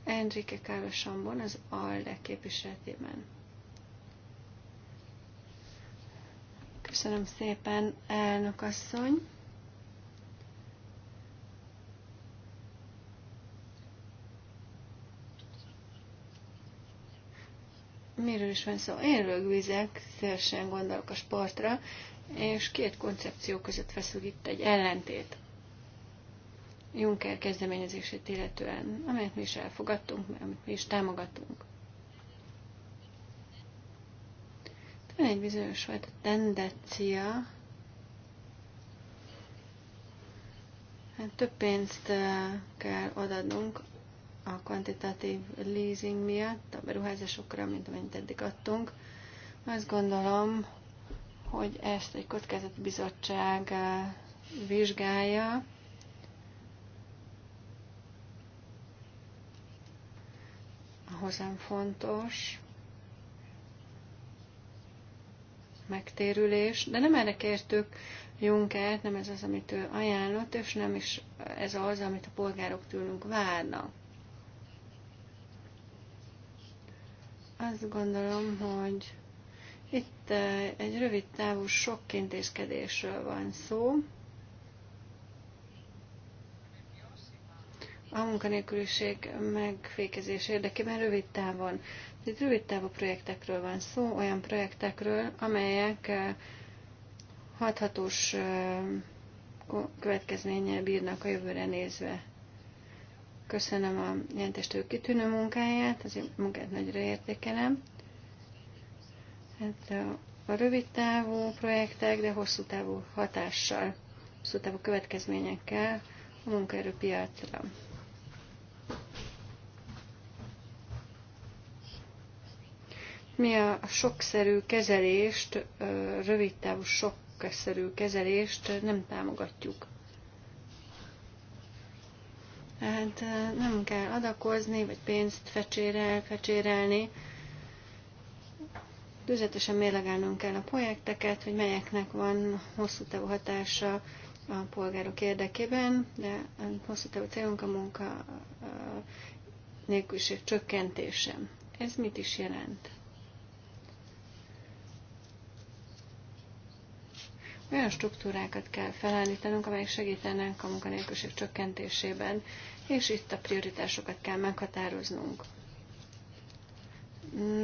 Enrique Károsambon az ALDE képviseletében. Köszönöm szépen, elnök asszony. Miről is van szó? Én rögvizek, szélesen gondolok a sportra, és két koncepció között feszül itt egy ellentét. Juncker kezdeményezését illetően, amelyet mi is elfogadtunk, amit mi is támogatunk. Van egy bizonyos fajta tendencia, hát több pénzt eh, kell adnunk a kvantitatív leasing miatt, a beruházásokra, mint amennyit eddig adtunk. Azt gondolom, hogy ezt egy kockázatbizottság eh, vizsgálja, hozzám fontos megtérülés, de nem erre kértük Junkert, nem ez az, amit ő ajánlott, és nem is ez az, amit a polgárok tőlünk várnak. Azt gondolom, hogy itt eh, egy rövid távú sok intézkedésről van szó, a munkanélküliség megfékezés érdekében rövid távon. Itt rövid távú projektekről van szó, olyan projektekről, amelyek eh, hathatós eh, következménnyel bírnak a jövőre nézve. Köszönöm a jelentéstől kitűnő munkáját, az én munkát nagyra értékelem. Hát eh, a rövid távú projektek, de hosszú távú hatással, hosszú távú következményekkel a munkaerőpiacra. Mi a sokszerű kezelést, rövidtávú sokszerű kezelést nem támogatjuk. Tehát nem kell adakozni, vagy pénzt fecsérel, fecsérelni. Tüzetesen mérlegelnünk kell a projekteket, hogy melyeknek van hosszú távú hatása a polgárok érdekében, de a hosszú távú célunk a munka nélküliség csökkentése. Ez mit is jelent? Olyan struktúrákat kell felállítanunk, amelyek segítenek a munkanélküliség csökkentésében, és itt a prioritásokat kell meghatároznunk.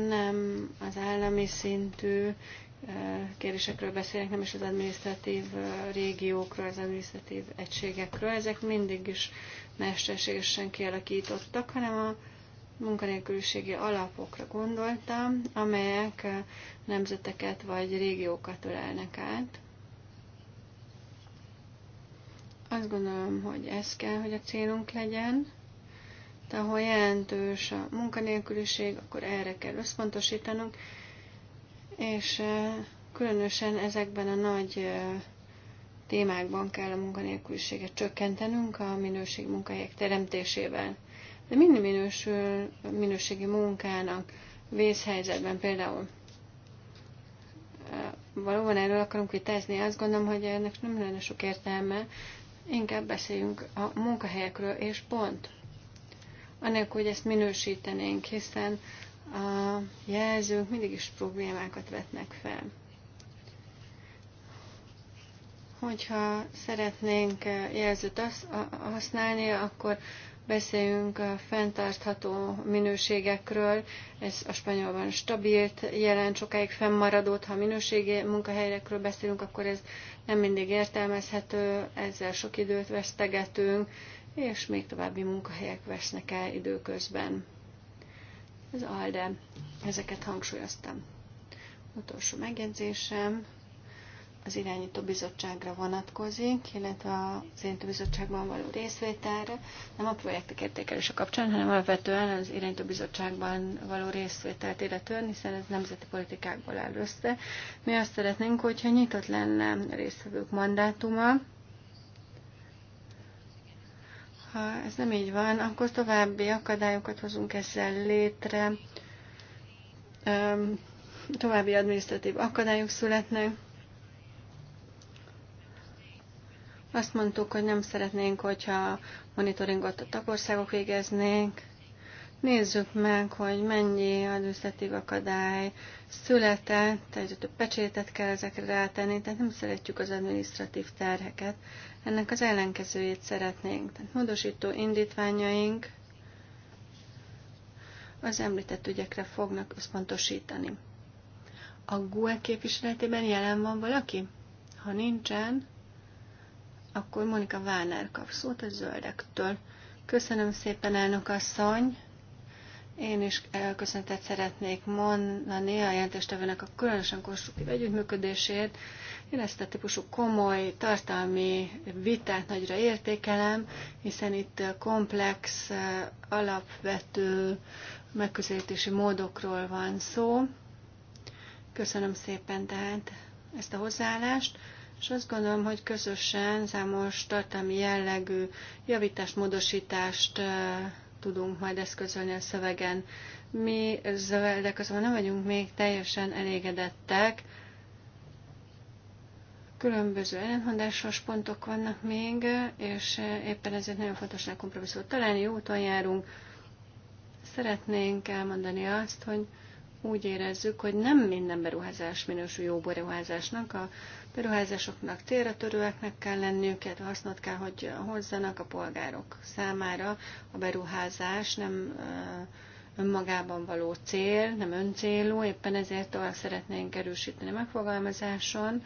Nem az állami szintű eh, kérdésekről beszélek, nem is az administratív eh, régiókról, az administratív egységekről. Ezek mindig is mesterségesen kialakítottak, hanem a munkanélküliségi alapokra gondoltam, amelyek eh, nemzeteket vagy régiókat ölelnek át. Azt gondolom, hogy ez kell, hogy a célunk legyen. De ahol jelentős a munkanélküliség, akkor erre kell összpontosítanunk, és eh, különösen ezekben a nagy eh, témákban kell a munkanélküliséget csökkentenünk a minőségi munkahelyek teremtésével. De minden minősül minőségi munkának vészhelyzetben például eh, valóban erről akarunk vitázni, azt gondolom, hogy ennek nem lenne sok értelme, Inkább beszéljünk a munkahelyekről, és pont. Anélkül, hogy ezt minősítenénk, hiszen a jelzők mindig is problémákat vetnek fel. Hogyha szeretnénk jelzőt használni, akkor beszéljünk a fenntartható minőségekről, ez a spanyolban stabilt, jelent sokáig fennmaradott. ha minőségi munkahelyekről beszélünk, akkor ez nem mindig értelmezhető, ezzel sok időt vesztegetünk, és még további munkahelyek vesznek el időközben. Ez ALDE, ezeket hangsúlyoztam. Utolsó megjegyzésem, az irányító bizottságra vonatkozik, illetve az irányító bizottságban való részvételre, nem a projektek értékelése kapcsán, hanem alapvetően az irányító bizottságban való részvételt illetően, hiszen ez nemzeti politikákból áll össze. Mi azt szeretnénk, hogyha nyitott lenne a résztvevők mandátuma, ha ez nem így van, akkor további akadályokat hozunk ezzel létre, további adminisztratív akadályok születnek, Azt mondtuk, hogy nem szeretnénk, hogyha monitoringot a tagországok végeznénk. Nézzük meg, hogy mennyi adminisztratív akadály született, egy több pecsétet kell ezekre rátenni, tehát nem szeretjük az administratív terheket. Ennek az ellenkezőjét szeretnénk. Tehát módosító indítványaink az említett ügyekre fognak összpontosítani. A GUE képviseletében jelen van valaki? Ha nincsen, akkor Monika Váner kap szót a zöldektől. Köszönöm szépen, elnök asszony! Én is eh, köszöntet szeretnék mondani a jelentéstevőnek a különösen konstruktív együttműködését. Én ezt a típusú komoly, tartalmi vitát nagyra értékelem, hiszen itt eh, komplex, eh, alapvető megközelítési módokról van szó. Köszönöm szépen tehát ezt a hozzáállást és azt gondolom, hogy közösen számos tartalmi jellegű javítást, módosítást tudunk majd eszközölni a szövegen. Mi zöldek azonban nem vagyunk még teljesen elégedettek. Különböző ellentmondásos pontok vannak még, és éppen ezért nagyon fontos a kompromisszumot találni, úton járunk. Szeretnénk elmondani azt, hogy úgy érezzük, hogy nem minden beruházás minősül jó beruházásnak. A beruházásoknak célra törőeknek kell lenniük, illetve hasznot kell, hogy hozzanak a polgárok számára. A beruházás nem önmagában való cél, nem öncélú, éppen ezért tovább szeretnénk erősíteni megfogalmazáson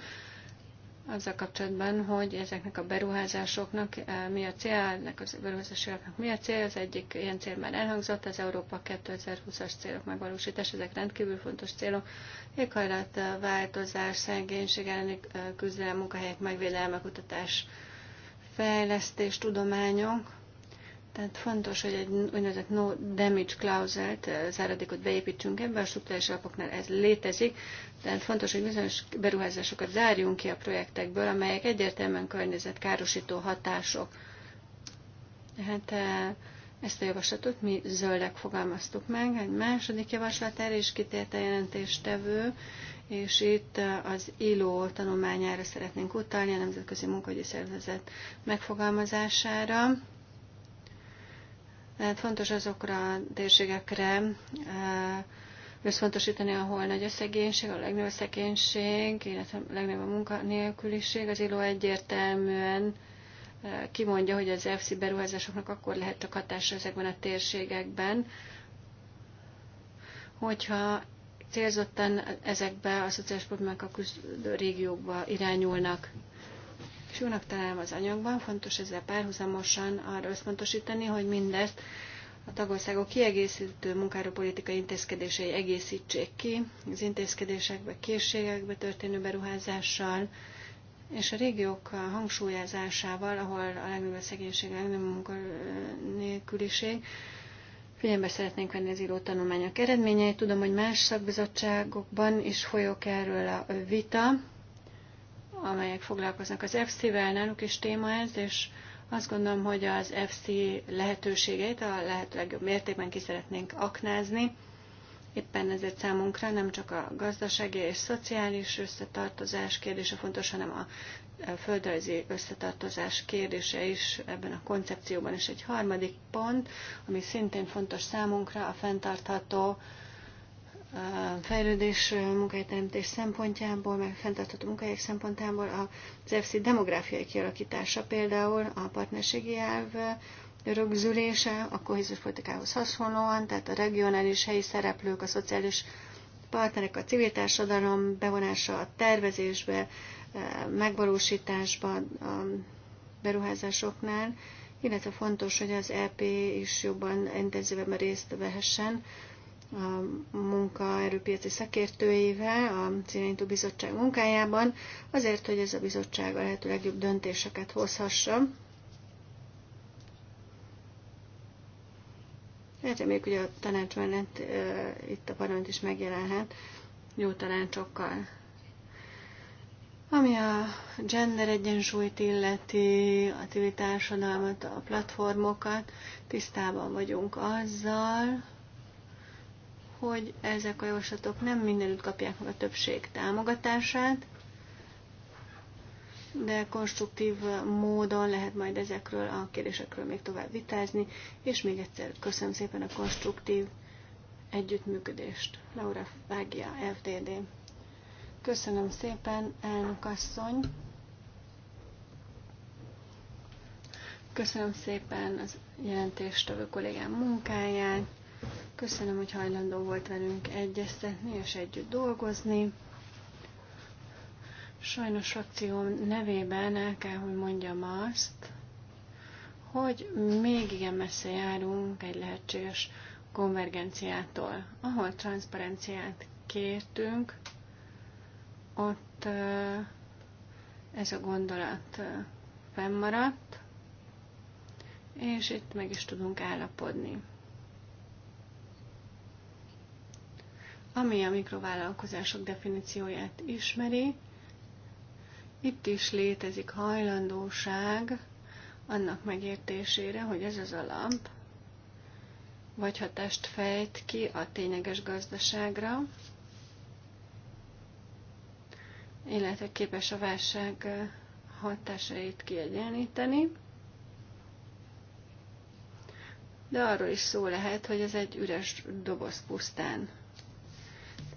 azzal kapcsolatban, hogy ezeknek a beruházásoknak eh, mi a cél, ennek a beruházásoknak mi a cél. Az egyik ilyen cél már elhangzott, az Európa 2020-as célok megvalósítás, ezek rendkívül fontos célok. éghajlatváltozás, eh, változás, szegénység elleni eh, küzdelem, munkahelyek megvédelme, kutatás, fejlesztés, tudományok. Tehát fontos, hogy egy úgynevezett no damage clause-t, eh, záradékot beépítsünk ebbe, a struktúrális alapoknál ez létezik, tehát fontos, hogy bizonyos beruházásokat zárjunk ki a projektekből, amelyek egyértelműen környezetkárosító hatások. Hát eh, ezt a javaslatot mi zöldek fogalmaztuk meg, egy második javaslat erre is kitért a jelentéstevő, és itt eh, az ILO tanulmányára szeretnénk utalni, a Nemzetközi Munkahogyi Szervezet megfogalmazására tehát fontos azokra a térségekre eh, összpontosítani, ahol nagy a szegénység, a legnagyobb a szegénység, illetve a legnagyobb a munkanélküliség. Az ILO egyértelműen eh, kimondja, hogy az FC beruházásoknak akkor lehet a hatása ezekben a térségekben, hogyha célzottan ezekbe a szociális problémákkal küzdő régiókba irányulnak és jónak találom az anyagban, fontos ezzel párhuzamosan arra összpontosítani, hogy mindezt a tagországok kiegészítő munkáropolitikai intézkedései egészítsék ki, az intézkedésekbe, készségekbe történő beruházással, és a régiók hangsúlyozásával, ahol a legnagyobb szegénység, a legnagyobb munkanélküliség, Figyelembe szeretnénk venni az író tanulmányok eredményeit. Tudom, hogy más szakbizottságokban is folyok erről a vita, amelyek foglalkoznak az FC-vel, náluk is téma ez, és azt gondolom, hogy az FC lehetőségeit a lehető legjobb mértékben ki szeretnénk aknázni. Éppen ezért számunkra nem csak a gazdasági és szociális összetartozás kérdése fontos, hanem a földrajzi összetartozás kérdése is ebben a koncepcióban. És egy harmadik pont, ami szintén fontos számunkra, a fenntartható fejlődés munkahelyteremtés szempontjából, meg fenntartható munkahelyek szempontjából az FC demográfiai kialakítása például a partnerségi elv rögzülése a kohéziós politikához hasonlóan, tehát a regionális helyi szereplők, a szociális partnerek, a civil társadalom bevonása a tervezésbe, megvalósításba, a beruházásoknál, illetve fontos, hogy az EP is jobban intenzívebben részt vehessen a munkaerőpiaci szakértőivel a Célintú Bizottság munkájában, azért, hogy ez a bizottság a lehető legjobb döntéseket hozhassa. Hát reméljük, hogy a tanács mellett e, itt a parlament is megjelenhet jó tanácsokkal. Ami a gender egyensúlyt illeti, a civil társadalmat, a platformokat, tisztában vagyunk azzal, hogy ezek a javaslatok nem mindenütt kapják meg a többség támogatását, de konstruktív módon lehet majd ezekről a kérdésekről még tovább vitázni, és még egyszer köszönöm szépen a konstruktív együttműködést. Laura Vágia, FDD. Köszönöm szépen, elnök asszony. Köszönöm szépen az jelentéstevő kollégám munkáját. Köszönöm, hogy hajlandó volt velünk egyeztetni és együtt dolgozni. Sajnos akció nevében el kell, hogy mondjam azt, hogy még igen messze járunk egy lehetséges konvergenciától. Ahol transzparenciát kértünk, ott ez a gondolat fennmaradt, és itt meg is tudunk állapodni. ami a mikrovállalkozások definícióját ismeri. Itt is létezik hajlandóság annak megértésére, hogy ez az lamp vagy hatást fejt ki a tényleges gazdaságra, illetve képes a válság hatásait kiegyenlíteni. De arról is szó lehet, hogy ez egy üres doboz pusztán.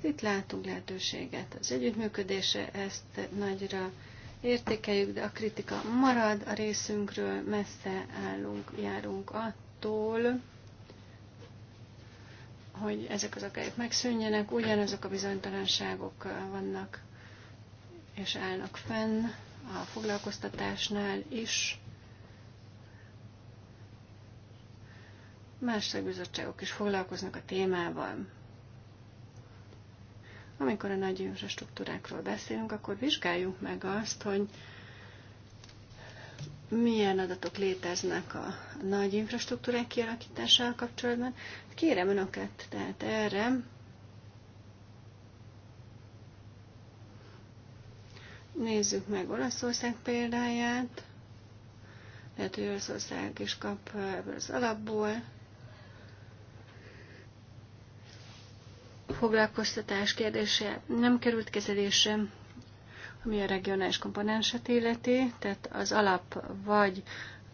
Itt látunk lehetőséget az együttműködésre, ezt nagyra értékeljük, de a kritika marad a részünkről, messze állunk, járunk attól, hogy ezek az akályok megszűnjenek, ugyanazok a bizonytalanságok vannak és állnak fenn a foglalkoztatásnál is. Más szakbizottságok is foglalkoznak a témával. Amikor a nagy infrastruktúrákról beszélünk, akkor vizsgáljuk meg azt, hogy milyen adatok léteznek a nagy infrastruktúrák kialakításával kapcsolatban. Kérem Önöket tehát erre, Nézzük meg Olaszország példáját. Lehet, hogy Olaszország is kap ebből az alapból. foglalkoztatás kérdése nem került kezelésre, ami a regionális komponenset illeti, tehát az alap vagy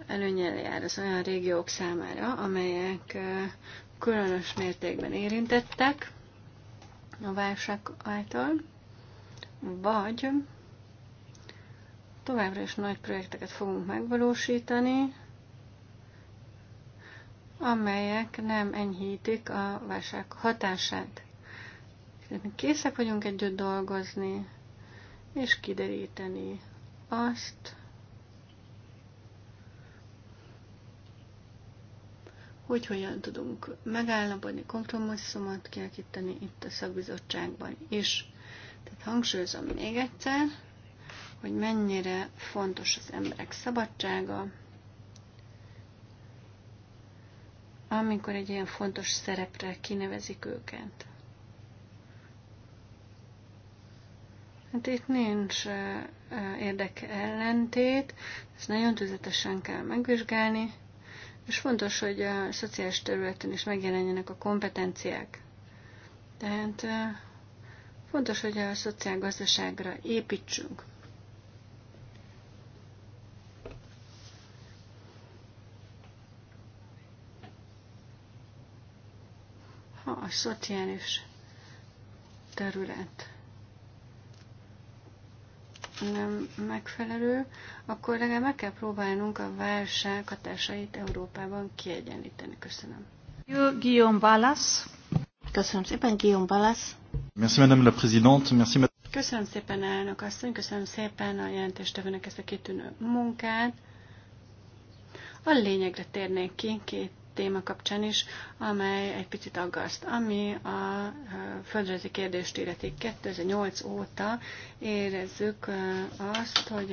előnyel jár az olyan régiók számára, amelyek különös mértékben érintettek a válság által, vagy továbbra is nagy projekteket fogunk megvalósítani, amelyek nem enyhítik a válság hatását. Szerintem készek vagyunk együtt dolgozni, és kideríteni azt, hogy hogyan tudunk megállapodni, kompromisszumot kialakítani itt a szakbizottságban is. Tehát hangsúlyozom még egyszer, hogy mennyire fontos az emberek szabadsága, amikor egy ilyen fontos szerepre kinevezik őket. Hát itt nincs érdeke ellentét, ezt nagyon tüzetesen kell megvizsgálni, és fontos, hogy a szociális területen is megjelenjenek a kompetenciák. Tehát fontos, hogy a szociál gazdaságra építsünk. Ha a szociális terület nem megfelelő, akkor legalább meg kell próbálnunk a válság hatásait Európában kiegyenlíteni. Köszönöm. Guillaume Balas. Köszönöm szépen, Guillaume Balas. Merci, Madame la Présidente. Merci, Köszönöm szépen, elnök asszony, köszönöm szépen a jelentéstevőnek ezt a kitűnő munkát. A lényegre térnék ki két téma kapcsán is, amely egy picit aggaszt. Ami a földrajzi kérdést illeti 2008 óta érezzük azt, hogy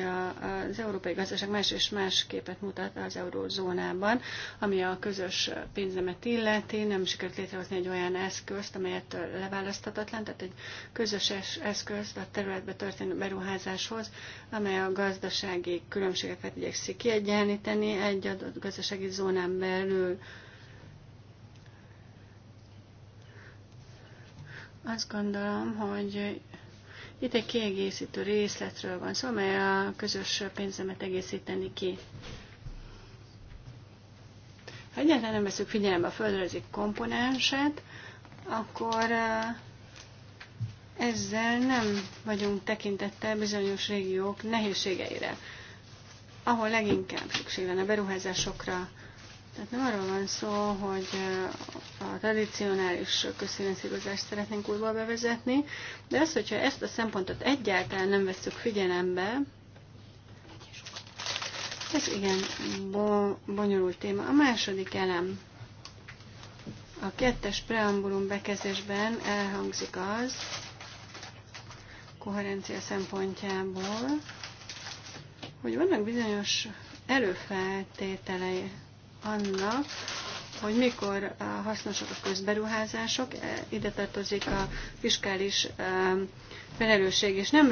az európai gazdaság más és más képet mutat az eurózónában, ami a közös pénzemet illeti, nem sikerült létrehozni egy olyan eszközt, amelyet leválaszthatatlan, tehát egy közös eszközt a területbe történő beruházáshoz, amely a gazdasági különbségeket igyekszik kiegyenlíteni egy adott gazdasági zónán belül Azt gondolom, hogy itt egy kiegészítő részletről van szó, mely a közös pénzemet egészíteni ki. Ha egyáltalán nem veszük figyelembe a földrajzi komponenset, akkor ezzel nem vagyunk tekintettel bizonyos régiók nehézségeire, ahol leginkább szükség lenne beruházásokra, tehát nem arról van szó, hogy eh, a tradicionális közfinanszírozást szeretnénk újból bevezetni, de az, hogyha ezt a szempontot egyáltalán nem veszük figyelembe, ez igen bo- bonyolult téma. A második elem. A kettes preambulum bekezdésben elhangzik az, koherencia szempontjából, hogy vannak bizonyos előfeltételei annak, hogy mikor eh, hasznosak a közberuházások, eh, ide tartozik a fiskális eh, felelősség, és nem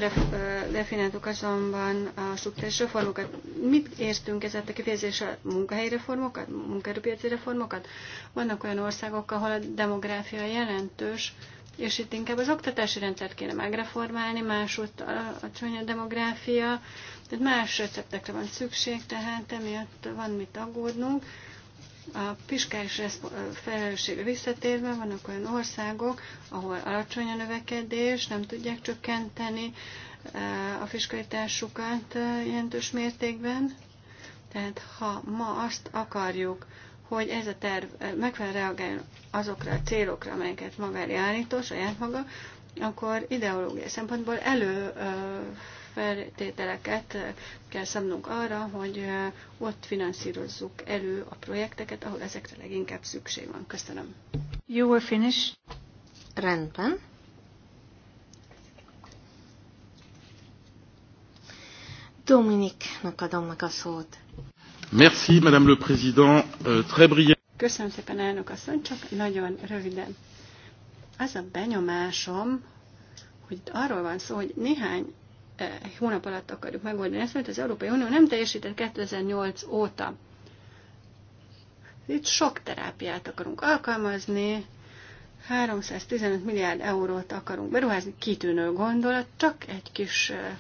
definiáltuk azonban a struktúrális reformokat. Mit értünk ezzel a kifejezéssel? Munkahelyi reformokat, munkaerőpiaci reformokat? Vannak olyan országok, ahol a demográfia jelentős, és itt inkább az oktatási rendszert kéne megreformálni, másút a csúnya demográfia, tehát más receptekre van szükség, tehát emiatt van mit aggódnunk. A piskás felelősségre visszatérve vannak olyan országok, ahol alacsony a növekedés, nem tudják csökkenteni a fiskalitásukat jelentős mértékben. Tehát ha ma azt akarjuk, hogy ez a terv eh, megfelel reagáljon azokra a célokra, amelyeket maga elállító, saját maga, akkor ideológiai szempontból elő eh, feltételeket eh, kell szabnunk arra, hogy ott finanszírozzuk elő a projekteket, ahol ezekre leginkább szükség van. Köszönöm. You were finished. Rendben. Dominiknak adom meg a szót. Merci, Madame le Président. Euh, très brillant. Köszönöm szépen, elnök asszony, csak nagyon röviden. Az a benyomásom, hogy arról van szó, hogy néhány eh, hónap alatt akarjuk megoldani ezt, mert az Európai Unió nem teljesített 2008 óta. Itt sok terápiát akarunk alkalmazni, 315 milliárd eurót akarunk beruházni, kitűnő gondolat, csak egy kis eh,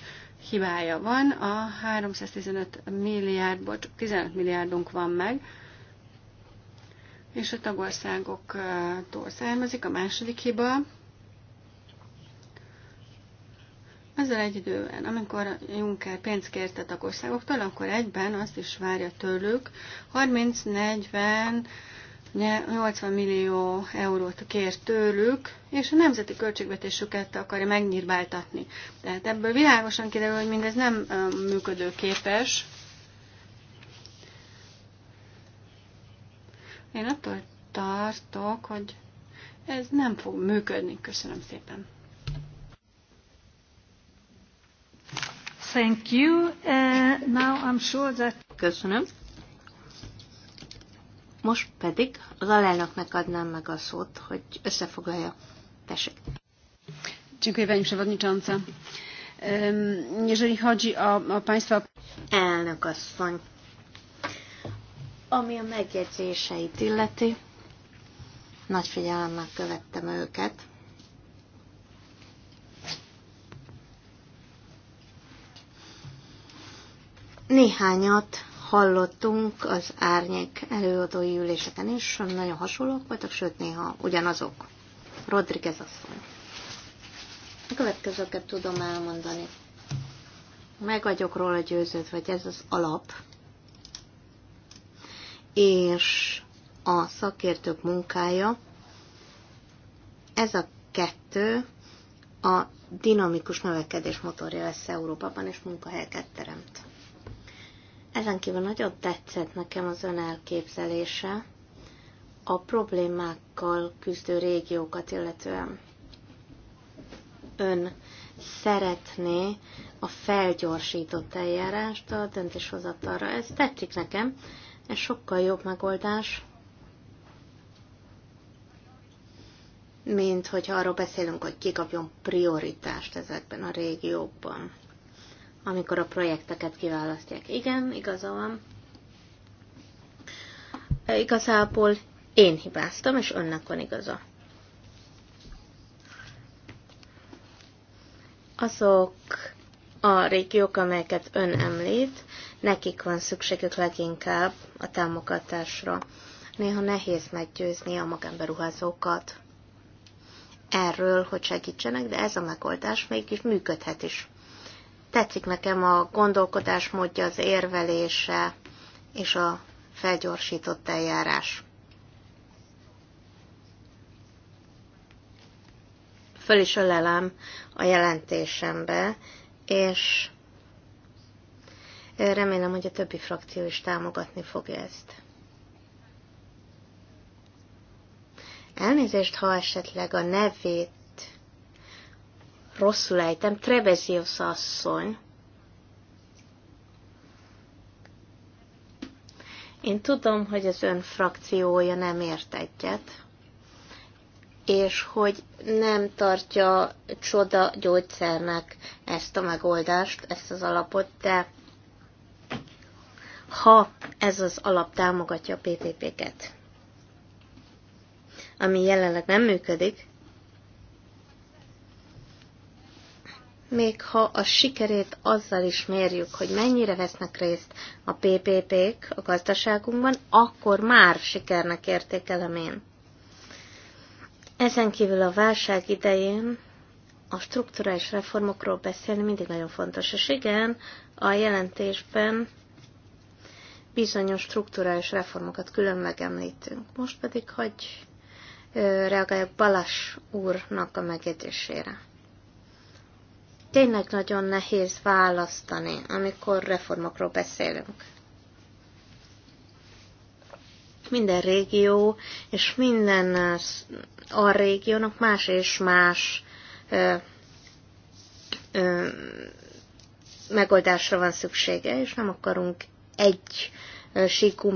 hibája van. A 315 milliárd, bocs, 15 milliárdunk van meg, és a tagországoktól származik a második hiba. Ezzel egy időben, amikor Juncker pénzt kért a tagországoktól, akkor egyben azt is várja tőlük, 30-40 80 millió eurót kér tőlük, és a nemzeti költségvetésüket akarja megnyírbáltatni. Tehát ebből világosan kiderül, hogy mindez nem működőképes. Én attól tartok, hogy ez nem fog működni. Köszönöm szépen. Thank you. Uh, now I'm sure that... Köszönöm. Most pedig az alelnöknek adnám meg a szót, hogy összefoglalja. Tessék. Dziękuję Pani Przewodnicząca. Jeżeli chodzi o, o Państwa... Elnök asszony, ami a megjegyzéseit illeti, nagy figyelemmel követtem őket. Néhányat hallottunk az árnyék előadói üléseken is, nagyon hasonlók voltak, sőt néha ugyanazok. Rodriguez asszony. A következőket tudom elmondani. Meg vagyok róla győződve, hogy ez az alap, és a szakértők munkája, ez a kettő a dinamikus növekedés motorja lesz Európában, és munkahelyeket teremt. Ezen kívül nagyon tetszett nekem az ön elképzelése a problémákkal küzdő régiókat illetően. Ön szeretné a felgyorsított eljárást a döntéshozatalra. Ez tetszik nekem, ez sokkal jobb megoldás, mint hogyha arról beszélünk, hogy kikapjon prioritást ezekben a régiókban amikor a projekteket kiválasztják. Igen, igaza van. Igazából én hibáztam, és önnek van igaza. Azok a régiók, amelyeket ön említ, nekik van szükségük leginkább a támogatásra. Néha nehéz meggyőzni a magánberuházókat erről, hogy segítsenek, de ez a megoldás mégis működhet is. Tetszik nekem a gondolkodásmódja, az érvelése és a felgyorsított eljárás. Föl is ölelem a jelentésembe, és remélem, hogy a többi frakció is támogatni fogja ezt. Elnézést, ha esetleg a nevét rosszul ejtem, Trebezius asszony. Én tudom, hogy az ön frakciója nem ért egyet, és hogy nem tartja csoda gyógyszernek ezt a megoldást, ezt az alapot, de ha ez az alap támogatja a PPP-ket, ami jelenleg nem működik, még ha a sikerét azzal is mérjük, hogy mennyire vesznek részt a PPP-k a gazdaságunkban, akkor már sikernek értékelem én. Ezen kívül a válság idején a strukturális reformokról beszélni mindig nagyon fontos, és igen, a jelentésben bizonyos strukturális reformokat külön megemlítünk. Most pedig, hogy reagáljak Balas úrnak a megjegyzésére tényleg nagyon nehéz választani, amikor reformokról beszélünk. Minden régió és minden a régiónak más és más ö, ö, megoldásra van szüksége, és nem akarunk egy síkú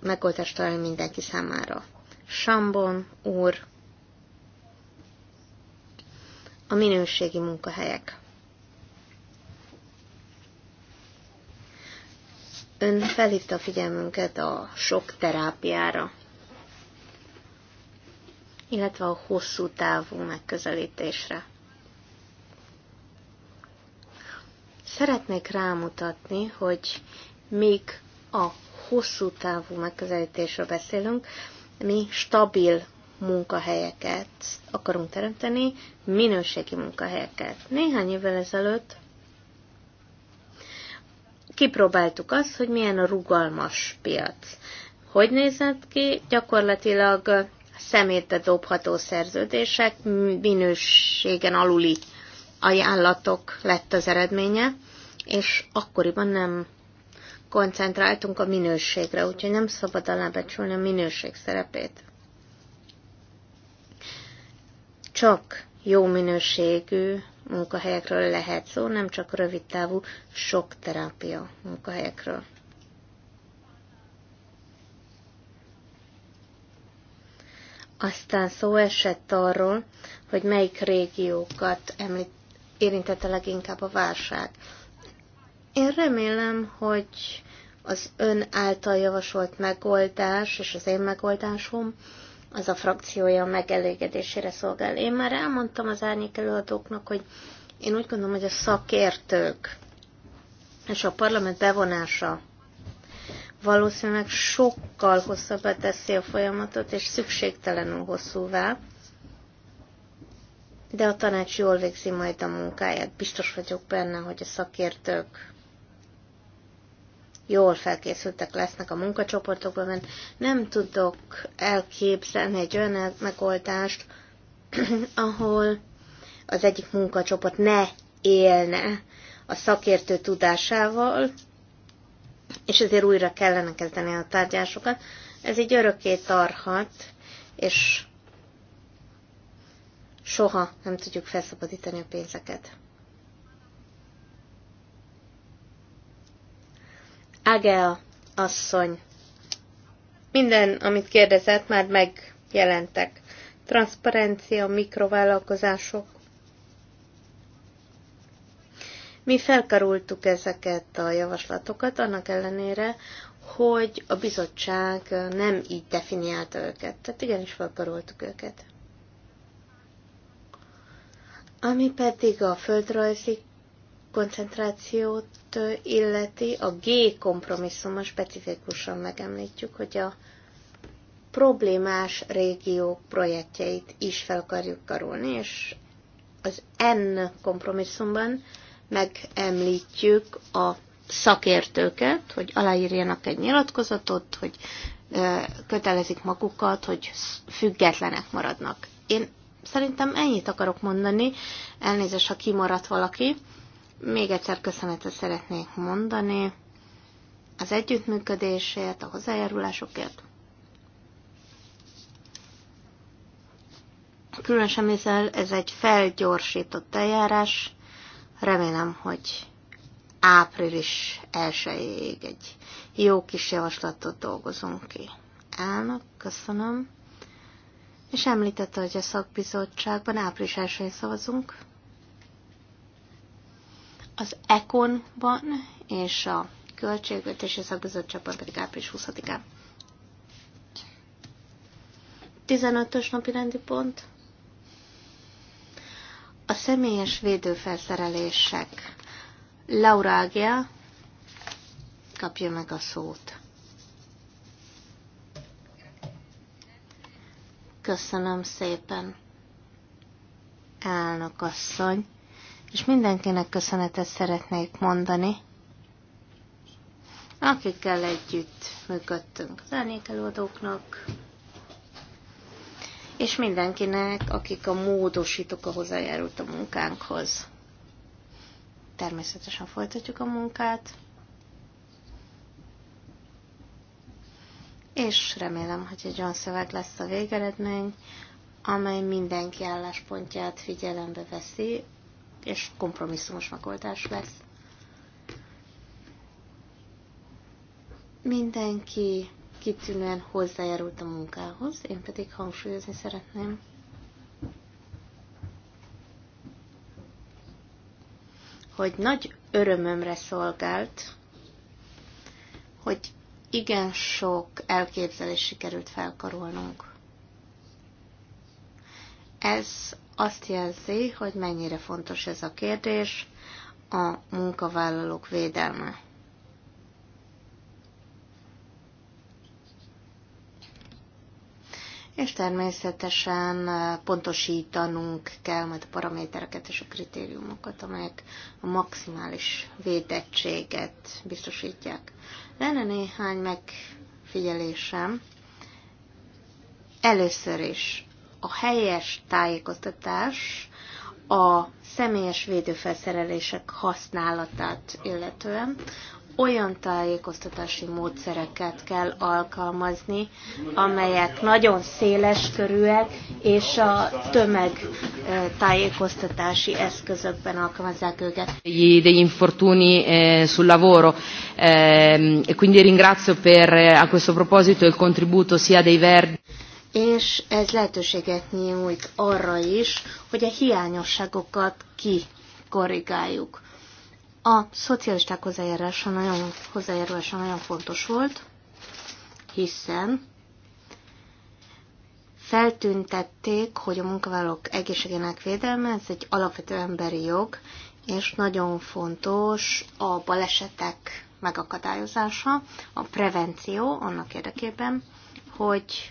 megoldást találni mindenki számára. Sambon úr a minőségi munkahelyek. Ön felhívta a figyelmünket a sok terápiára, illetve a hosszú távú megközelítésre. Szeretnék rámutatni, hogy még a hosszú távú megközelítésről beszélünk, mi stabil munkahelyeket akarunk teremteni, minőségi munkahelyeket. Néhány évvel ezelőtt kipróbáltuk azt, hogy milyen a rugalmas piac. Hogy nézett ki? Gyakorlatilag szemétbe dobható szerződések, minőségen aluli ajánlatok lett az eredménye, és akkoriban nem koncentráltunk a minőségre, úgyhogy nem szabad alábecsülni a minőség szerepét csak jó minőségű munkahelyekről lehet szó, nem csak rövidtávú sok terápia munkahelyekről. Aztán szó esett arról, hogy melyik régiókat említ, érintette leginkább a válság. Én remélem, hogy az ön által javasolt megoldás és az én megoldásom az a frakciója a megelégedésére szolgál. Én már elmondtam az árnyék előadóknak, hogy én úgy gondolom, hogy a szakértők és a parlament bevonása valószínűleg sokkal hosszabbá teszi a folyamatot, és szükségtelenül hosszúvá, de a tanács jól végzi majd a munkáját. Biztos vagyok benne, hogy a szakértők jól felkészültek lesznek a munkacsoportokban, mert nem tudok elképzelni egy olyan megoldást, ahol az egyik munkacsoport ne élne a szakértő tudásával, és ezért újra kellene kezdeni a tárgyásokat. Ez így örökké tarhat, és soha nem tudjuk felszabadítani a pénzeket. Agea asszony. Minden, amit kérdezett, már megjelentek. Transzparencia, mikrovállalkozások. Mi felkarultuk ezeket a javaslatokat, annak ellenére, hogy a bizottság nem így definiálta őket. Tehát igenis felkaroltuk őket. Ami pedig a földrajzi koncentrációt illeti, a G kompromisszuma specifikusan megemlítjük, hogy a problémás régiók projektjeit is fel akarjuk karolni, és az N kompromisszumban megemlítjük a szakértőket, hogy aláírjanak egy nyilatkozatot, hogy kötelezik magukat, hogy függetlenek maradnak. Én szerintem ennyit akarok mondani, elnézést, ha kimaradt valaki, még egyszer köszönetet szeretnék mondani az együttműködésért, a hozzájárulásokért. Különösen, hiszen ez egy felgyorsított eljárás, remélem, hogy április 1-ig egy jó kis javaslatot dolgozunk ki. Elnök, köszönöm. És említette, hogy a szakbizottságban április 1-én szavazunk. Az Econ-ban és a Költségvetési csapat pedig április 20-án. 15-ös napi rendi pont. A személyes védőfelszerelések. Laura Agia kapja meg a szót. Köszönöm szépen, elnök asszony és mindenkinek köszönetet szeretnék mondani, akikkel együtt működtünk, az árnyékelőadóknak, és mindenkinek, akik a módosítók a hozzájárult a munkánkhoz. Természetesen folytatjuk a munkát, és remélem, hogy egy olyan szöveg lesz a végeredmény, amely mindenki álláspontját figyelembe veszi, és kompromisszumos megoldás lesz. Mindenki kitűnően hozzájárult a munkához, én pedig hangsúlyozni szeretném. hogy nagy örömömre szolgált, hogy igen sok elképzelés sikerült felkarolnunk. Ez azt jelzi, hogy mennyire fontos ez a kérdés, a munkavállalók védelme. És természetesen eh, pontosítanunk kell majd a paramétereket és a kritériumokat, amelyek a maximális védettséget biztosítják. Lenne néhány megfigyelésem. Először is a helyes tájékoztatás a személyes védőfelszerelések használatát illetően olyan tájékoztatási módszereket kell alkalmazni, amelyek nagyon széles körűek, és a tömeg tájékoztatási eszközökben alkalmazzák őket. Degli infortuni eh, sul lavoro, ehm, e quindi ringrazio per, eh, a questo proposito il contributo sia dei Verdi és ez lehetőséget nyújt arra is, hogy a hiányosságokat kikorrigáljuk. A szocialisták hozzájárása nagyon, hozzájárása nagyon fontos volt, hiszen feltüntették, hogy a munkavállalók egészségének védelme, ez egy alapvető emberi jog, és nagyon fontos a balesetek megakadályozása, a prevenció annak érdekében, hogy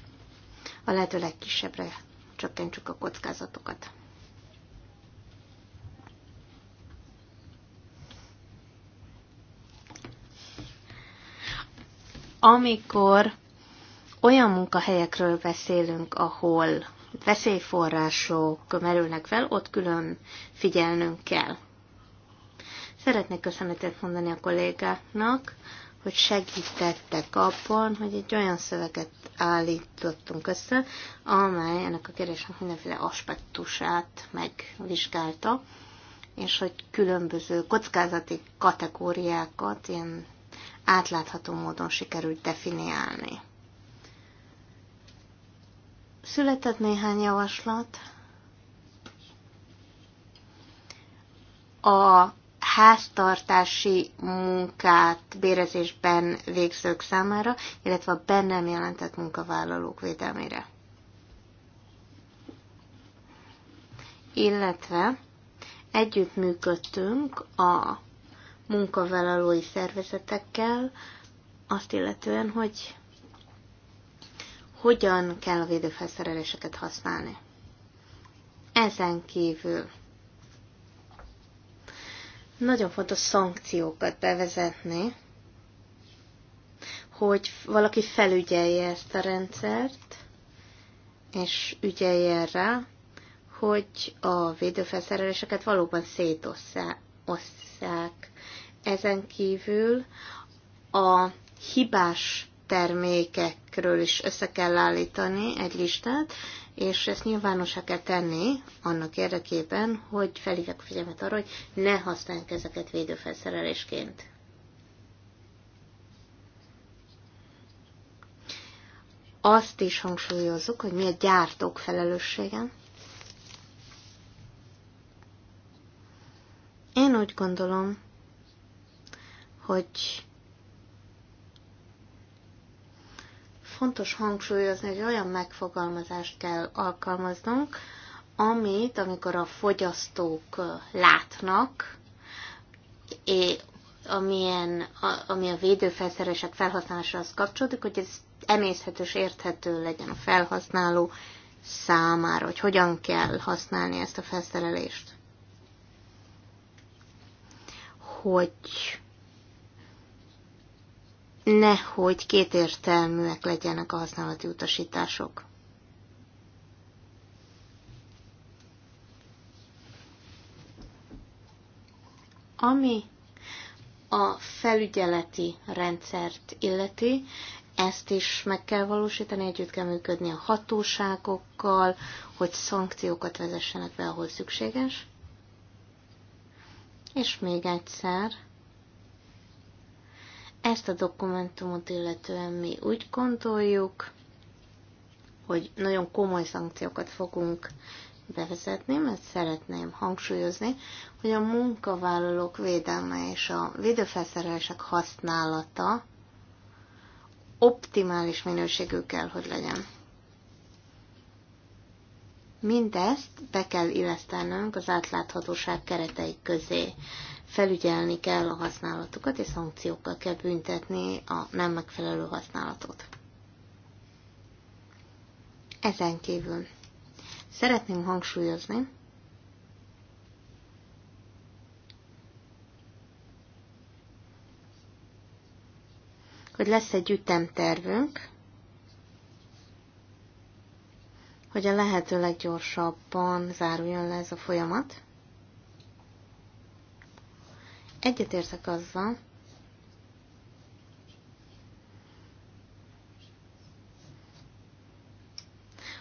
a lehető legkisebbre csökkentsük a kockázatokat. Amikor olyan munkahelyekről beszélünk, ahol veszélyforrások merülnek fel, ott külön figyelnünk kell. Szeretnék köszönetet mondani a kollégáknak, hogy segítettek abban, hogy egy olyan szöveget állítottunk össze, amely ennek a kérdésnek mindenféle aspektusát megvizsgálta, és hogy különböző kockázati kategóriákat ilyen átlátható módon sikerült definiálni. Született néhány javaslat. A háztartási munkát bérezésben végzők számára, illetve a bennem jelentett munkavállalók védelmére. Illetve együttműködtünk a munkavállalói szervezetekkel, azt illetően, hogy hogyan kell a védőfelszereléseket használni. Ezen kívül nagyon fontos szankciókat bevezetni, hogy valaki felügyelje ezt a rendszert, és ügyeljen rá, hogy a védőfelszereléseket valóban szétosszák. Ezen kívül a hibás termékekről is össze kell állítani egy listát, és ezt nyilvánosá kell tenni annak érdekében, hogy felhívják a figyelmet arra, hogy ne használják ezeket védőfelszerelésként. Azt is hangsúlyozzuk, hogy mi a gyártók felelőssége. Én úgy gondolom, hogy fontos hangsúlyozni, hogy olyan megfogalmazást kell alkalmaznunk, amit, amikor a fogyasztók látnak, és amilyen, a, ami a védőfelszerelések felhasználásához kapcsolódik, hogy ez emészhető és érthető legyen a felhasználó számára, hogy hogyan kell használni ezt a felszerelést. Hogy nehogy kétértelműek legyenek a használati utasítások. Ami a felügyeleti rendszert illeti, ezt is meg kell valósítani, együtt kell működni a hatóságokkal, hogy szankciókat vezessenek be, ahol szükséges. És még egyszer, ezt a dokumentumot illetően mi úgy gondoljuk, hogy nagyon komoly szankciókat fogunk bevezetni, mert szeretném hangsúlyozni, hogy a munkavállalók védelme és a védőfelszerelések használata optimális minőségű kell, hogy legyen. Mindezt be kell illesztenünk az átláthatóság keretei közé felügyelni kell a használatukat, és szankciókkal kell büntetni a nem megfelelő használatot. Ezen kívül szeretném hangsúlyozni, hogy lesz egy ütemtervünk, hogy a lehető leggyorsabban záruljon le ez a folyamat. Egyetértek azzal,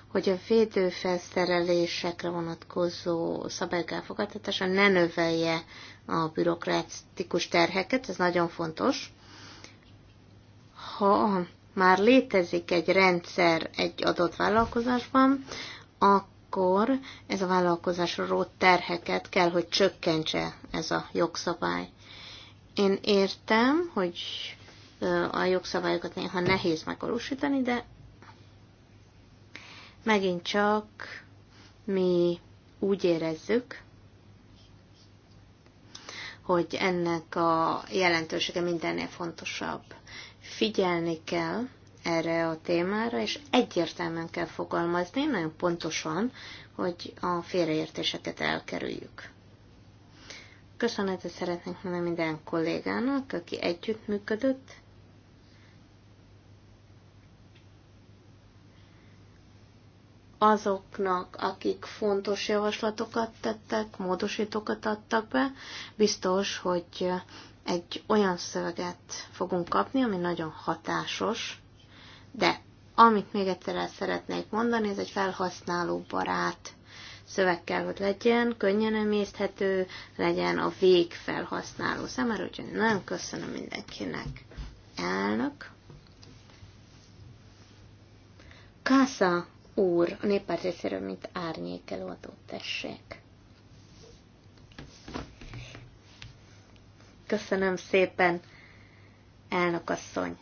hogy a védőfelszerelésekre vonatkozó szabályok elfogadhatása ne növelje a bürokratikus terheket, ez nagyon fontos. Ha már létezik egy rendszer egy adott vállalkozásban, akkor ez a vállalkozásról terheket kell, hogy csökkentse ez a jogszabály. Én értem, hogy a jogszabályokat néha nehéz megvalósítani, de megint csak mi úgy érezzük, hogy ennek a jelentősége mindennél fontosabb. Figyelni kell erre a témára, és egyértelműen kell fogalmazni, nagyon pontosan, hogy a félreértéseket elkerüljük. Köszönetet szeretnék mondani minden kollégának, aki együttműködött. Azoknak, akik fontos javaslatokat tettek, módosítókat adtak be, biztos, hogy egy olyan szöveget fogunk kapni, ami nagyon hatásos, de amit még egyszer el szeretnék mondani, ez egy felhasználó barát szöveg kell, hogy legyen, könnyen emészthető legyen a végfelhasználó számára, úgyhogy nagyon köszönöm mindenkinek. Elnök. Kásza úr, a néppárt részéről, mint árnyékelőadó, tessék. Köszönöm szépen, elnök asszony.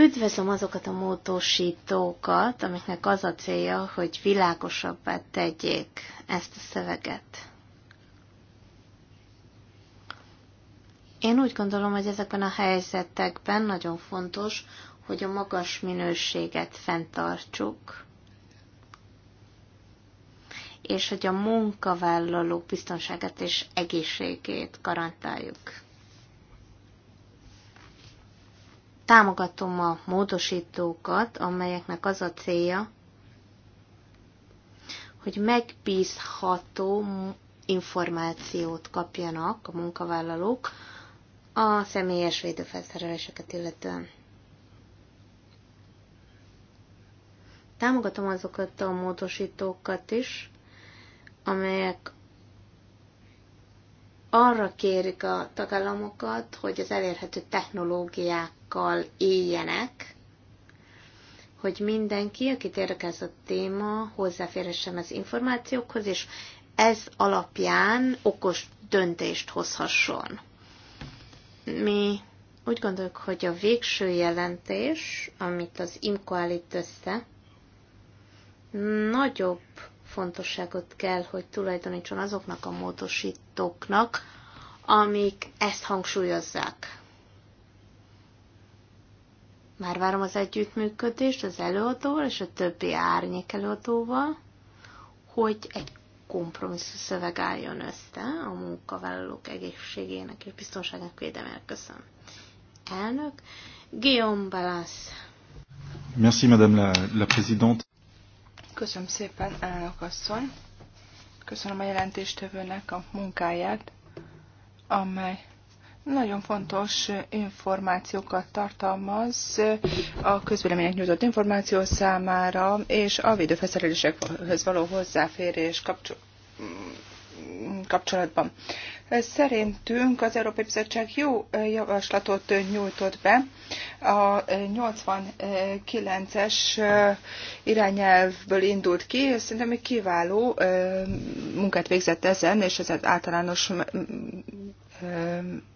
Üdvözlöm azokat a módosítókat, amiknek az a célja, hogy világosabbá tegyék ezt a szöveget. Én úgy gondolom, hogy ezekben a helyzetekben nagyon fontos, hogy a magas minőséget fenntartsuk, és hogy a munkavállalók biztonságát és egészségét garantáljuk. támogatom a módosítókat, amelyeknek az a célja, hogy megbízható információt kapjanak a munkavállalók a személyes védőfelszereléseket illetően. Támogatom azokat a módosítókat is, amelyek arra kérik a tagállamokat, hogy az elérhető technológiák azokkal éljenek, hogy mindenki, akit érdekel ez a téma, hozzáférhessen az információkhoz, és ez alapján okos döntést hozhasson. Mi úgy gondoljuk, hogy a végső jelentés, amit az IMCO állít össze, nagyobb fontosságot kell, hogy tulajdonítson azoknak a módosítóknak, amik ezt hangsúlyozzák. Már várom az együttműködést az előadóval és a többi árnyék előadóval, hogy egy kompromisszum szöveg álljon össze a munkavállalók egészségének és biztonságának védelmére. Köszönöm. Elnök Guillaume Balász. Merci, Madame la, la Présidente. Köszönöm szépen, elnök asszony. Köszönöm a jelentéstevőnek a munkáját, amely nagyon fontos információkat tartalmaz a közvélemények nyújtott információ számára, és a védőfeszerelésekhez való hozzáférés kapcsolatban. Szerintünk az Európai Bizottság jó javaslatot nyújtott be a 89-es irányelvből indult ki, és szerintem egy kiváló munkát végzett ezen, és ez általános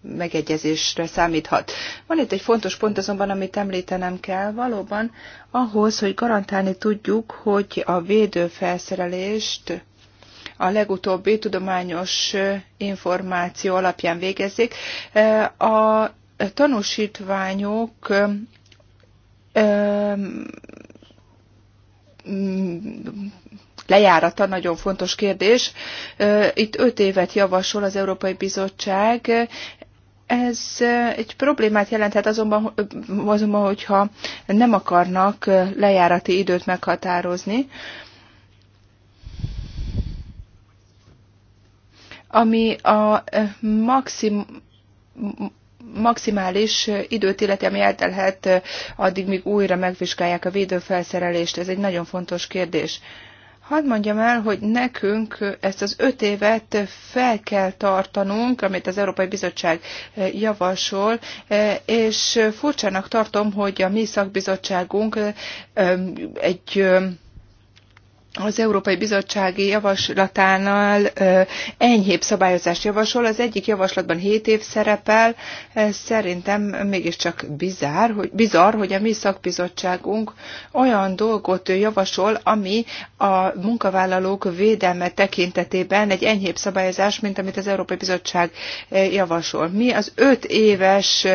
megegyezésre számíthat. Van itt egy fontos pont azonban, amit említenem kell. Valóban ahhoz, hogy garantálni tudjuk, hogy a védőfelszerelést a legutóbbi tudományos információ alapján végezzék. A tanúsítványok lejárata, nagyon fontos kérdés. Itt öt évet javasol az Európai Bizottság, ez egy problémát jelenthet azonban, azonban, hogyha nem akarnak lejárati időt meghatározni, ami a maxim, maximális időt illeti, ami eltelhet addig, míg újra megvizsgálják a védőfelszerelést. Ez egy nagyon fontos kérdés. Hadd mondjam el, hogy nekünk ezt az öt évet fel kell tartanunk, amit az Európai Bizottság eh, javasol, eh, és furcsának tartom, hogy a mi szakbizottságunk eh, egy az Európai Bizottsági Javaslatánál enyhébb szabályozást javasol. Az egyik javaslatban 7 év szerepel. Ez szerintem mégiscsak bizár, hogy, bizarr, hogy a mi szakbizottságunk olyan dolgot javasol, ami a munkavállalók védelme tekintetében egy enyhébb szabályozás, mint amit az Európai Bizottság javasol. Mi az 5 éves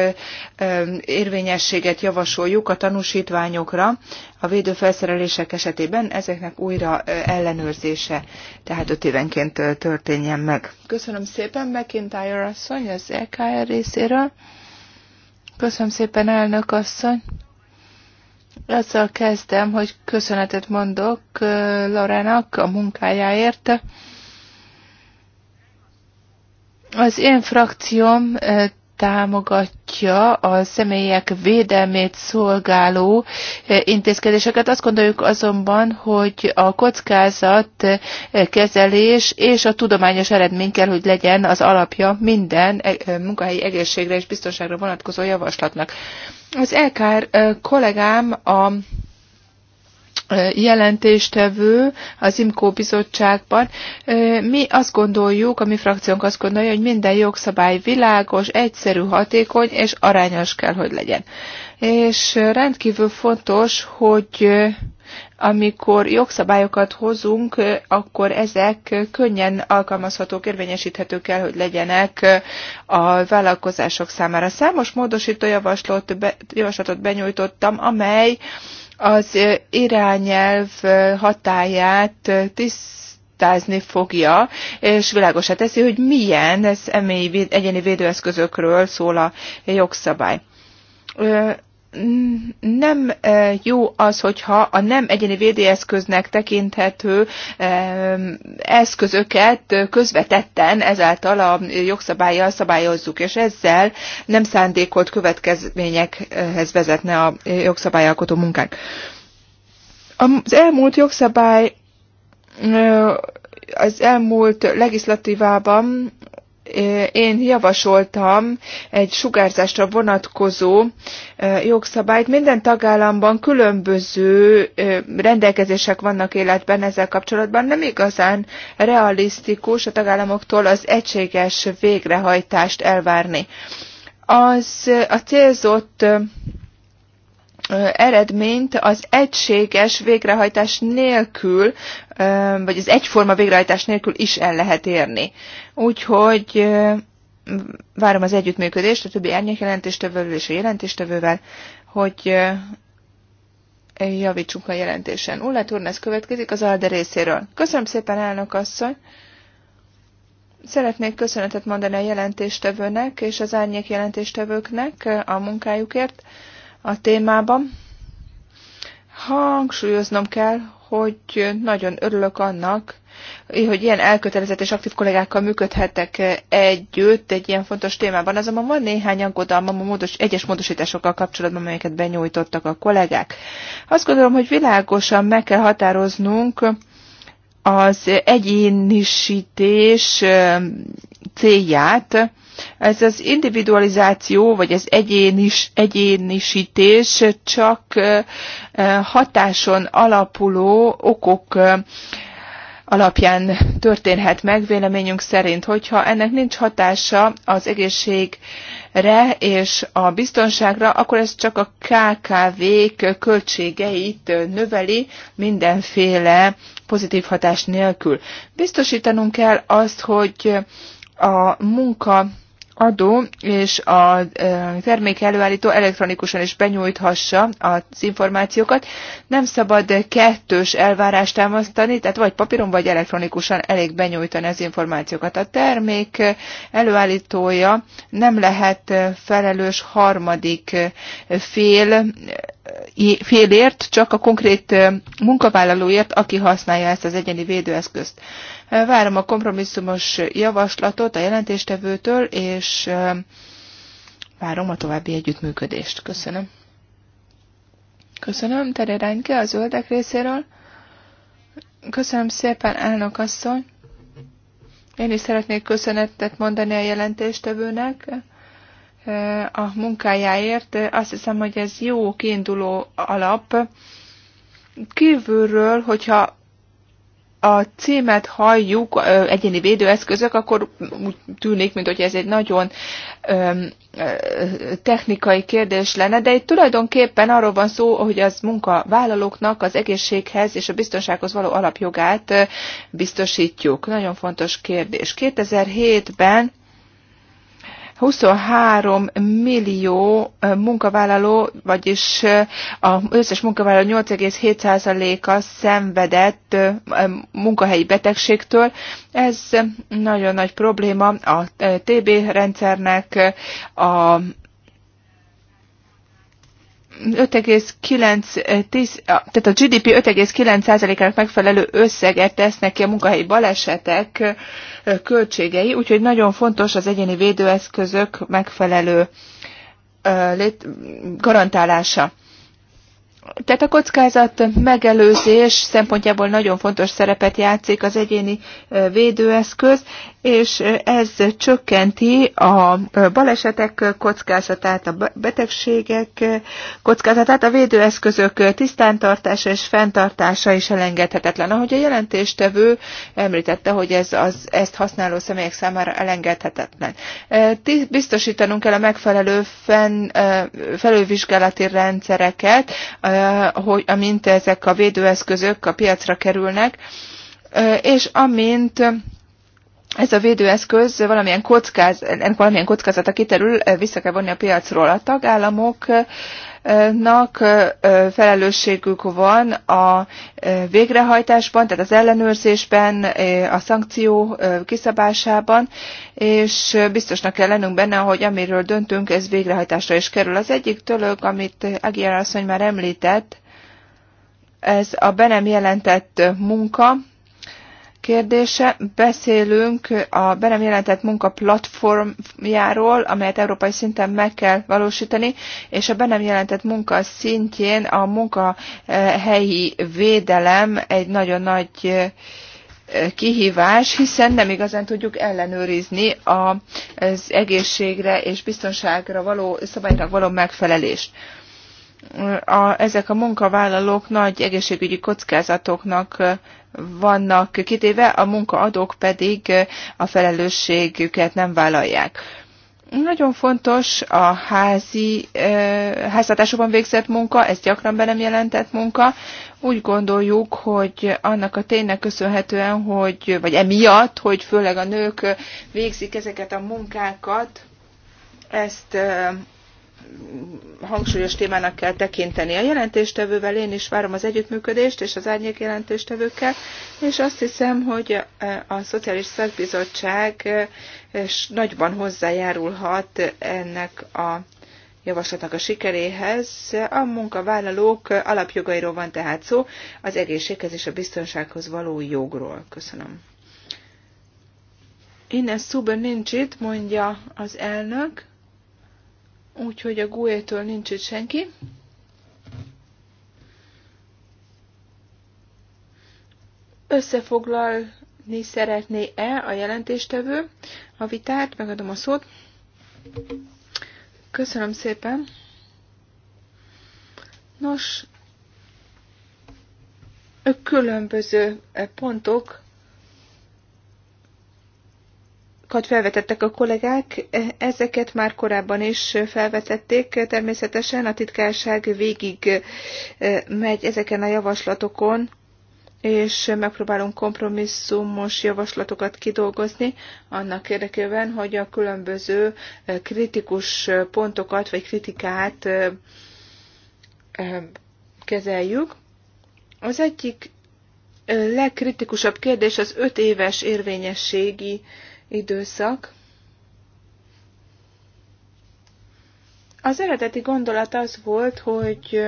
érvényességet javasoljuk a tanúsítványokra, a védőfelszerelések esetében ezeknek újra ellenőrzése, tehát öt évenként történjen meg. Köszönöm szépen, McIntyre asszony, az EKR részéről. Köszönöm szépen, elnök asszony. Azzal kezdem, hogy köszönetet mondok Lorának a munkájáért. Az én frakcióm támogatja a személyek védelmét szolgáló eh, intézkedéseket. Azt gondoljuk azonban, hogy a kockázat eh, kezelés és a tudományos eredmény kell, hogy legyen az alapja minden eh, munkahelyi egészségre és biztonságra vonatkozó javaslatnak. Az LKR kollégám a jelentéstevő az IMKO bizottságban. Mi azt gondoljuk, a mi frakciónk azt gondolja, hogy minden jogszabály világos, egyszerű, hatékony és arányos kell, hogy legyen. És rendkívül fontos, hogy amikor jogszabályokat hozunk, akkor ezek könnyen alkalmazhatók, érvényesíthetők kell, hogy legyenek a vállalkozások számára. Számos módosító javaslatot benyújtottam, amely az irányelv hatáját tisztázni fogja, és világosá teszi, hogy milyen ez emély, egyéni védőeszközökről szól a jogszabály nem jó az, hogyha a nem egyéni védőeszköznek tekinthető eszközöket közvetetten ezáltal a jogszabályjal szabályozzuk, és ezzel nem szándékolt következményekhez vezetne a jogszabályalkotó munkánk. Az elmúlt jogszabály az elmúlt legislatívában én javasoltam egy sugárzásra vonatkozó jogszabályt. Minden tagállamban különböző rendelkezések vannak életben ezzel kapcsolatban. Nem igazán realisztikus a tagállamoktól az egységes végrehajtást elvárni. Az a célzott eredményt az egységes végrehajtás nélkül, vagy az egyforma végrehajtás nélkül is el lehet érni. Úgyhogy várom az együttműködést a többi árnyékjelentéstevővel és a jelentéstevővel, hogy javítsunk a jelentésen. Ulla Turnes következik az ALDE részéről. Köszönöm szépen, elnök asszony! Szeretnék köszönetet mondani a jelentéstevőnek és az árnyék jelentéstevőknek a munkájukért a témában. Hangsúlyoznom kell, hogy nagyon örülök annak, hogy ilyen elkötelezett és aktív kollégákkal működhetek együtt egy ilyen fontos témában. Azonban van néhány aggodalmam a módos, egyes módosításokkal kapcsolatban, amelyeket benyújtottak a kollégák. Azt gondolom, hogy világosan meg kell határoznunk az egyénisítés célját, ez az individualizáció, vagy az egyénis, egyénisítés csak hatáson alapuló okok alapján történhet meg véleményünk szerint, hogyha ennek nincs hatása az egészségre és a biztonságra, akkor ez csak a KKV-k költségeit növeli mindenféle pozitív hatás nélkül. Biztosítanunk kell azt, hogy a munka adó és a termék előállító elektronikusan is benyújthassa az információkat. Nem szabad kettős elvárást támasztani, tehát vagy papíron, vagy elektronikusan elég benyújtani az információkat. A termék előállítója nem lehet felelős harmadik fél félért, csak a konkrét munkavállalóért, aki használja ezt az egyéni védőeszközt. Várom a kompromisszumos javaslatot a jelentéstevőtől, és várom a további együttműködést. Köszönöm. Köszönöm, Tere Reinke, a zöldek részéről. Köszönöm szépen, elnök asszony. Én is szeretnék köszönetet mondani a jelentéstevőnek a munkájáért. Azt hiszem, hogy ez jó kiinduló alap. Kívülről, hogyha a címet halljuk, egyéni védőeszközök, akkor úgy tűnik, mint hogy ez egy nagyon technikai kérdés lenne, de itt tulajdonképpen arról van szó, hogy az munkavállalóknak az egészséghez és a biztonsághoz való alapjogát biztosítjuk. Nagyon fontos kérdés. 2007-ben 23 millió munkavállaló, vagyis az összes munkavállaló 8,7%-a szenvedett munkahelyi betegségtől. Ez nagyon nagy probléma a TB rendszernek, a 5,9, tehát a GDP 5,9%-ának megfelelő összeget tesznek ki a munkahelyi balesetek költségei, úgyhogy nagyon fontos az egyéni védőeszközök megfelelő garantálása. Tehát a kockázat megelőzés szempontjából nagyon fontos szerepet játszik az egyéni védőeszköz, és ez csökkenti a balesetek kockázatát, a betegségek kockázatát, a védőeszközök tisztántartása és fenntartása is elengedhetetlen. Ahogy a jelentéstevő említette, hogy ez az, ezt használó személyek számára elengedhetetlen. Biztosítanunk kell a megfelelő fen, felővizsgálati rendszereket, hogy amint ezek a védőeszközök a piacra kerülnek, és amint ez a védőeszköz valamilyen, kockáz, valamilyen kockázata kiterül, vissza kell vonni a piacról a tagállamoknak felelősségük van a végrehajtásban, tehát az ellenőrzésben, a szankció kiszabásában, és biztosnak kell lennünk benne, hogy amiről döntünk, ez végrehajtásra is kerül. Az egyik tölök, amit Agiár asszony már említett, ez a be nem jelentett munka, kérdése. Beszélünk a be nem jelentett munka platformjáról, amelyet európai szinten meg kell valósítani, és a be nem jelentett munka szintjén a munkahelyi védelem egy nagyon nagy kihívás, hiszen nem igazán tudjuk ellenőrizni az egészségre és biztonságra való, szabálynak való megfelelést a, ezek a munkavállalók nagy egészségügyi kockázatoknak vannak kitéve, a munkaadók pedig a felelősségüket nem vállalják. Nagyon fontos a házi háztartásokban végzett munka, ez gyakran be nem jelentett munka. Úgy gondoljuk, hogy annak a ténynek köszönhetően, hogy, vagy emiatt, hogy főleg a nők végzik ezeket a munkákat, ezt hangsúlyos témának kell tekinteni. A jelentéstevővel én is várom az együttműködést és az árnyék jelentéstevőkkel, és azt hiszem, hogy a Szociális Szakbizottság nagyban hozzájárulhat ennek a javaslatnak a sikeréhez. A munkavállalók alapjogairól van tehát szó, az egészséghez és a biztonsághoz való jogról. Köszönöm. Ines Szuber nincs itt, mondja az elnök. Úgyhogy a gué től nincs itt senki. Összefoglalni szeretné-e a jelentéstevő a vitát? Megadom a szót. Köszönöm szépen. Nos, különböző pontok felvetettek a kollégák, ezeket már korábban is felvetették, természetesen a titkárság végig eh, megy ezeken a javaslatokon, és megpróbálunk kompromisszumos javaslatokat kidolgozni annak érdekében, hogy a különböző eh, kritikus eh, pontokat vagy kritikát kezeljük. Az egyik legkritikusabb kérdés az öt éves érvényességi időszak. Az eredeti gondolat az volt, hogy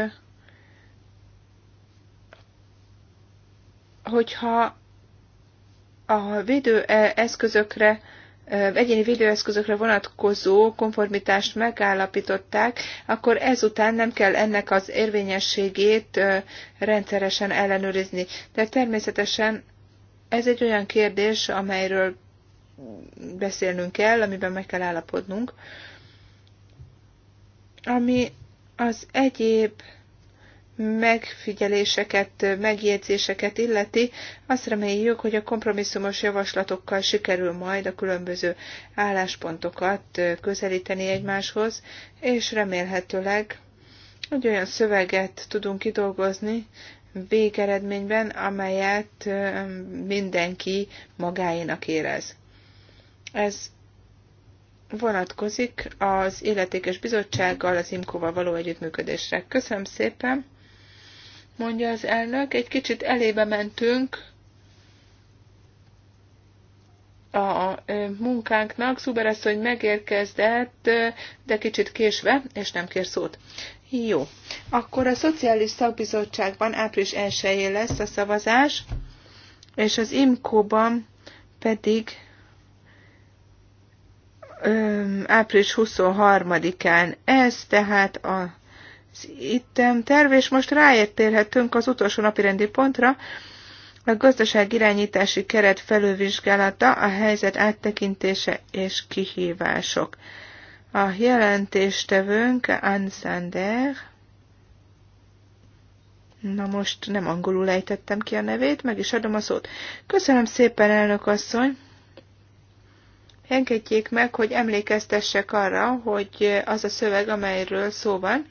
hogyha a védőeszközökre, e, e, egyéni védőeszközökre vonatkozó konformitást megállapították, akkor ezután nem kell ennek az érvényességét e, rendszeresen ellenőrizni. De természetesen ez egy olyan kérdés, amelyről beszélnünk kell, amiben meg kell állapodnunk, ami az egyéb megfigyeléseket, megjegyzéseket illeti, azt reméljük, hogy a kompromisszumos javaslatokkal sikerül majd a különböző álláspontokat közelíteni egymáshoz, és remélhetőleg egy olyan szöveget tudunk kidolgozni végeredményben, amelyet mindenki magáénak érez. Ez vonatkozik az Illetékes Bizottsággal, az IMKO-val való együttműködésre. Köszönöm szépen, mondja az elnök. Egy kicsit elébe mentünk a munkánknak. Szuber azt, hogy megérkezdett, de kicsit késve, és nem kér szót. Jó. Akkor a Szociális Szakbizottságban április 1 lesz a szavazás, és az IMKO-ban pedig április 23-án ez, tehát a ittem terv, és most ráértérhetünk az utolsó napirendi pontra, a gazdaság irányítási keret felülvizsgálata, a helyzet áttekintése és kihívások. A jelentéstevőnk Ansander, na most nem angolul ejtettem ki a nevét, meg is adom a szót. Köszönöm szépen, elnök asszony! Engedjék meg, hogy emlékeztessek arra, hogy az a szöveg, amelyről szó van,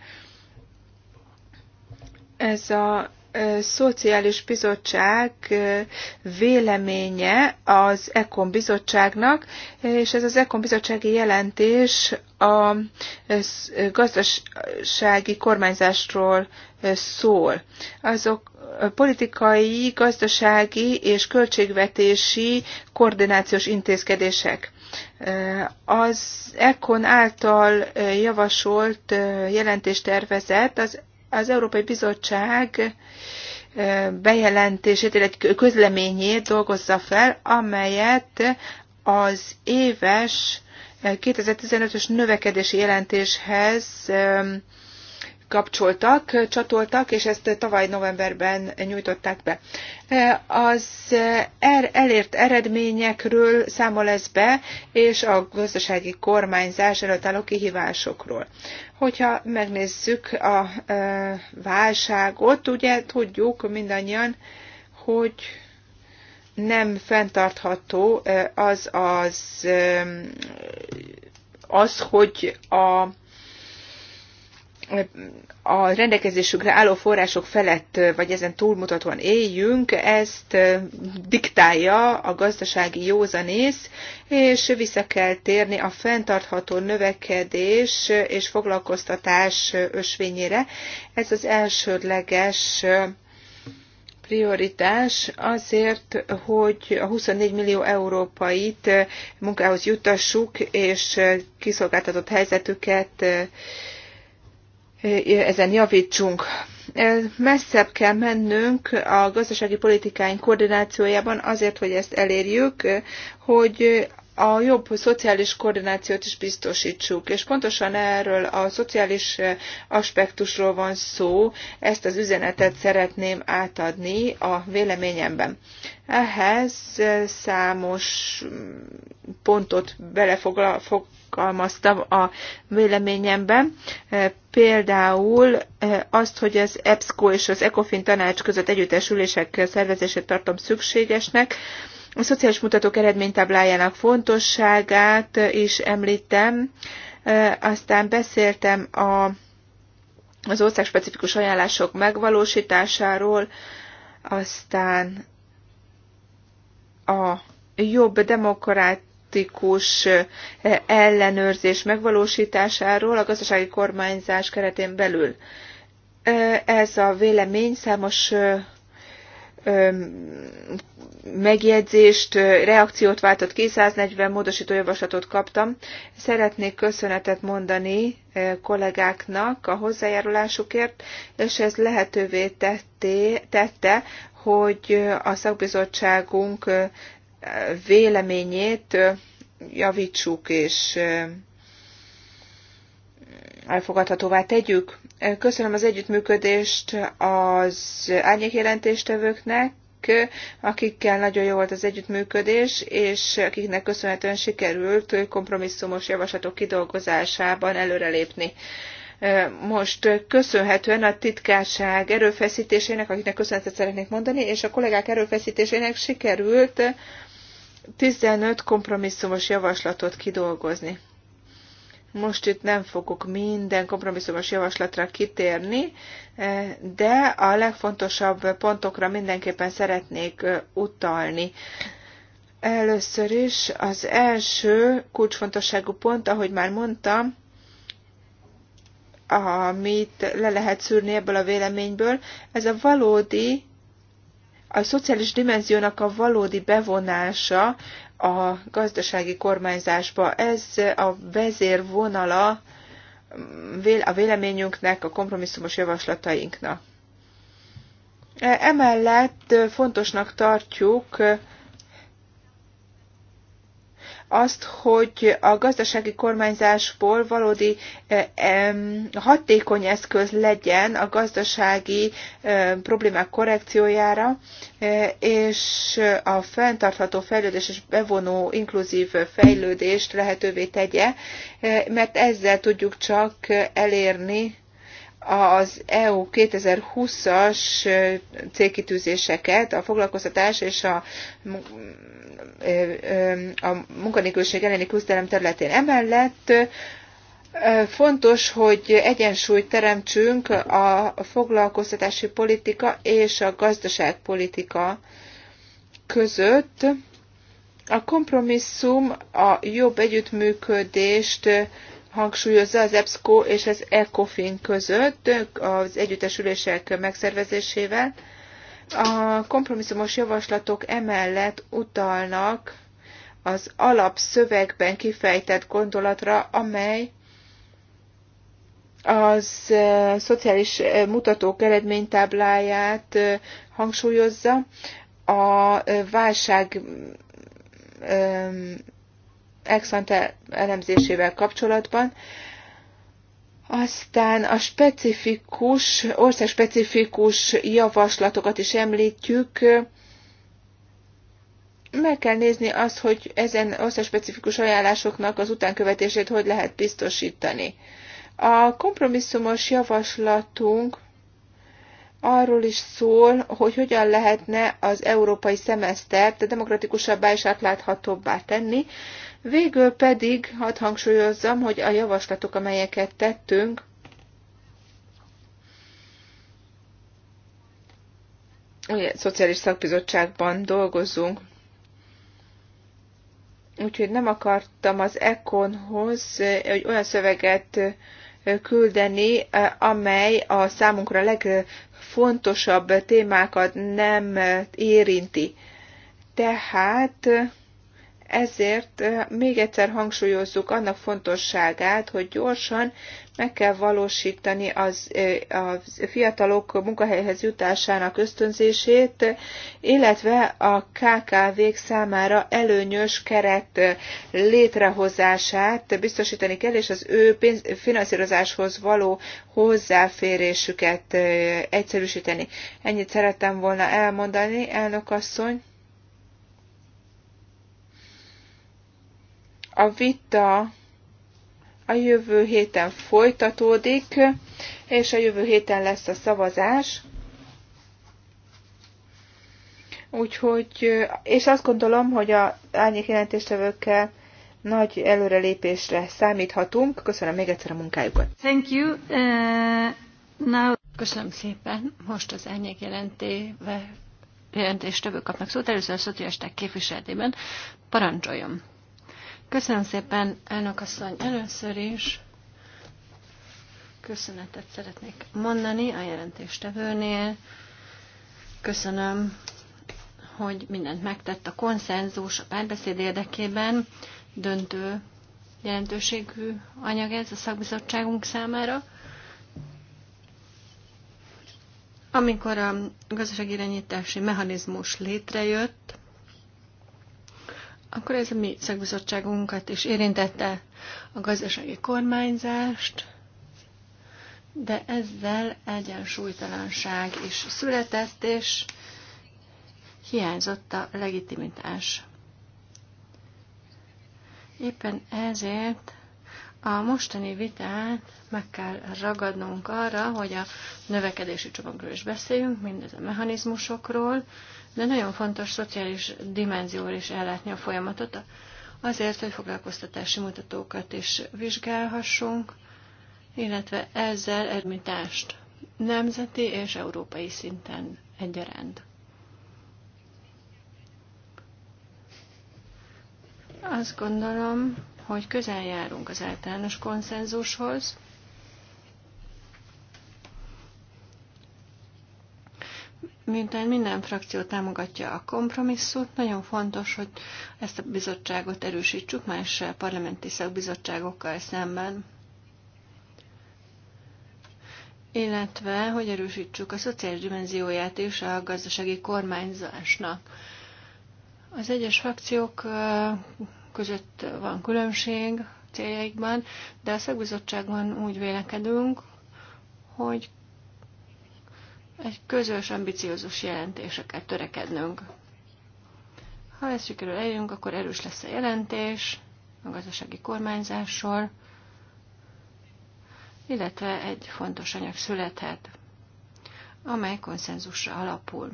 ez a Szociális Bizottság véleménye az EKON Bizottságnak, és ez az EKON Bizottsági jelentés a gazdasági kormányzásról szól. Azok politikai, gazdasági és költségvetési koordinációs intézkedések. Az ECON által javasolt jelentéstervezet az, az Európai Bizottság bejelentését, illetve közleményét dolgozza fel, amelyet az éves 2015-ös növekedési jelentéshez kapcsoltak, csatoltak, és ezt tavaly novemberben nyújtották be. Az er, elért eredményekről számol ez be, és a gazdasági kormányzás előtt álló kihívásokról. Hogyha megnézzük a e, válságot, ugye tudjuk mindannyian, hogy nem fenntartható e, az az, e, az hogy a a rendelkezésükre álló források felett, vagy ezen túlmutatóan éljünk, ezt diktálja a gazdasági józanész, és vissza kell térni a fenntartható növekedés és foglalkoztatás ösvényére. Ez az elsődleges prioritás azért, hogy a 24 millió európait munkához juttassuk, és kiszolgáltatott helyzetüket ezen javítsunk. Messzebb kell mennünk a gazdasági politikáink koordinációjában azért, hogy ezt elérjük, hogy a jobb szociális koordinációt is biztosítsuk. És pontosan erről a szociális aspektusról van szó, ezt az üzenetet szeretném átadni a véleményemben. Ehhez számos mm, pontot belefogalmaztam a véleményemben, például azt, hogy az EBSCO és az ECOFIN tanács között együttesülések szervezését tartom szükségesnek, a szociális mutatók eredménytáblájának fontosságát is említem, aztán beszéltem a, az országspecifikus ajánlások megvalósításáról, aztán a jobb demokratikus ellenőrzés megvalósításáról a gazdasági kormányzás keretén belül. Ez a vélemény számos megjegyzést, reakciót váltott ki, 140 módosító javaslatot kaptam. Szeretnék köszönetet mondani kollégáknak a hozzájárulásukért, és ez lehetővé tetté, tette, hogy a szakbizottságunk véleményét javítsuk és elfogadhatóvá tegyük. Köszönöm az együttműködést az árnyékjelentéstevőknek, akikkel nagyon jó volt az együttműködés, és akiknek köszönhetően sikerült kompromisszumos javaslatok kidolgozásában előrelépni most köszönhetően a titkárság erőfeszítésének, akiknek köszönetet szeretnék mondani, és a kollégák erőfeszítésének sikerült 15 kompromisszumos javaslatot kidolgozni. Most itt nem fogok minden kompromisszumos javaslatra kitérni, eh, de a legfontosabb pontokra mindenképpen szeretnék eh, utalni. Először is az első kulcsfontosságú pont, ahogy már mondtam, amit le lehet szűrni ebből a véleményből, ez a valódi, a szociális dimenziónak a valódi bevonása a gazdasági kormányzásba. Ez a vezérvonala mm, a véleményünknek, a kompromisszumos javaslatainknak. E- emellett fontosnak tartjuk azt, hogy a gazdasági kormányzásból valódi eh, hatékony eszköz legyen a gazdasági eh, problémák korrekciójára, eh, és a fenntartható fejlődés és bevonó inkluzív fejlődést lehetővé tegye, mert ezzel tudjuk csak elérni az EU 2020-as célkitűzéseket, a foglalkoztatás és a, a munkanélküliség elleni küzdelem területén. Emellett fontos, hogy egyensúlyt teremtsünk a foglalkoztatási politika és a gazdaságpolitika között. A kompromisszum a jobb együttműködést hangsúlyozza az EBSCO és az ECOFIN között az együttesülések megszervezésével. A kompromisszumos javaslatok emellett utalnak az alapszövegben kifejtett gondolatra, amely az szociális mutatók eredménytábláját hangsúlyozza, a válság ex-ante elemzésével kapcsolatban. Aztán a specifikus, országspecifikus javaslatokat is említjük. Meg kell nézni azt, hogy ezen országspecifikus ajánlásoknak az utánkövetését hogy lehet biztosítani. A kompromisszumos javaslatunk arról is szól, hogy hogyan lehetne az európai szemesztert demokratikusabbá és átláthatóbbá tenni. Végül pedig hadd hangsúlyozzam, hogy a javaslatok, amelyeket tettünk, ugye, szociális szakbizottságban dolgozunk, úgyhogy nem akartam az Econhoz eh, egy olyan szöveget eh, küldeni, eh, amely a számunkra legfontosabb témákat nem érinti. Tehát ezért még egyszer hangsúlyozzuk annak fontosságát, hogy gyorsan meg kell valósítani az, a fiatalok munkahelyhez jutásának ösztönzését, illetve a KKV-k számára előnyös keret létrehozását biztosítani kell, és az ő pénz, finanszírozáshoz való hozzáférésüket egyszerűsíteni. Ennyit szerettem volna elmondani, elnök asszony. A vita a jövő héten folytatódik, és a jövő héten lesz a szavazás. Úgyhogy, és azt gondolom, hogy a árnyék jelentéstevőkkel nagy előrelépésre számíthatunk. Köszönöm még egyszer a munkájukat. Thank you. Uh, now... Köszönöm szépen. Most az árnyék jelentéstevők kapnak szót. Először a szociálisták képviseletében parancsoljon. Köszönöm szépen, elnök asszony. Először is köszönetet szeretnék mondani a jelentéstevőnél. Köszönöm, hogy mindent megtett a konszenzus, a párbeszéd érdekében. Döntő jelentőségű anyag ez a szakbizottságunk számára. Amikor a gazdasági irányítási mechanizmus létrejött, akkor ez a mi szakbizottságunkat is érintette a gazdasági kormányzást, de ezzel egyensúlytalanság is született, és hiányzott a legitimitás. Éppen ezért a mostani vitát meg kell ragadnunk arra, hogy a növekedési csomagról is beszéljünk, mindez a mechanizmusokról, de nagyon fontos szociális dimenzióra is ellátni a folyamatot, azért, hogy foglalkoztatási mutatókat is vizsgálhassunk, illetve ezzel edmitást nemzeti és európai szinten egyaránt. Azt gondolom, hogy közel járunk az általános konszenzushoz, miután minden frakció támogatja a kompromisszót, nagyon fontos, hogy ezt a bizottságot erősítsük más parlamenti szakbizottságokkal szemben, illetve hogy erősítsük a szociális dimenzióját és a gazdasági kormányzásnak. Az egyes frakciók között van különbség céljaikban, de a szakbizottságban úgy vélekedünk, hogy egy közös, ambiciózus jelentésre kell törekednünk. Ha ezt sikerül eljönk, akkor erős lesz a jelentés a gazdasági kormányzásról, illetve egy fontos anyag születhet, amely konszenzusra alapul.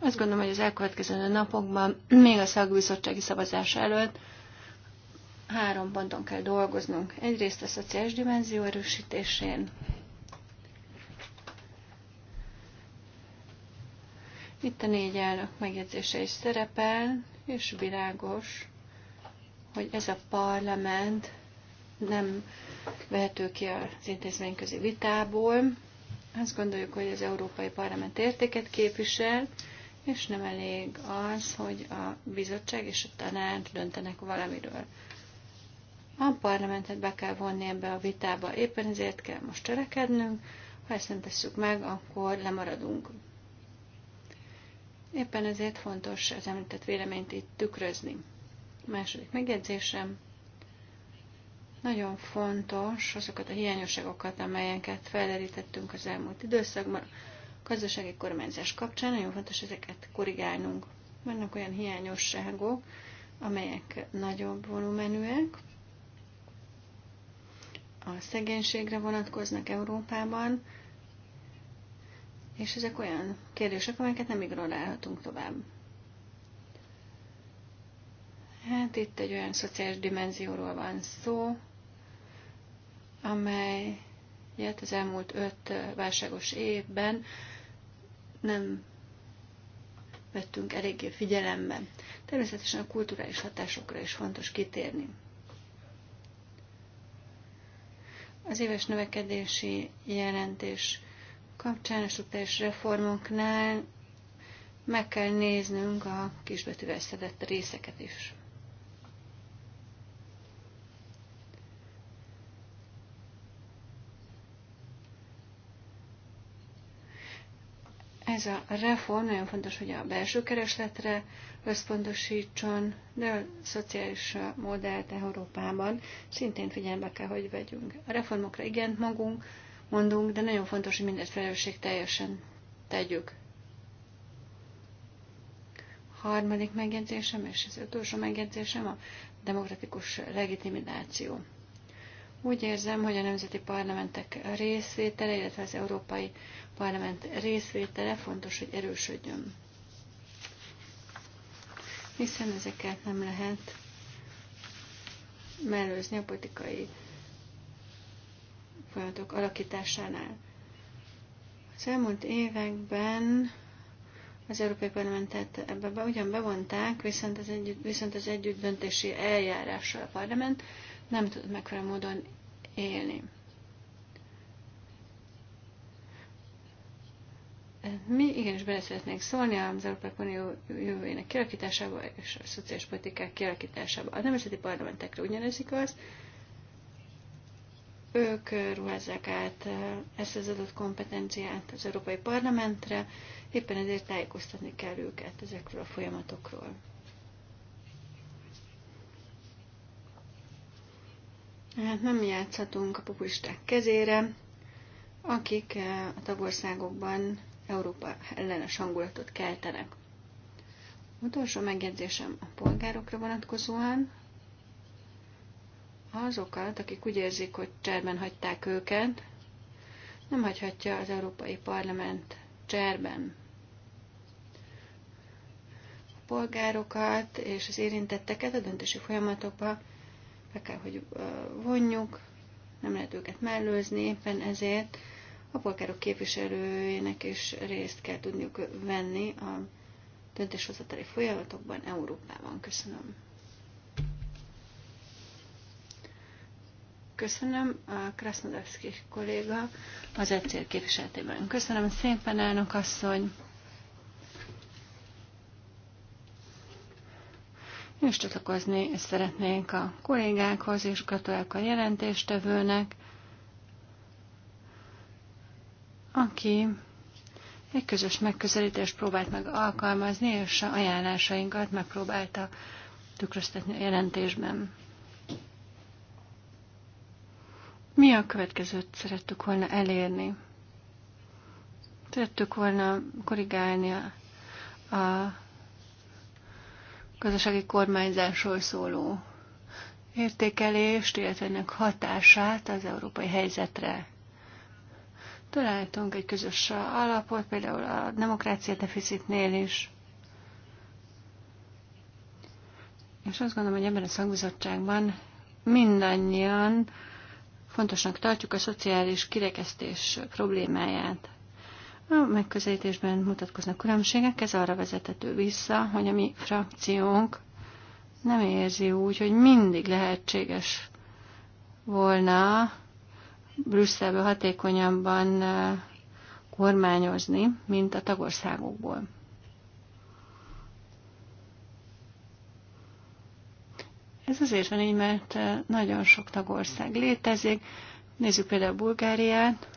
Azt gondolom, hogy az elkövetkező napokban, még a szakbizottsági szavazás előtt három ponton kell dolgoznunk. Egyrészt a szociális dimenzió erősítésén, Itt a négy elnök megjegyzése is szerepel, és világos, hogy ez a parlament nem vehető ki az intézményközi vitából. Azt gondoljuk, hogy az Európai Parlament értéket képvisel, és nem elég az, hogy a bizottság és a tanács döntenek valamiről. A parlamentet be kell vonni ebbe a vitába, éppen ezért kell most cselekednünk, ha ezt nem tesszük meg, akkor lemaradunk. Éppen ezért fontos az említett véleményt itt tükrözni. A második megjegyzésem. Nagyon fontos azokat a hiányosságokat, amelyeket felderítettünk az elmúlt időszakban, a gazdasági kormányzás kapcsán nagyon fontos ezeket korrigálnunk. Vannak olyan hiányosságok, amelyek nagyobb volumenűek, a szegénységre vonatkoznak Európában, és ezek olyan kérdések, amelyeket nem ignorálhatunk tovább. Hát itt egy olyan szociális dimenzióról van szó, amelyet az elmúlt öt válságos évben nem vettünk eléggé figyelembe. Természetesen a kulturális hatásokra is fontos kitérni. Az éves növekedési jelentés kapcsán a struktúrális reformoknál meg kell néznünk a kisbetűvel szedett részeket is. Ez a reform nagyon fontos, hogy a belső keresletre összpontosítson, de a szociális modellt Európában szintén figyelembe kell, hogy vegyünk. A reformokra igen magunk mondunk, de nagyon fontos, hogy mindent felelősség teljesen tegyük. A harmadik megjegyzésem, és az utolsó megjegyzésem a demokratikus legitimizáció. Úgy érzem, hogy a nemzeti parlamentek részvétele, illetve az Európai Parlament részvétele fontos, hogy erősödjön. Hiszen ezeket nem lehet mellőzni a politikai folyamatok alakításánál. Az elmúlt években az Európai Parlamentet ebbe be, ugyan bevonták, viszont az, együtt, viszont az együttdöntési eljárással a parlament nem tud megfelelő módon élni. Mi igenis bele szeretnénk szólni az Európai Unió jövőjének kialakításába és a szociális politikák kialakításába. A nemzeti parlamentekre ugyanezik az, ők ruházzák át eh, ezt az adott kompetenciát az Európai Parlamentre, éppen ezért tájékoztatni kell őket ezekről a folyamatokról. Hát nem játszhatunk a populisták kezére, akik eh, a tagországokban Európa ellenes hangulatot keltenek. Utolsó megjegyzésem a polgárokra vonatkozóan. Azokat, akik úgy érzik, hogy cserben hagyták őket, nem hagyhatja az Európai Parlament cserben. A polgárokat és az érintetteket a döntési folyamatokba be kell, hogy vonjuk, nem lehet őket mellőzni, éppen ezért a polgárok képviselőjének is részt kell tudniuk venni a döntéshozatali folyamatokban Európában. Köszönöm. Köszönöm a Krasznodevszki kolléga az egyszer képviseletében. Köszönöm szépen, elnök asszony! és csatlakozni szeretnénk a kollégákhoz, és gratulálok a jelentéstevőnek, aki egy közös megközelítést próbált meg alkalmazni, és a ajánlásainkat megpróbálta tükröztetni a jelentésben. Mi a következőt szerettük volna elérni? Szerettük volna korrigálni a, a gazdasági kormányzásról szóló értékelést, illetve ennek hatását az európai helyzetre. Találtunk egy közös alapot, például a demokrácia deficitnél is. És azt gondolom, hogy ebben a szakbizottságban mindannyian fontosnak tartjuk a szociális kirekesztés problémáját. A megközelítésben mutatkoznak különbségek, ez arra vezethető vissza, hogy a mi frakciónk nem érzi úgy, hogy mindig lehetséges volna Brüsszelből hatékonyabban kormányozni, mint a tagországokból. Ez azért van így, mert nagyon sok tagország létezik. Nézzük például Bulgáriát.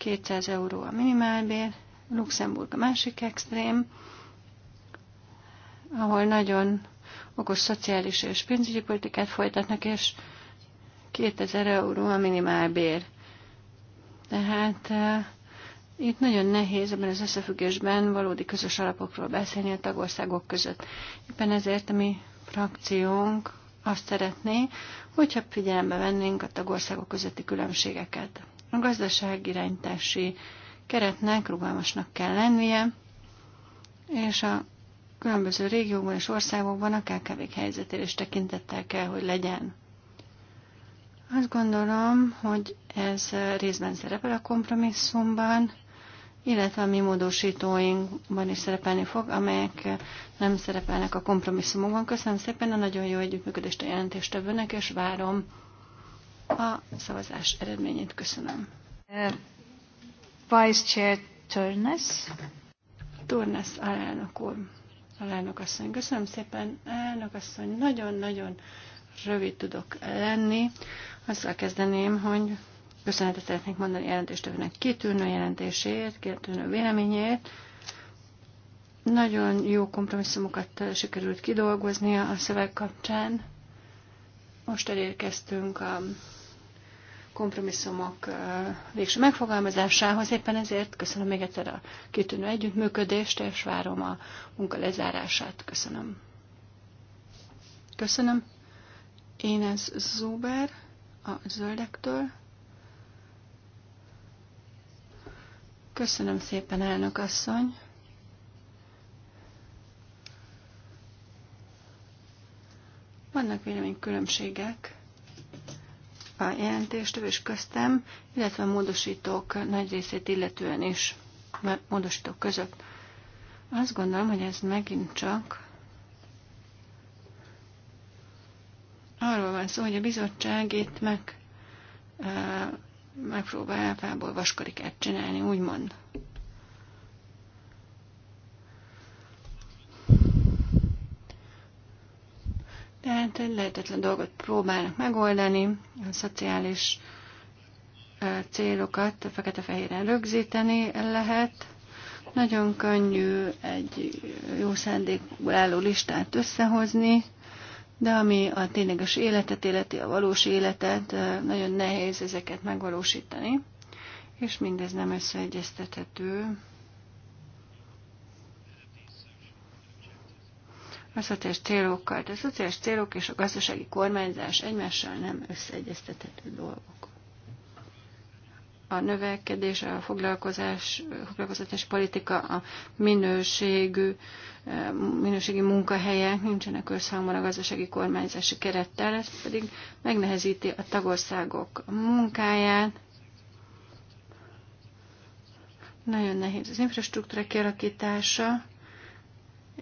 200 euró a minimálbér, Luxemburg a másik extrém, ahol nagyon okos szociális és pénzügyi politikát folytatnak, és 2000 euró a minimálbér. Tehát uh, itt nagyon nehéz ebben az összefüggésben valódi közös alapokról beszélni a tagországok között. Éppen ezért a mi frakciónk azt szeretné, hogyha figyelembe vennénk a tagországok közötti különbségeket. A iránytási keretnek rugalmasnak kell lennie, és a különböző régiókban és országokban a kkv helyzetére is tekintettel kell, hogy legyen. Azt gondolom, hogy ez részben szerepel a kompromisszumban, illetve a mi módosítóinkban is szerepelni fog, amelyek nem szerepelnek a kompromisszumokban. Köszönöm szépen a nagyon jó együttműködést a jelentést és várom a szavazás eredményét. Köszönöm. Uh, Vice Chair Turnes. Turnes alelnök úr, alelnök asszony. Köszönöm szépen, elnök asszony. Nagyon-nagyon rövid tudok lenni. Azzal kezdeném, hogy köszönetet szeretnék mondani jelentéstevőnek kitűnő jelentését, kitűnő véleményét. Nagyon jó kompromisszumokat sikerült kidolgoznia a szöveg kapcsán. Most elérkeztünk a kompromisszumok végső megfogalmazásához. Éppen ezért köszönöm még egyszer a kitűnő együttműködést, és várom a munka lezárását. Köszönöm. Köszönöm. ez Zuber a zöldektől. Köszönöm szépen, elnök asszony. Vannak véleménykülönbségek a jelentéstől és köztem, illetve módosítók nagy részét illetően is, mert módosítók között. Azt gondolom, hogy ez megint csak arról van szó, hogy a bizottság itt meg, megpróbál fából vaskarikát csinálni, úgymond. Tehát egy lehetetlen dolgot próbálnak megoldani, a szociális célokat fekete-fehéren rögzíteni lehet. Nagyon könnyű egy jó szándékból álló listát összehozni, de ami a tényleges életet életi, a valós életet, nagyon nehéz ezeket megvalósítani, és mindez nem összeegyeztethető a szociális célokkal. De a szociális célok és a gazdasági kormányzás egymással nem összeegyeztethető dolgok. A növekedés, a foglalkozás, a foglalkoztatás politika, a minőségű, e, minőségi munkahelyek nincsenek összhangban a gazdasági kormányzási kerettel, ez pedig megnehezíti a tagországok munkáját, nagyon nehéz az infrastruktúra kialakítása,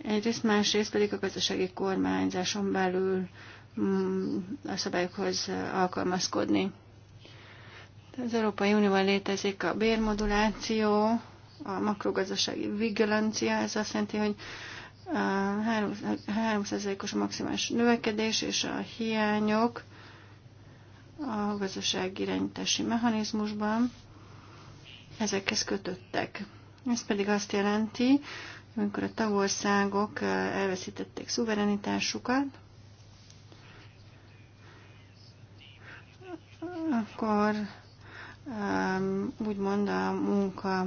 Egyrészt másrészt pedig a gazdasági kormányzáson belül mm, a szabályokhoz alkalmazkodni. Az Európai Unióban létezik a bérmoduláció, a makrogazdasági vigilancia, ez azt jelenti, hogy 3%-os a maximális növekedés és a hiányok a gazdaság irányítási mechanizmusban ezekhez kötöttek. Ez pedig azt jelenti, amikor a tagországok elveszítették szuverenitásukat, akkor úgymond a munka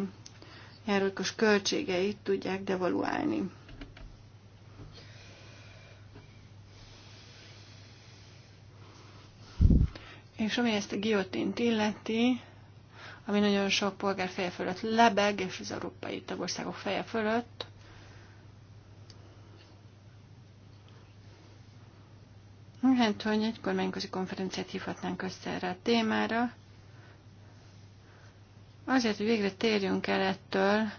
járulékos költségeit tudják devaluálni. És ami ezt a giotint illeti, ami nagyon sok polgár feje fölött lebeg, és az európai tagországok feje fölött, Lehet, hogy egy kormányközi konferenciát hívhatnánk össze erre a témára. Azért, hogy végre térjünk el ettől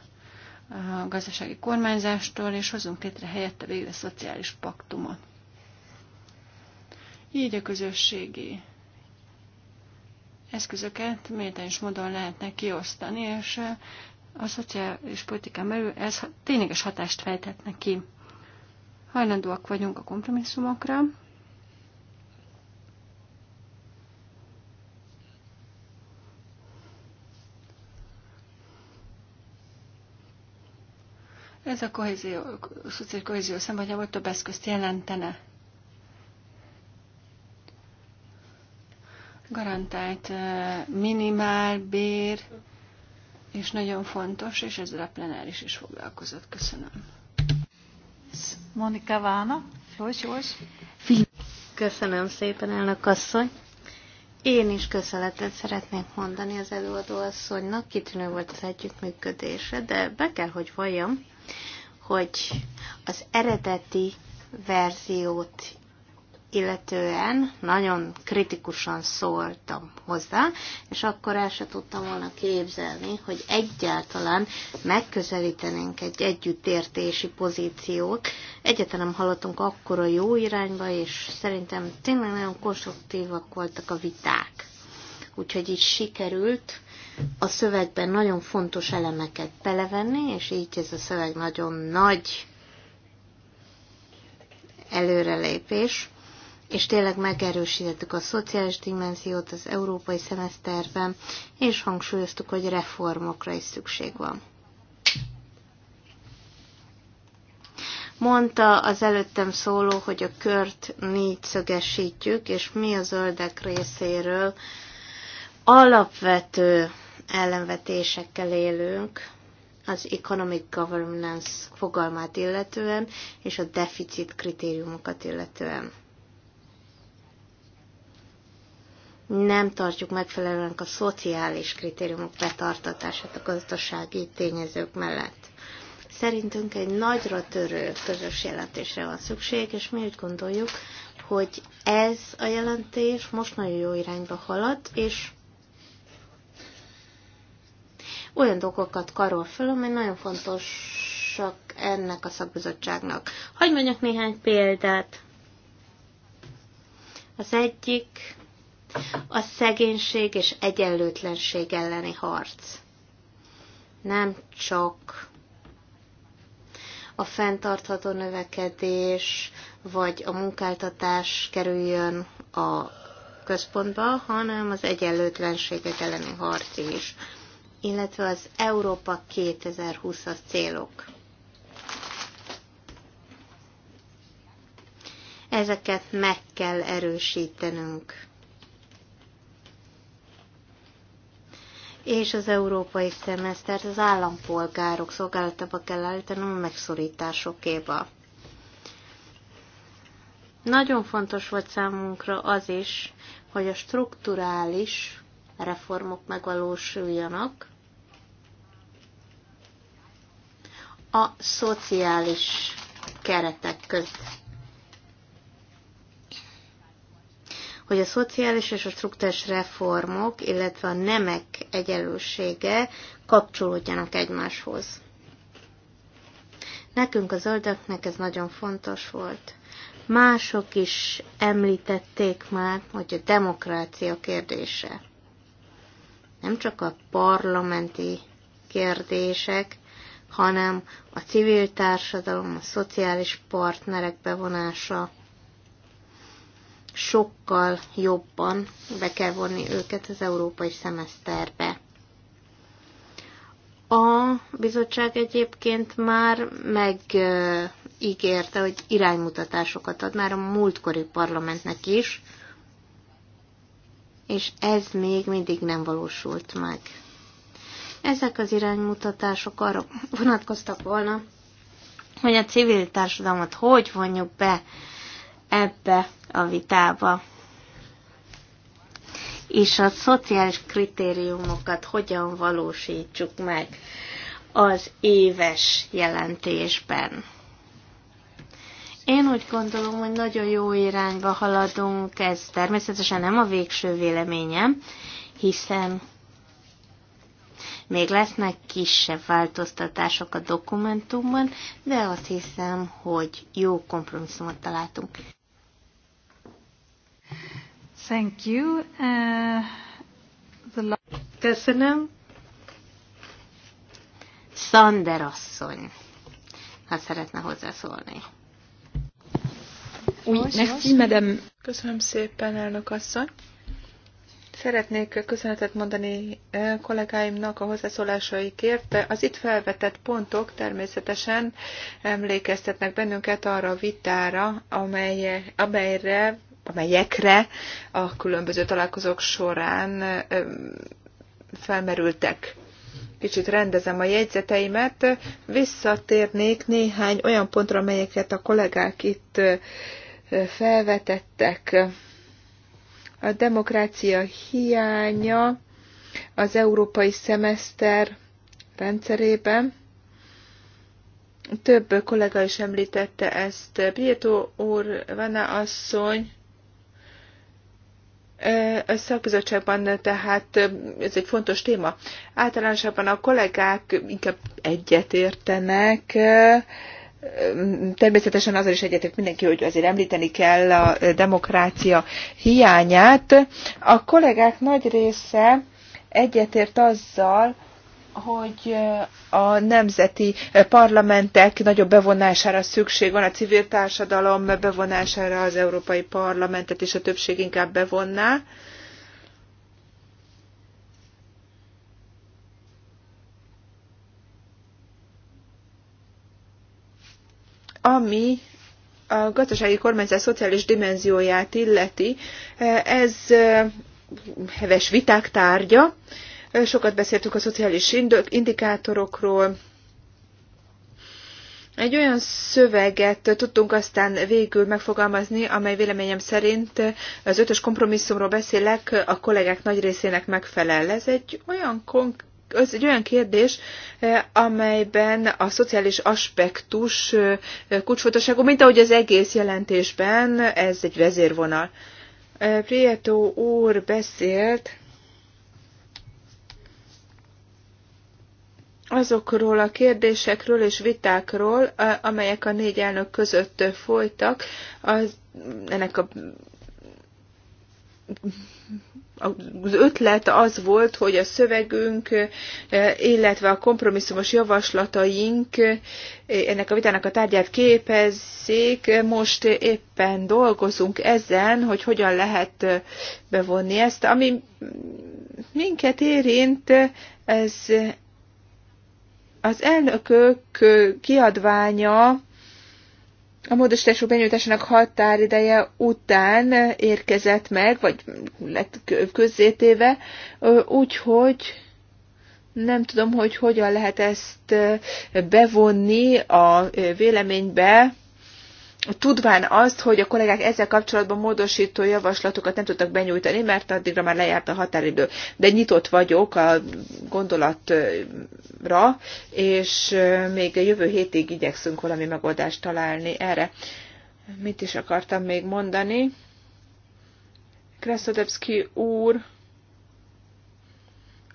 a gazdasági kormányzástól, és hozzunk létre helyette végre szociális paktumot. Így a közösségi eszközöket is módon lehetne kiosztani, és a szociális politikán belül ez tényleges hatást fejthetne ki. Hajlandóak vagyunk a kompromisszumokra, Ez a kohézió, a szociális kohézió szempontjából több eszközt jelentene. Garantált minimál bér, és nagyon fontos, és ezzel a plenáris is foglalkozott. Köszönöm. Monika Vána, Flósors. Köszönöm szépen, elnök asszony. Én is köszönetet szeretnék mondani az előadó asszonynak, kitűnő volt az együttműködése, de be kell, hogy valljam, hogy az eredeti verziót illetően nagyon kritikusan szóltam hozzá, és akkor el se tudtam volna képzelni, hogy egyáltalán megközelítenénk egy együttértési pozíciót. Egyetlen nem hallottunk akkor a jó irányba, és szerintem tényleg nagyon konstruktívak voltak a viták. Úgyhogy így sikerült a szövegben nagyon fontos elemeket belevenni, és így ez a szöveg nagyon nagy előrelépés, és tényleg megerősítettük a szociális dimenziót az európai szemeszterben, és hangsúlyoztuk, hogy reformokra is szükség van. Mondta az előttem szóló, hogy a kört négyszögesítjük, és mi a zöldek részéről alapvető ellenvetésekkel élünk az economic governance fogalmát illetően, és a deficit kritériumokat illetően. Nem tartjuk megfelelően a szociális kritériumok betartatását a gazdasági tényezők mellett. Szerintünk egy nagyra törő közös jelentésre van szükség, és mi úgy gondoljuk, hogy ez a jelentés most nagyon jó irányba halad, és olyan dolgokat karol föl, amely nagyon fontosak ennek a szakbizottságnak. Hagy mondjak néhány példát. Az egyik a szegénység és egyenlőtlenség elleni harc. Nem csak a fenntartható növekedés, vagy a munkáltatás kerüljön a központba, hanem az egyenlőtlenségek elleni harc is illetve az Európa 2020-as célok. Ezeket meg kell erősítenünk. És az európai szemesztert az állampolgárok szolgálatába kell a megszorításokéba. Nagyon fontos volt számunkra az is, hogy a strukturális reformok megvalósuljanak, a szociális keretek között. hogy a szociális és a struktúrás reformok, illetve a nemek egyenlősége kapcsolódjanak egymáshoz. Nekünk a zöldöknek ez nagyon fontos volt. Mások is említették már, hogy a demokrácia kérdése. Nem csak a parlamenti kérdések, hanem a civil társadalom, a szociális partnerek bevonása sokkal jobban be kell vonni őket az európai szemeszterbe. A bizottság egyébként már megígérte, hogy iránymutatásokat ad már a múltkori parlamentnek is, és ez még mindig nem valósult meg. Ezek az iránymutatások arra vonatkoztak volna, hogy a civil társadalmat hogy vonjuk be ebbe a vitába, és a szociális kritériumokat hogyan valósítsuk meg az éves jelentésben. Én úgy gondolom, hogy nagyon jó irányba haladunk, ez természetesen nem a végső véleményem, hiszen még lesznek kisebb változtatások a dokumentumban, de azt hiszem, hogy jó kompromisszumot találtunk. Thank you. Uh, the... Köszönöm. Szander asszony, ha szeretne hozzászólni. Oui, merci, madame. Köszönöm szépen, elnök asszony. Szeretnék köszönetet mondani eh, kollégáimnak a hozzászólásaikért. Az itt felvetett pontok természetesen emlékeztetnek bennünket arra a vitára, amely, amelyre, amelyekre a különböző találkozók során eh, felmerültek. Kicsit rendezem a jegyzeteimet. Visszatérnék néhány olyan pontra, amelyeket a kollégák itt eh, felvetettek a demokrácia hiánya az európai szemeszter rendszerében. Több kollega is említette ezt. Prieto úr, -e asszony, a szakbizottságban tehát ez egy fontos téma. Általánosabban a kollégák inkább egyetértenek, természetesen azzal is egyetek mindenki, hogy azért említeni kell a demokrácia hiányát. A kollégák nagy része egyetért azzal, hogy a nemzeti parlamentek nagyobb bevonására szükség van, a civil társadalom bevonására az Európai Parlamentet és a többség inkább bevonná. ami a gazdasági kormányzás szociális dimenzióját illeti, ez heves viták tárgya. Sokat beszéltük a szociális indikátorokról. Egy olyan szöveget tudtunk aztán végül megfogalmazni, amely véleményem szerint az ötös kompromisszumról beszélek, a kollégák nagy részének megfelel. Ez egy olyan konk- ez egy olyan kérdés, eh, amelyben a szociális aspektus eh, kulcsfontosságú, mint ahogy az egész jelentésben, ez egy vezérvonal. Eh, Prieto úr beszélt azokról a kérdésekről és vitákról, amelyek a négy elnök között folytak, az, ennek a az ötlet az volt, hogy a szövegünk, eh, illetve a kompromisszumos javaslataink eh, ennek a vitának a tárgyát képezzék. Most éppen dolgozunk ezen, hogy hogyan lehet eh, bevonni ezt. Ami minket érint, ez az elnökök kiadványa, a módosítások benyújtásának határideje után érkezett meg, vagy lett közzétéve, úgyhogy nem tudom, hogy hogyan lehet ezt bevonni a véleménybe, tudván azt, hogy a kollégák ezzel kapcsolatban módosító javaslatokat nem tudtak benyújtani, mert addigra már lejárt a határidő. De nyitott vagyok a gondolatra, és még a jövő hétig igyekszünk valami megoldást találni erre. Mit is akartam még mondani? Kresszodebszki úr,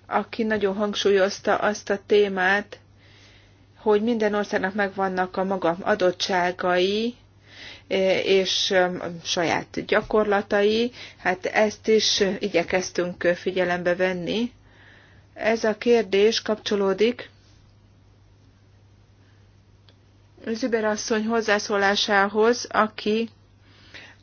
aki nagyon hangsúlyozta azt a témát, hogy minden országnak megvannak a maga adottságai, E, és um, saját gyakorlatai, hát ezt is igyekeztünk figyelembe venni. Ez a kérdés kapcsolódik Züber asszony hozzászólásához, aki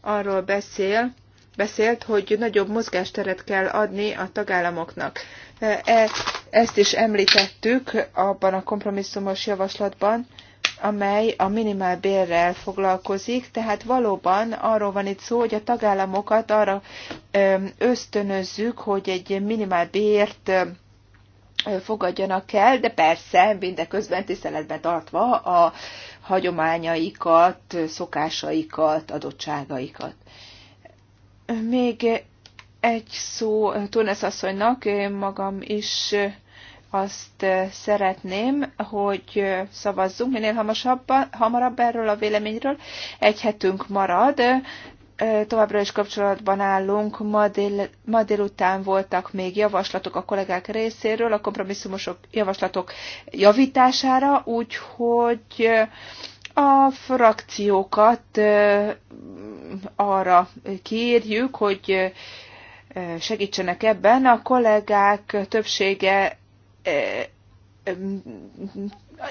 arról beszél, beszélt, hogy nagyobb mozgásteret kell adni a tagállamoknak. E, ezt is említettük abban a kompromisszumos javaslatban, amely a minimál bérrel foglalkozik, tehát valóban arról van itt szó, hogy a tagállamokat arra ösztönözzük, hogy egy minimál bért fogadjanak el, de persze mindeközben tiszteletben tartva a hagyományaikat, szokásaikat, adottságaikat. Még egy szó Tunes asszonynak, én magam is azt szeretném, hogy szavazzunk minél hamarabb erről a véleményről. Egy hetünk marad, továbbra is kapcsolatban állunk. Ma, dél, ma délután voltak még javaslatok a kollégák részéről a kompromisszumosok javaslatok javítására, úgyhogy a frakciókat arra kérjük, hogy segítsenek ebben. A kollégák többsége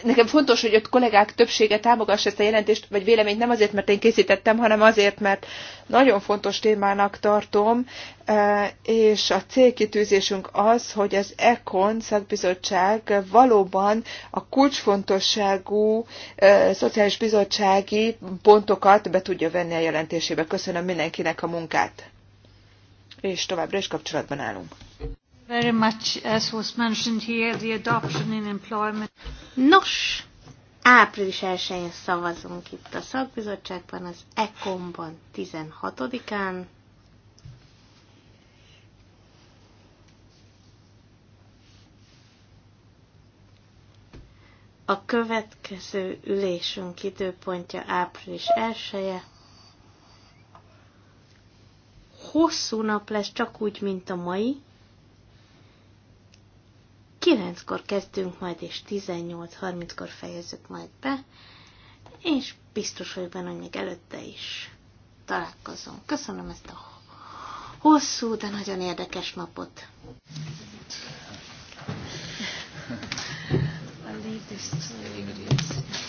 nekem fontos, hogy a kollégák többsége támogassa ezt a jelentést, vagy véleményt nem azért, mert én készítettem, hanem azért, mert nagyon fontos témának tartom, és a célkitűzésünk az, hogy az ECON szakbizottság valóban a kulcsfontosságú szociális bizottsági pontokat be tudja venni a jelentésébe. Köszönöm mindenkinek a munkát, és továbbra is kapcsolatban állunk. Very much, as was mentioned here, the adoption in employment. Nos, április 1-én szavazunk itt a szakbizottságban, az ECOM-ban 16-án. A következő ülésünk időpontja április 1 -e. Hosszú nap lesz, csak úgy, mint a mai, 9-kor kezdünk majd, és 18-30-kor fejezzük majd be, és biztos vagyok benne, hogy még előtte is találkozunk. Köszönöm ezt a hosszú, de nagyon érdekes napot. I'll leave this to you.